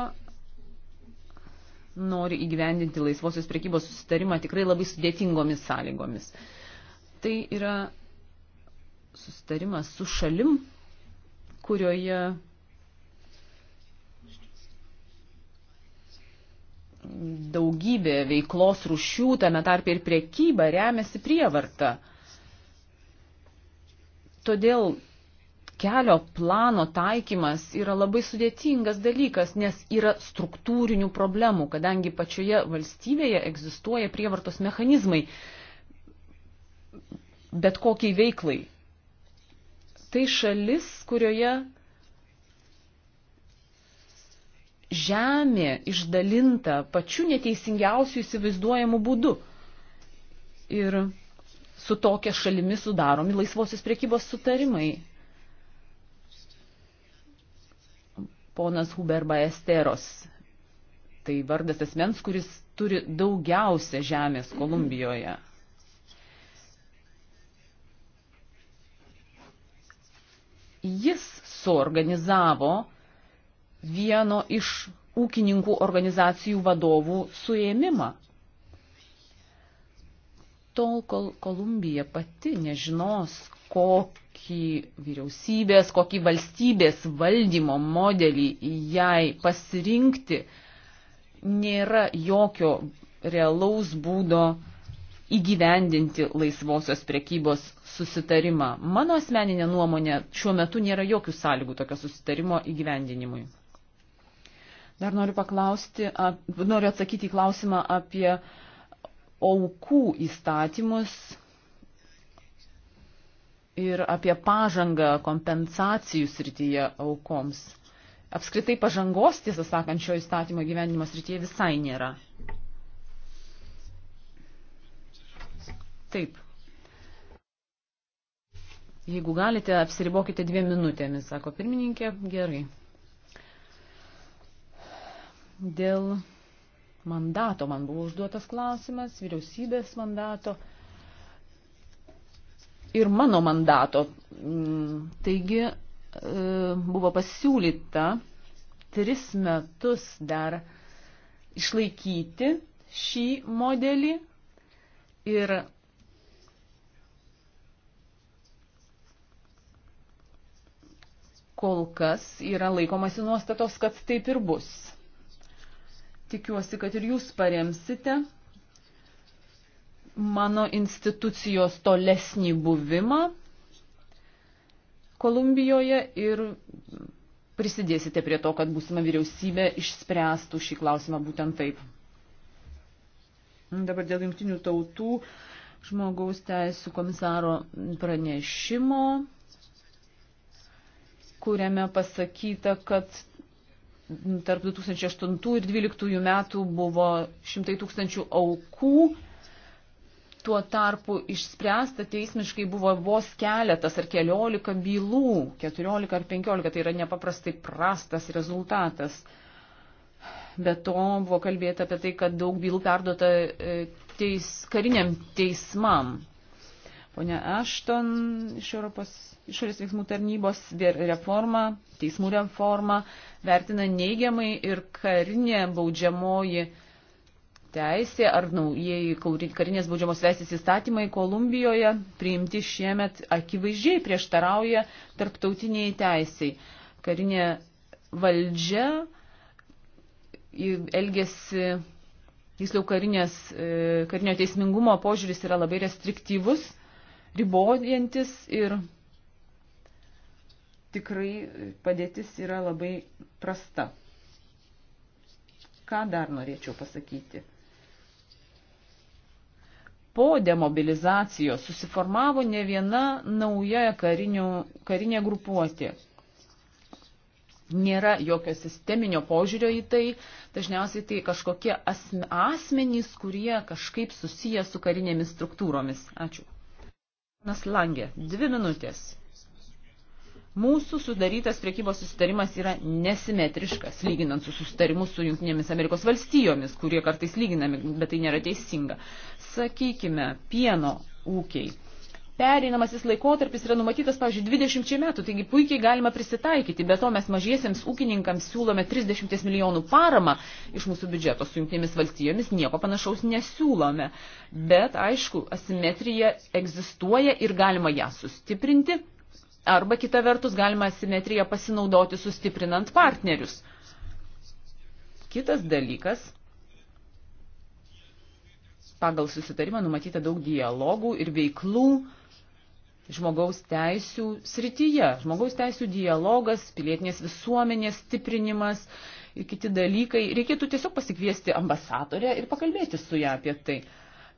nori įgyvendinti laisvosios prekybos susitarimą tikrai labai sudėtingomis sąlygomis. Tai yra susitarimas su šalim, kurioje daugybė veiklos rušių, tame tarp ir priekyba, remiasi prievarta. Todėl kelio plano taikymas yra labai sudėtingas dalykas, nes yra struktūrinių problemų, kadangi pačioje valstybėje egzistuoja prievartos mechanizmai bet kokiai veiklai. Tai šalis, kurioje žemė išdalinta pačiu neteisingiausiu įsivaizduojamu būdu. Ir su tokia šalimi sudaromi laisvosios priekybos sutarimai. Ponas Huberba Esteros. Tai vardas asmens, kuris turi daugiausia žemės Kolumbijoje. Jis suorganizavo vieno iš ūkininkų organizacijų vadovų suėmimą. Tol, kol Kolumbija pati nežinos, kokį vyriausybės, kokį valstybės valdymo modelį jai pasirinkti, nėra jokio realaus būdo įgyvendinti laisvosios prekybos susitarimą. Mano asmeninė nuomonė šiuo metu nėra jokių sąlygų tokio susitarimo įgyvendinimui. Dar noriu paklausti, ap, noriu atsakyti į klausimą apie aukų įstatymus ir apie pažangą kompensacijų srityje aukoms. Apskritai pažangos, tiesą sakant, šio įstatymo gyvenimo srityje visai nėra. Taip. Jeigu galite, apsiribokite dviem minutėmis, sako pirmininkė. Gerai dėl mandato. Man buvo užduotas klausimas, vyriausybės mandato ir mano mandato. Mm, taigi e, buvo pasiūlyta tris metus dar išlaikyti šį modelį ir kol kas yra laikomasi nuostatos, kad taip ir bus. Tikiuosi, kad ir jūs paremsite mano institucijos tolesnį buvimą Kolumbijoje ir prisidėsite prie to, kad būsima vyriausybė išspręstų šį klausimą būtent taip. Dabar dėl jungtinių tautų žmogaus teisų komisaro pranešimo, kuriame pasakyta, kad tarp 2008 ir 2012 metų buvo šimtai tūkstančių aukų. Tuo tarpu išspręsta teismiškai buvo vos keletas ar keliolika bylų, keturiolika ar penkiolika, tai yra nepaprastai prastas rezultatas. Be to buvo kalbėta apie tai, kad daug bylų perduota e, teis, kariniam teismam, Pone Ašton iš Europos išorės veiksmų tarnybos reformą, teismų reformą vertina neigiamai ir karinė baudžiamoji teisė ar naujieji karinės baudžiamos teisės įstatymai Kolumbijoje priimti šiemet akivaizdžiai prieštarauja tarptautiniai teisiai. Karinė valdžia elgesi, tiksliau karinės, e, karinio teismingumo požiūris yra labai restriktyvus ribojantis ir tikrai padėtis yra labai prasta. Ką dar norėčiau pasakyti? Po demobilizacijos susiformavo ne viena nauja karinių, karinė grupuotė. Nėra jokio sisteminio požiūrio į tai, dažniausiai tai kažkokie asmenys, kurie kažkaip susiję su karinėmis struktūromis. Ačiū. Ponas Langė, dvi minutės. Mūsų sudarytas priekybos susitarimas yra nesimetriškas, lyginant su susitarimu su Junktinėmis Amerikos valstijomis, kurie kartais lyginami, bet tai nėra teisinga. Sakykime, pieno ūkiai pereinamasis laikotarpis yra numatytas, pavyzdžiui, 20 metų, taigi puikiai galima prisitaikyti. Be to mes mažiesiems ūkininkams siūlome 30 milijonų paramą iš mūsų biudžeto su jungtinėmis valstijomis, nieko panašaus nesiūlome. Bet, aišku, asimetrija egzistuoja ir galima ją sustiprinti, arba kita vertus galima asimetriją pasinaudoti sustiprinant partnerius. Kitas dalykas pagal susitarimą numatyta daug dialogų ir veiklų žmogaus teisių srityje. Žmogaus teisių dialogas, pilietinės visuomenės stiprinimas ir kiti dalykai. Reikėtų tiesiog pasikviesti ambasadorę ir pakalbėti su ją apie tai.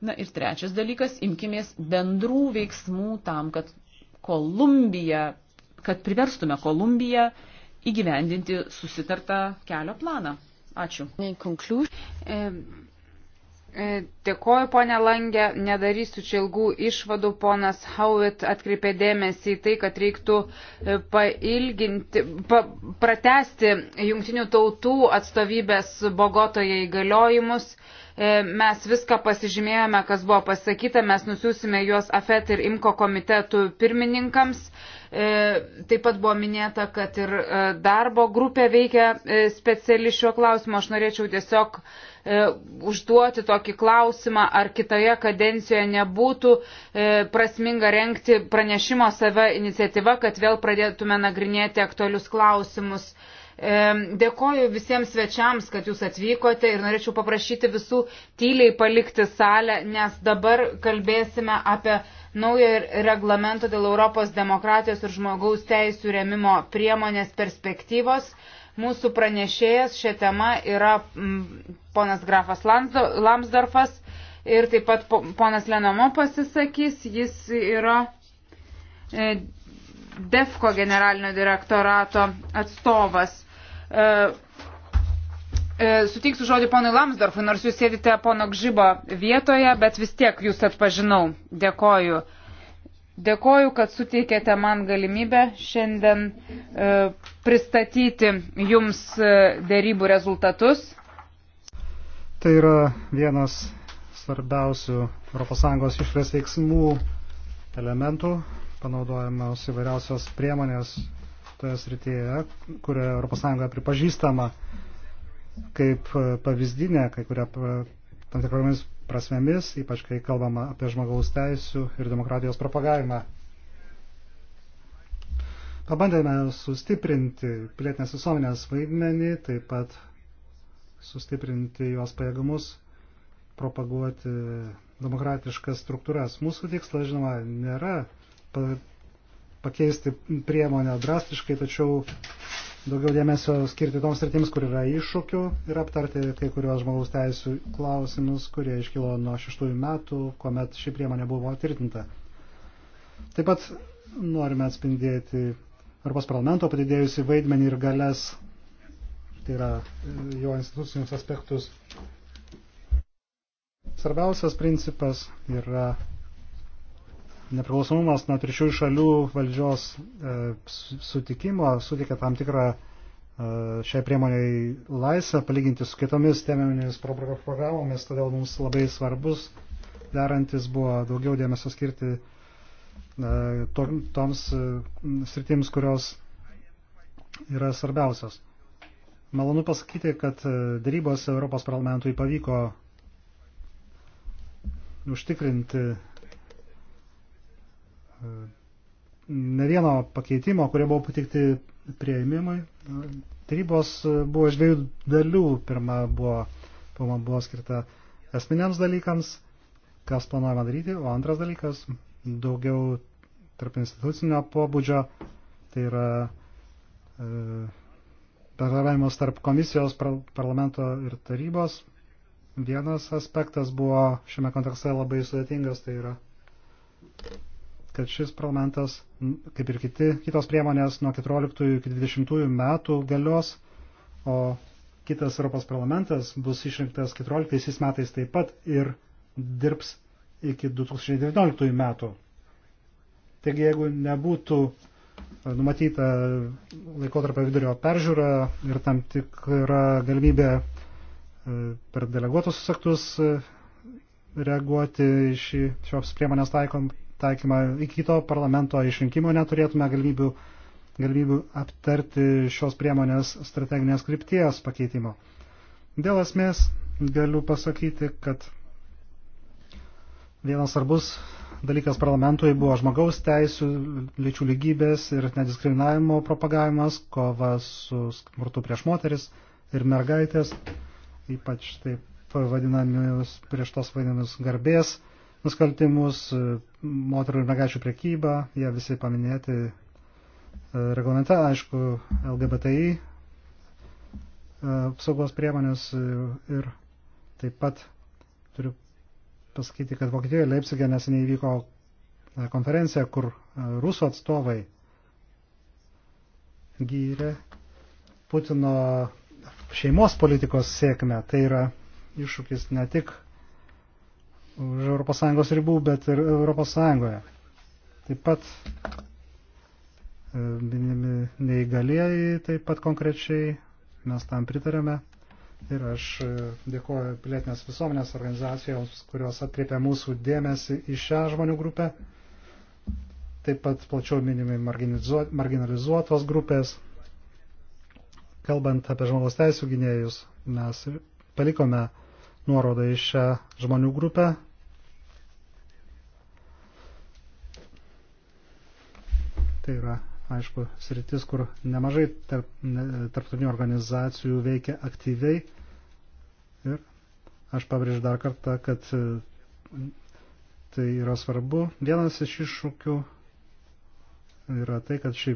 Na ir trečias dalykas, imkimės bendrų veiksmų tam, kad Kolumbija, kad priverstume Kolumbiją įgyvendinti susitartą kelio planą. Ačiū. Konkliūž. E, dėkoju, ponė Langė, nedarysiu čia ilgų išvadų. Ponas Howitt atkreipė dėmesį į tai, kad reiktų e, pailginti, pa, pratesti jungtinių tautų atstovybės Bogotoje įgaliojimus. E, mes viską pasižymėjome, kas buvo pasakyta, mes nusiusime juos AFET ir IMKO komitetų pirmininkams. Taip pat buvo minėta, kad ir darbo grupė veikia speciali šiuo klausimu. Aš norėčiau tiesiog E, užduoti tokį klausimą, ar kitoje kadencijoje nebūtų e, prasminga renkti pranešimo save iniciatyvą, kad vėl pradėtume nagrinėti aktualius klausimus. E, dėkoju visiems svečiams, kad jūs atvykote ir norėčiau paprašyti visų tyliai palikti salę, nes dabar kalbėsime apie naują reglamentą dėl Europos demokratijos ir žmogaus teisų rėmimo priemonės perspektyvos. Mūsų pranešėjas šią temą yra mm, ponas Grafas Lamsdorfas ir taip pat ponas Lenomo pasisakys. Jis yra e, DEFCO generalinio direktorato atstovas. E, e, sutiksiu žodį ponui Lamsdorfui, nors jūs sėdite pono Gžybo vietoje, bet vis tiek jūs atpažinau. Dėkoju. Dėkoju, kad suteikėte man galimybę šiandien e, pristatyti jums e, dėrybų rezultatus. Tai yra vienas svarbiausių ES išrės veiksmų elementų, panaudojamos įvairiausios priemonės toje srityje, kurioje ES pripažįstama kaip e, pavyzdinė, kai kuria tam tikromis prasmėmis, ypač kai kalbama apie žmogaus teisų ir demokratijos propagavimą. Pabandėme sustiprinti pilietinės visuomenės vaidmenį, taip pat sustiprinti juos pajėgumus, propaguoti demokratiškas struktūras. Mūsų tikslas, žinoma, nėra pakeisti priemonę drastiškai, tačiau daugiau dėmesio skirti toms sritims, kur yra iššūkių ir aptarti kai kuriuos žmogaus teisų klausimus, kurie iškilo nuo šeštųjų metų, kuomet ši priemonė buvo tvirtinta. Taip pat norime atspindėti Europos parlamento padidėjusi vaidmenį ir galės, tai yra e, jo institucinius aspektus. Svarbiausias principas yra nepriklausomumas nuo trečiųjų šalių valdžios e, sutikimo suteikia tam tikrą e, šiai priemoniai laisvę palyginti su kitomis teminėmis programomis, todėl mums labai svarbus derantis buvo daugiau dėmesio skirti e, to, toms e, sritims, kurios yra svarbiausios. Malonu pasakyti, kad e, darybos Europos parlamentui pavyko užtikrinti ne vieno pakeitimo, kurie buvo patikti prieimimui. Tarybos buvo iš dviejų dalių. Pirma buvo, pirma buvo skirta esminiams dalykams, kas planuojama daryti, o antras dalykas daugiau tarp institucinio pobūdžio, tai yra e, bendravimas tarp komisijos, par, parlamento ir tarybos. Vienas aspektas buvo šiame kontekste labai sudėtingas, tai yra kad šis parlamentas, kaip ir kiti, kitos priemonės nuo 14 iki 20 metų galios, o kitas Europos parlamentas bus išrinktas 14 metais taip pat ir dirbs iki 2019 metų. Taigi, jeigu nebūtų e, numatyta laikotarpio vidurio peržiūra ir tam tikra galimybė e, per deleguotus aktus e, reaguoti iš šios priemonės taikom, taikymą iki kito parlamento išrinkimo neturėtume galimybių, galimybių aptarti šios priemonės strateginės krypties pakeitimo. Dėl esmės galiu pasakyti, kad vienas svarbus dalykas parlamentui buvo žmogaus teisų, lyčių lygybės ir nediskriminavimo propagavimas, kova su smurtu prieš moteris ir mergaitės, ypač taip vadinamius prieš tos vadinamius garbės nusikaltimus, e, moterų ir mergaičių prekybą, jie visi paminėti e, reglamente, aišku, LGBTI e, apsaugos priemonės ir taip pat turiu pasakyti, kad Vokietijoje Leipzige neseniai vyko konferencija, kur rusų atstovai gyrė Putino šeimos politikos sėkmę. Tai yra iššūkis ne tik už ES ribų, bet ir ES. Taip pat e, minimi neįgalieji, taip pat konkrečiai mes tam pritarėme. Ir aš e, dėkuoju pilietinės visuomenės organizacijoms, kurios atkreipia mūsų dėmesį į šią žmonių grupę. Taip pat plačiau minimi marginalizuotos grupės. Kalbant apie žmogaus teisų gynėjus, mes palikome nuorodą į šią žmonių grupę, Tai yra, aišku, sritis, kur nemažai tarp, ne, tarptautinių organizacijų veikia aktyviai. Ir aš pabrėžiu dar kartą, kad e, tai yra svarbu. Vienas iš iššūkių yra tai, kad ši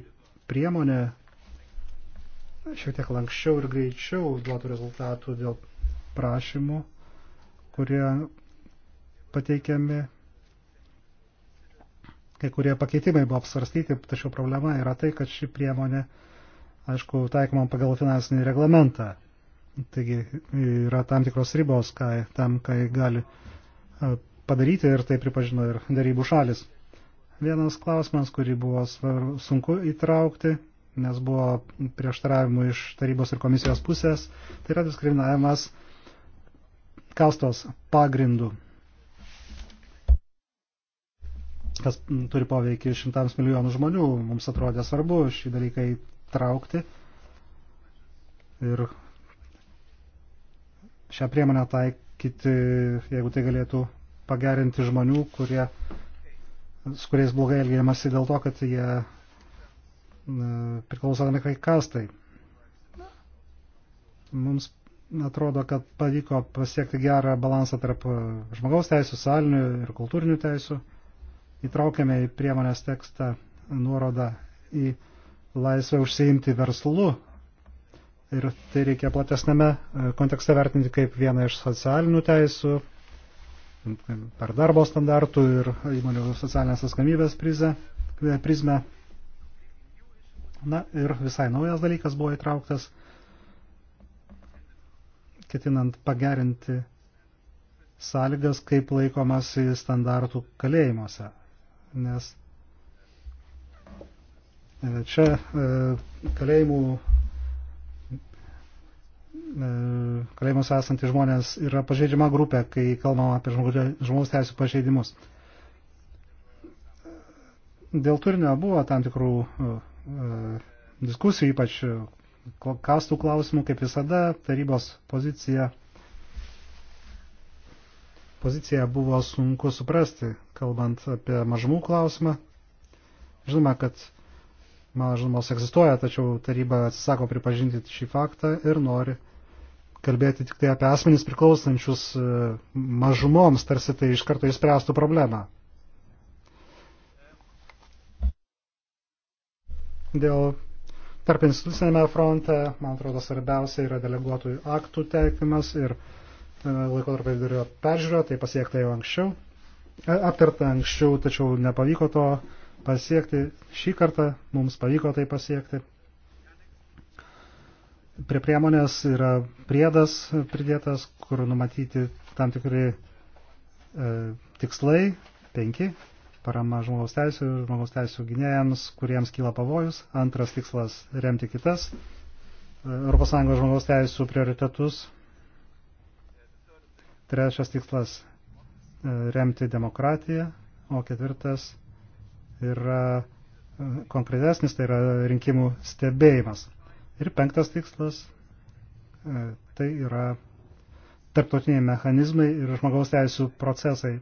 priemonė šiek tiek lankščiau ir greičiau duotų rezultatų dėl prašymų, kurie pateikiami kai kurie pakeitimai buvo apsvarstyti, tačiau problema yra tai, kad ši priemonė, aišku, taikoma pagal finansinį reglamentą. Taigi yra tam tikros ribos, kai, tam, kai gali e, padaryti ir tai pripažino ir darybų šalis. Vienas klausimas, kurį buvo svar, sunku įtraukti, nes buvo prieštaravimų iš tarybos ir komisijos pusės, tai yra diskriminavimas kastos pagrindų kas mm, turi poveikį šimtams milijonų žmonių. Mums atrodė svarbu šį dalyką įtraukti ir šią priemonę taikyti, jeigu tai galėtų pagerinti žmonių, kurie, su kuriais blogai elgiamasi dėl to, kad jie priklausodami kai kastai. Mums atrodo, kad pavyko pasiekti gerą balansą tarp žmogaus teisų, salinių ir kultūrinių teisų įtraukėme į priemonės tekstą nuorodą į laisvę užsiimti verslu. Ir tai reikia platesnėme e, kontekste vertinti kaip vieną iš socialinių teisų, per darbo standartų ir įmonių socialinės atsakomybės e, prizmę. Na ir visai naujas dalykas buvo įtrauktas, ketinant pagerinti sąlygas, kaip laikomasi standartų kalėjimuose nes e, čia e, kalėjimų e, kalėjimuose esantys žmonės yra pažeidžiama grupė, kai kalbama apie žmogaus teisų pažeidimus. Dėl turinio buvo tam tikrų diskusijų, ypač kastų klausimų, kaip visada, tarybos pozicija, pozicija buvo sunku suprasti, kalbant apie mažumų klausimą. Žinoma, kad mažumos egzistuoja, tačiau taryba atsisako pripažinti šį faktą ir nori kalbėti tik tai apie asmenys priklausančius e, mažumoms, tarsi tai iš karto įspręstų problemą. Dėl tarp institucinėme fronte, man atrodo, svarbiausia yra deleguotojų aktų teikimas ir e, laikotarpio vidurio peržiūra, tai pasiekta jau anksčiau aptarta anksčiau, tačiau nepavyko to pasiekti. Šį kartą mums pavyko tai pasiekti. Prie priemonės yra priedas pridėtas, kur numatyti tam tikri e, tikslai, penki, parama žmogaus teisų ir žmogaus teisų gynėjams, kuriems kyla pavojus. Antras tikslas - remti kitas ES žmogaus teisų prioritetus. Trečias tikslas remti demokratiją, o ketvirtas yra e, konkretesnis, tai yra rinkimų stebėjimas. Ir penktas tikslas e, tai yra tarptautiniai mechanizmai ir žmogaus teisų procesai.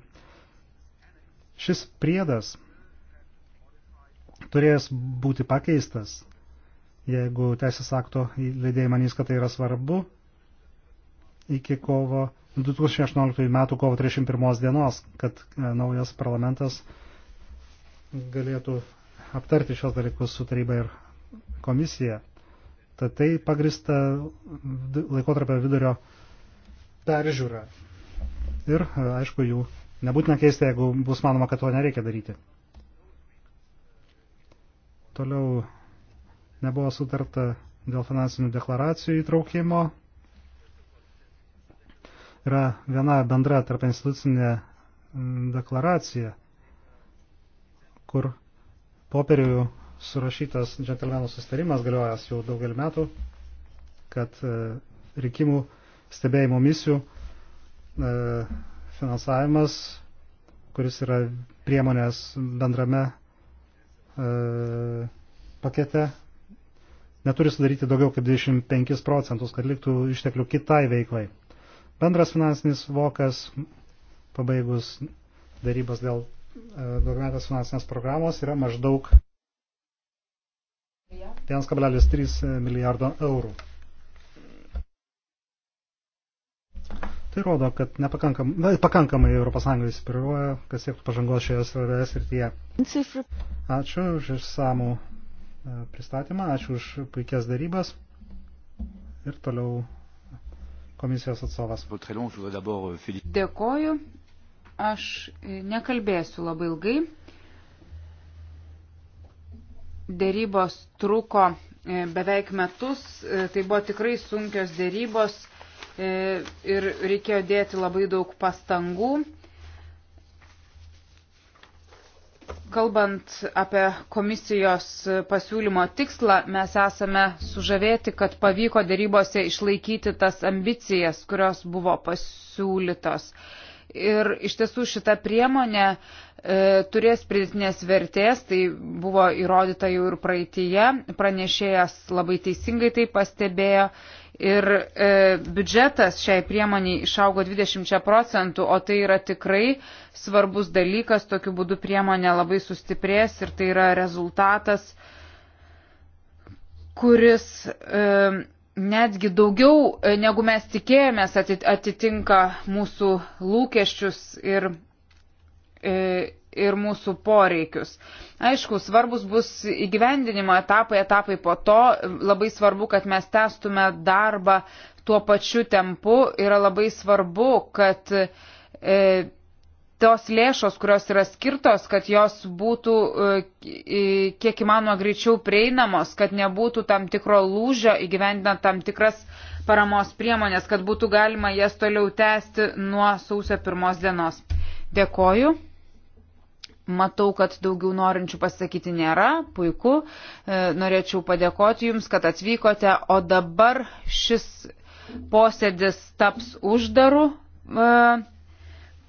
Šis priedas turės būti pakeistas, jeigu teisės akto leidėjai manys, kad tai yra svarbu, iki kovo 2018 m. kovo 31 dienos, kad e, naujas parlamentas galėtų aptarti šios dalykus su taryba ir komisija. Tad tai pagrista laikotarpio vidurio peržiūra. Ir, e, aišku, jų nebūtina keisti, jeigu bus manoma, kad to nereikia daryti. Toliau nebuvo sutarta dėl finansinių deklaracijų įtraukimo yra viena bendra tarp institucinė mm, deklaracija, kur popierių surašytas džentelmenų sustarimas galiojas jau daugelį metų, kad e, rinkimų stebėjimo misijų e, finansavimas, kuris yra priemonės bendrame e, pakete, neturi sudaryti daugiau kaip 25 procentus, kad liktų išteklių kitai veiklai. Bendras finansinis vokas, pabaigus darybas dėl e, daugiametės finansinės programos, yra maždaug 1,3 milijardo eurų. Tai rodo, kad nepakankam, na, pakankamai ES įsipiruoja, kad siektų pažangos šioje svarbioje srityje. Ačiū už išsamų e, pristatymą, ačiū už puikias darybas ir toliau komisijos atstovas. Euh, Dėkoju. Aš e, nekalbėsiu labai ilgai. Dėrybos truko e, beveik metus. E, tai buvo tikrai sunkios dėrybos ir reikėjo dėti labai daug pastangų. Kalbant apie komisijos pasiūlymo tikslą, mes esame sužavėti, kad pavyko darybose išlaikyti tas ambicijas, kurios buvo pasiūlytos. Ir iš tiesų šita priemonė e, turės pridėtinės vertės, tai buvo įrodyta jau ir praeitįje, pranešėjas labai teisingai tai pastebėjo Ir e, biudžetas šiai priemoniai išaugo 20 procentų, o tai yra tikrai svarbus dalykas, tokiu būdu priemonė labai sustiprės ir tai yra rezultatas, kuris e, netgi daugiau e, negu mes tikėjomės atitinka mūsų lūkesčius ir e, ir mūsų poreikius. Aišku, svarbus bus įgyvendinimo etapai, etapai po to. Labai svarbu, kad mes testume darbą tuo pačiu tempu. Yra labai svarbu, kad e, tos lėšos, kurios yra skirtos, kad jos būtų e, kiek įmanoma greičiau prieinamos, kad nebūtų tam tikro lūžio įgyvendinant tam tikras paramos priemonės, kad būtų galima jas toliau tęsti nuo sausio pirmos dienos. Dėkoju. Matau, kad daugiau norinčių pasakyti nėra, puiku. E, norėčiau padėkoti Jums, kad atvykote, o dabar šis posėdis taps uždaru e,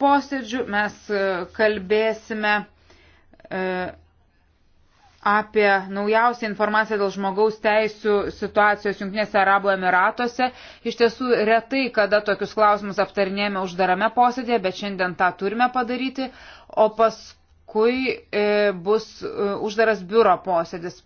posėdžiu. Mes e, kalbėsime apie naujausią informaciją dėl žmogaus teisų situacijos Junktinėse Arabų Emiratuose. Iš tiesų, retai, kada tokius klausimus aptarinėjame uždarame posėdėje, bet šiandien tą turime padaryti. O paskui paskui e, bus e, uždaras biuro posėdis.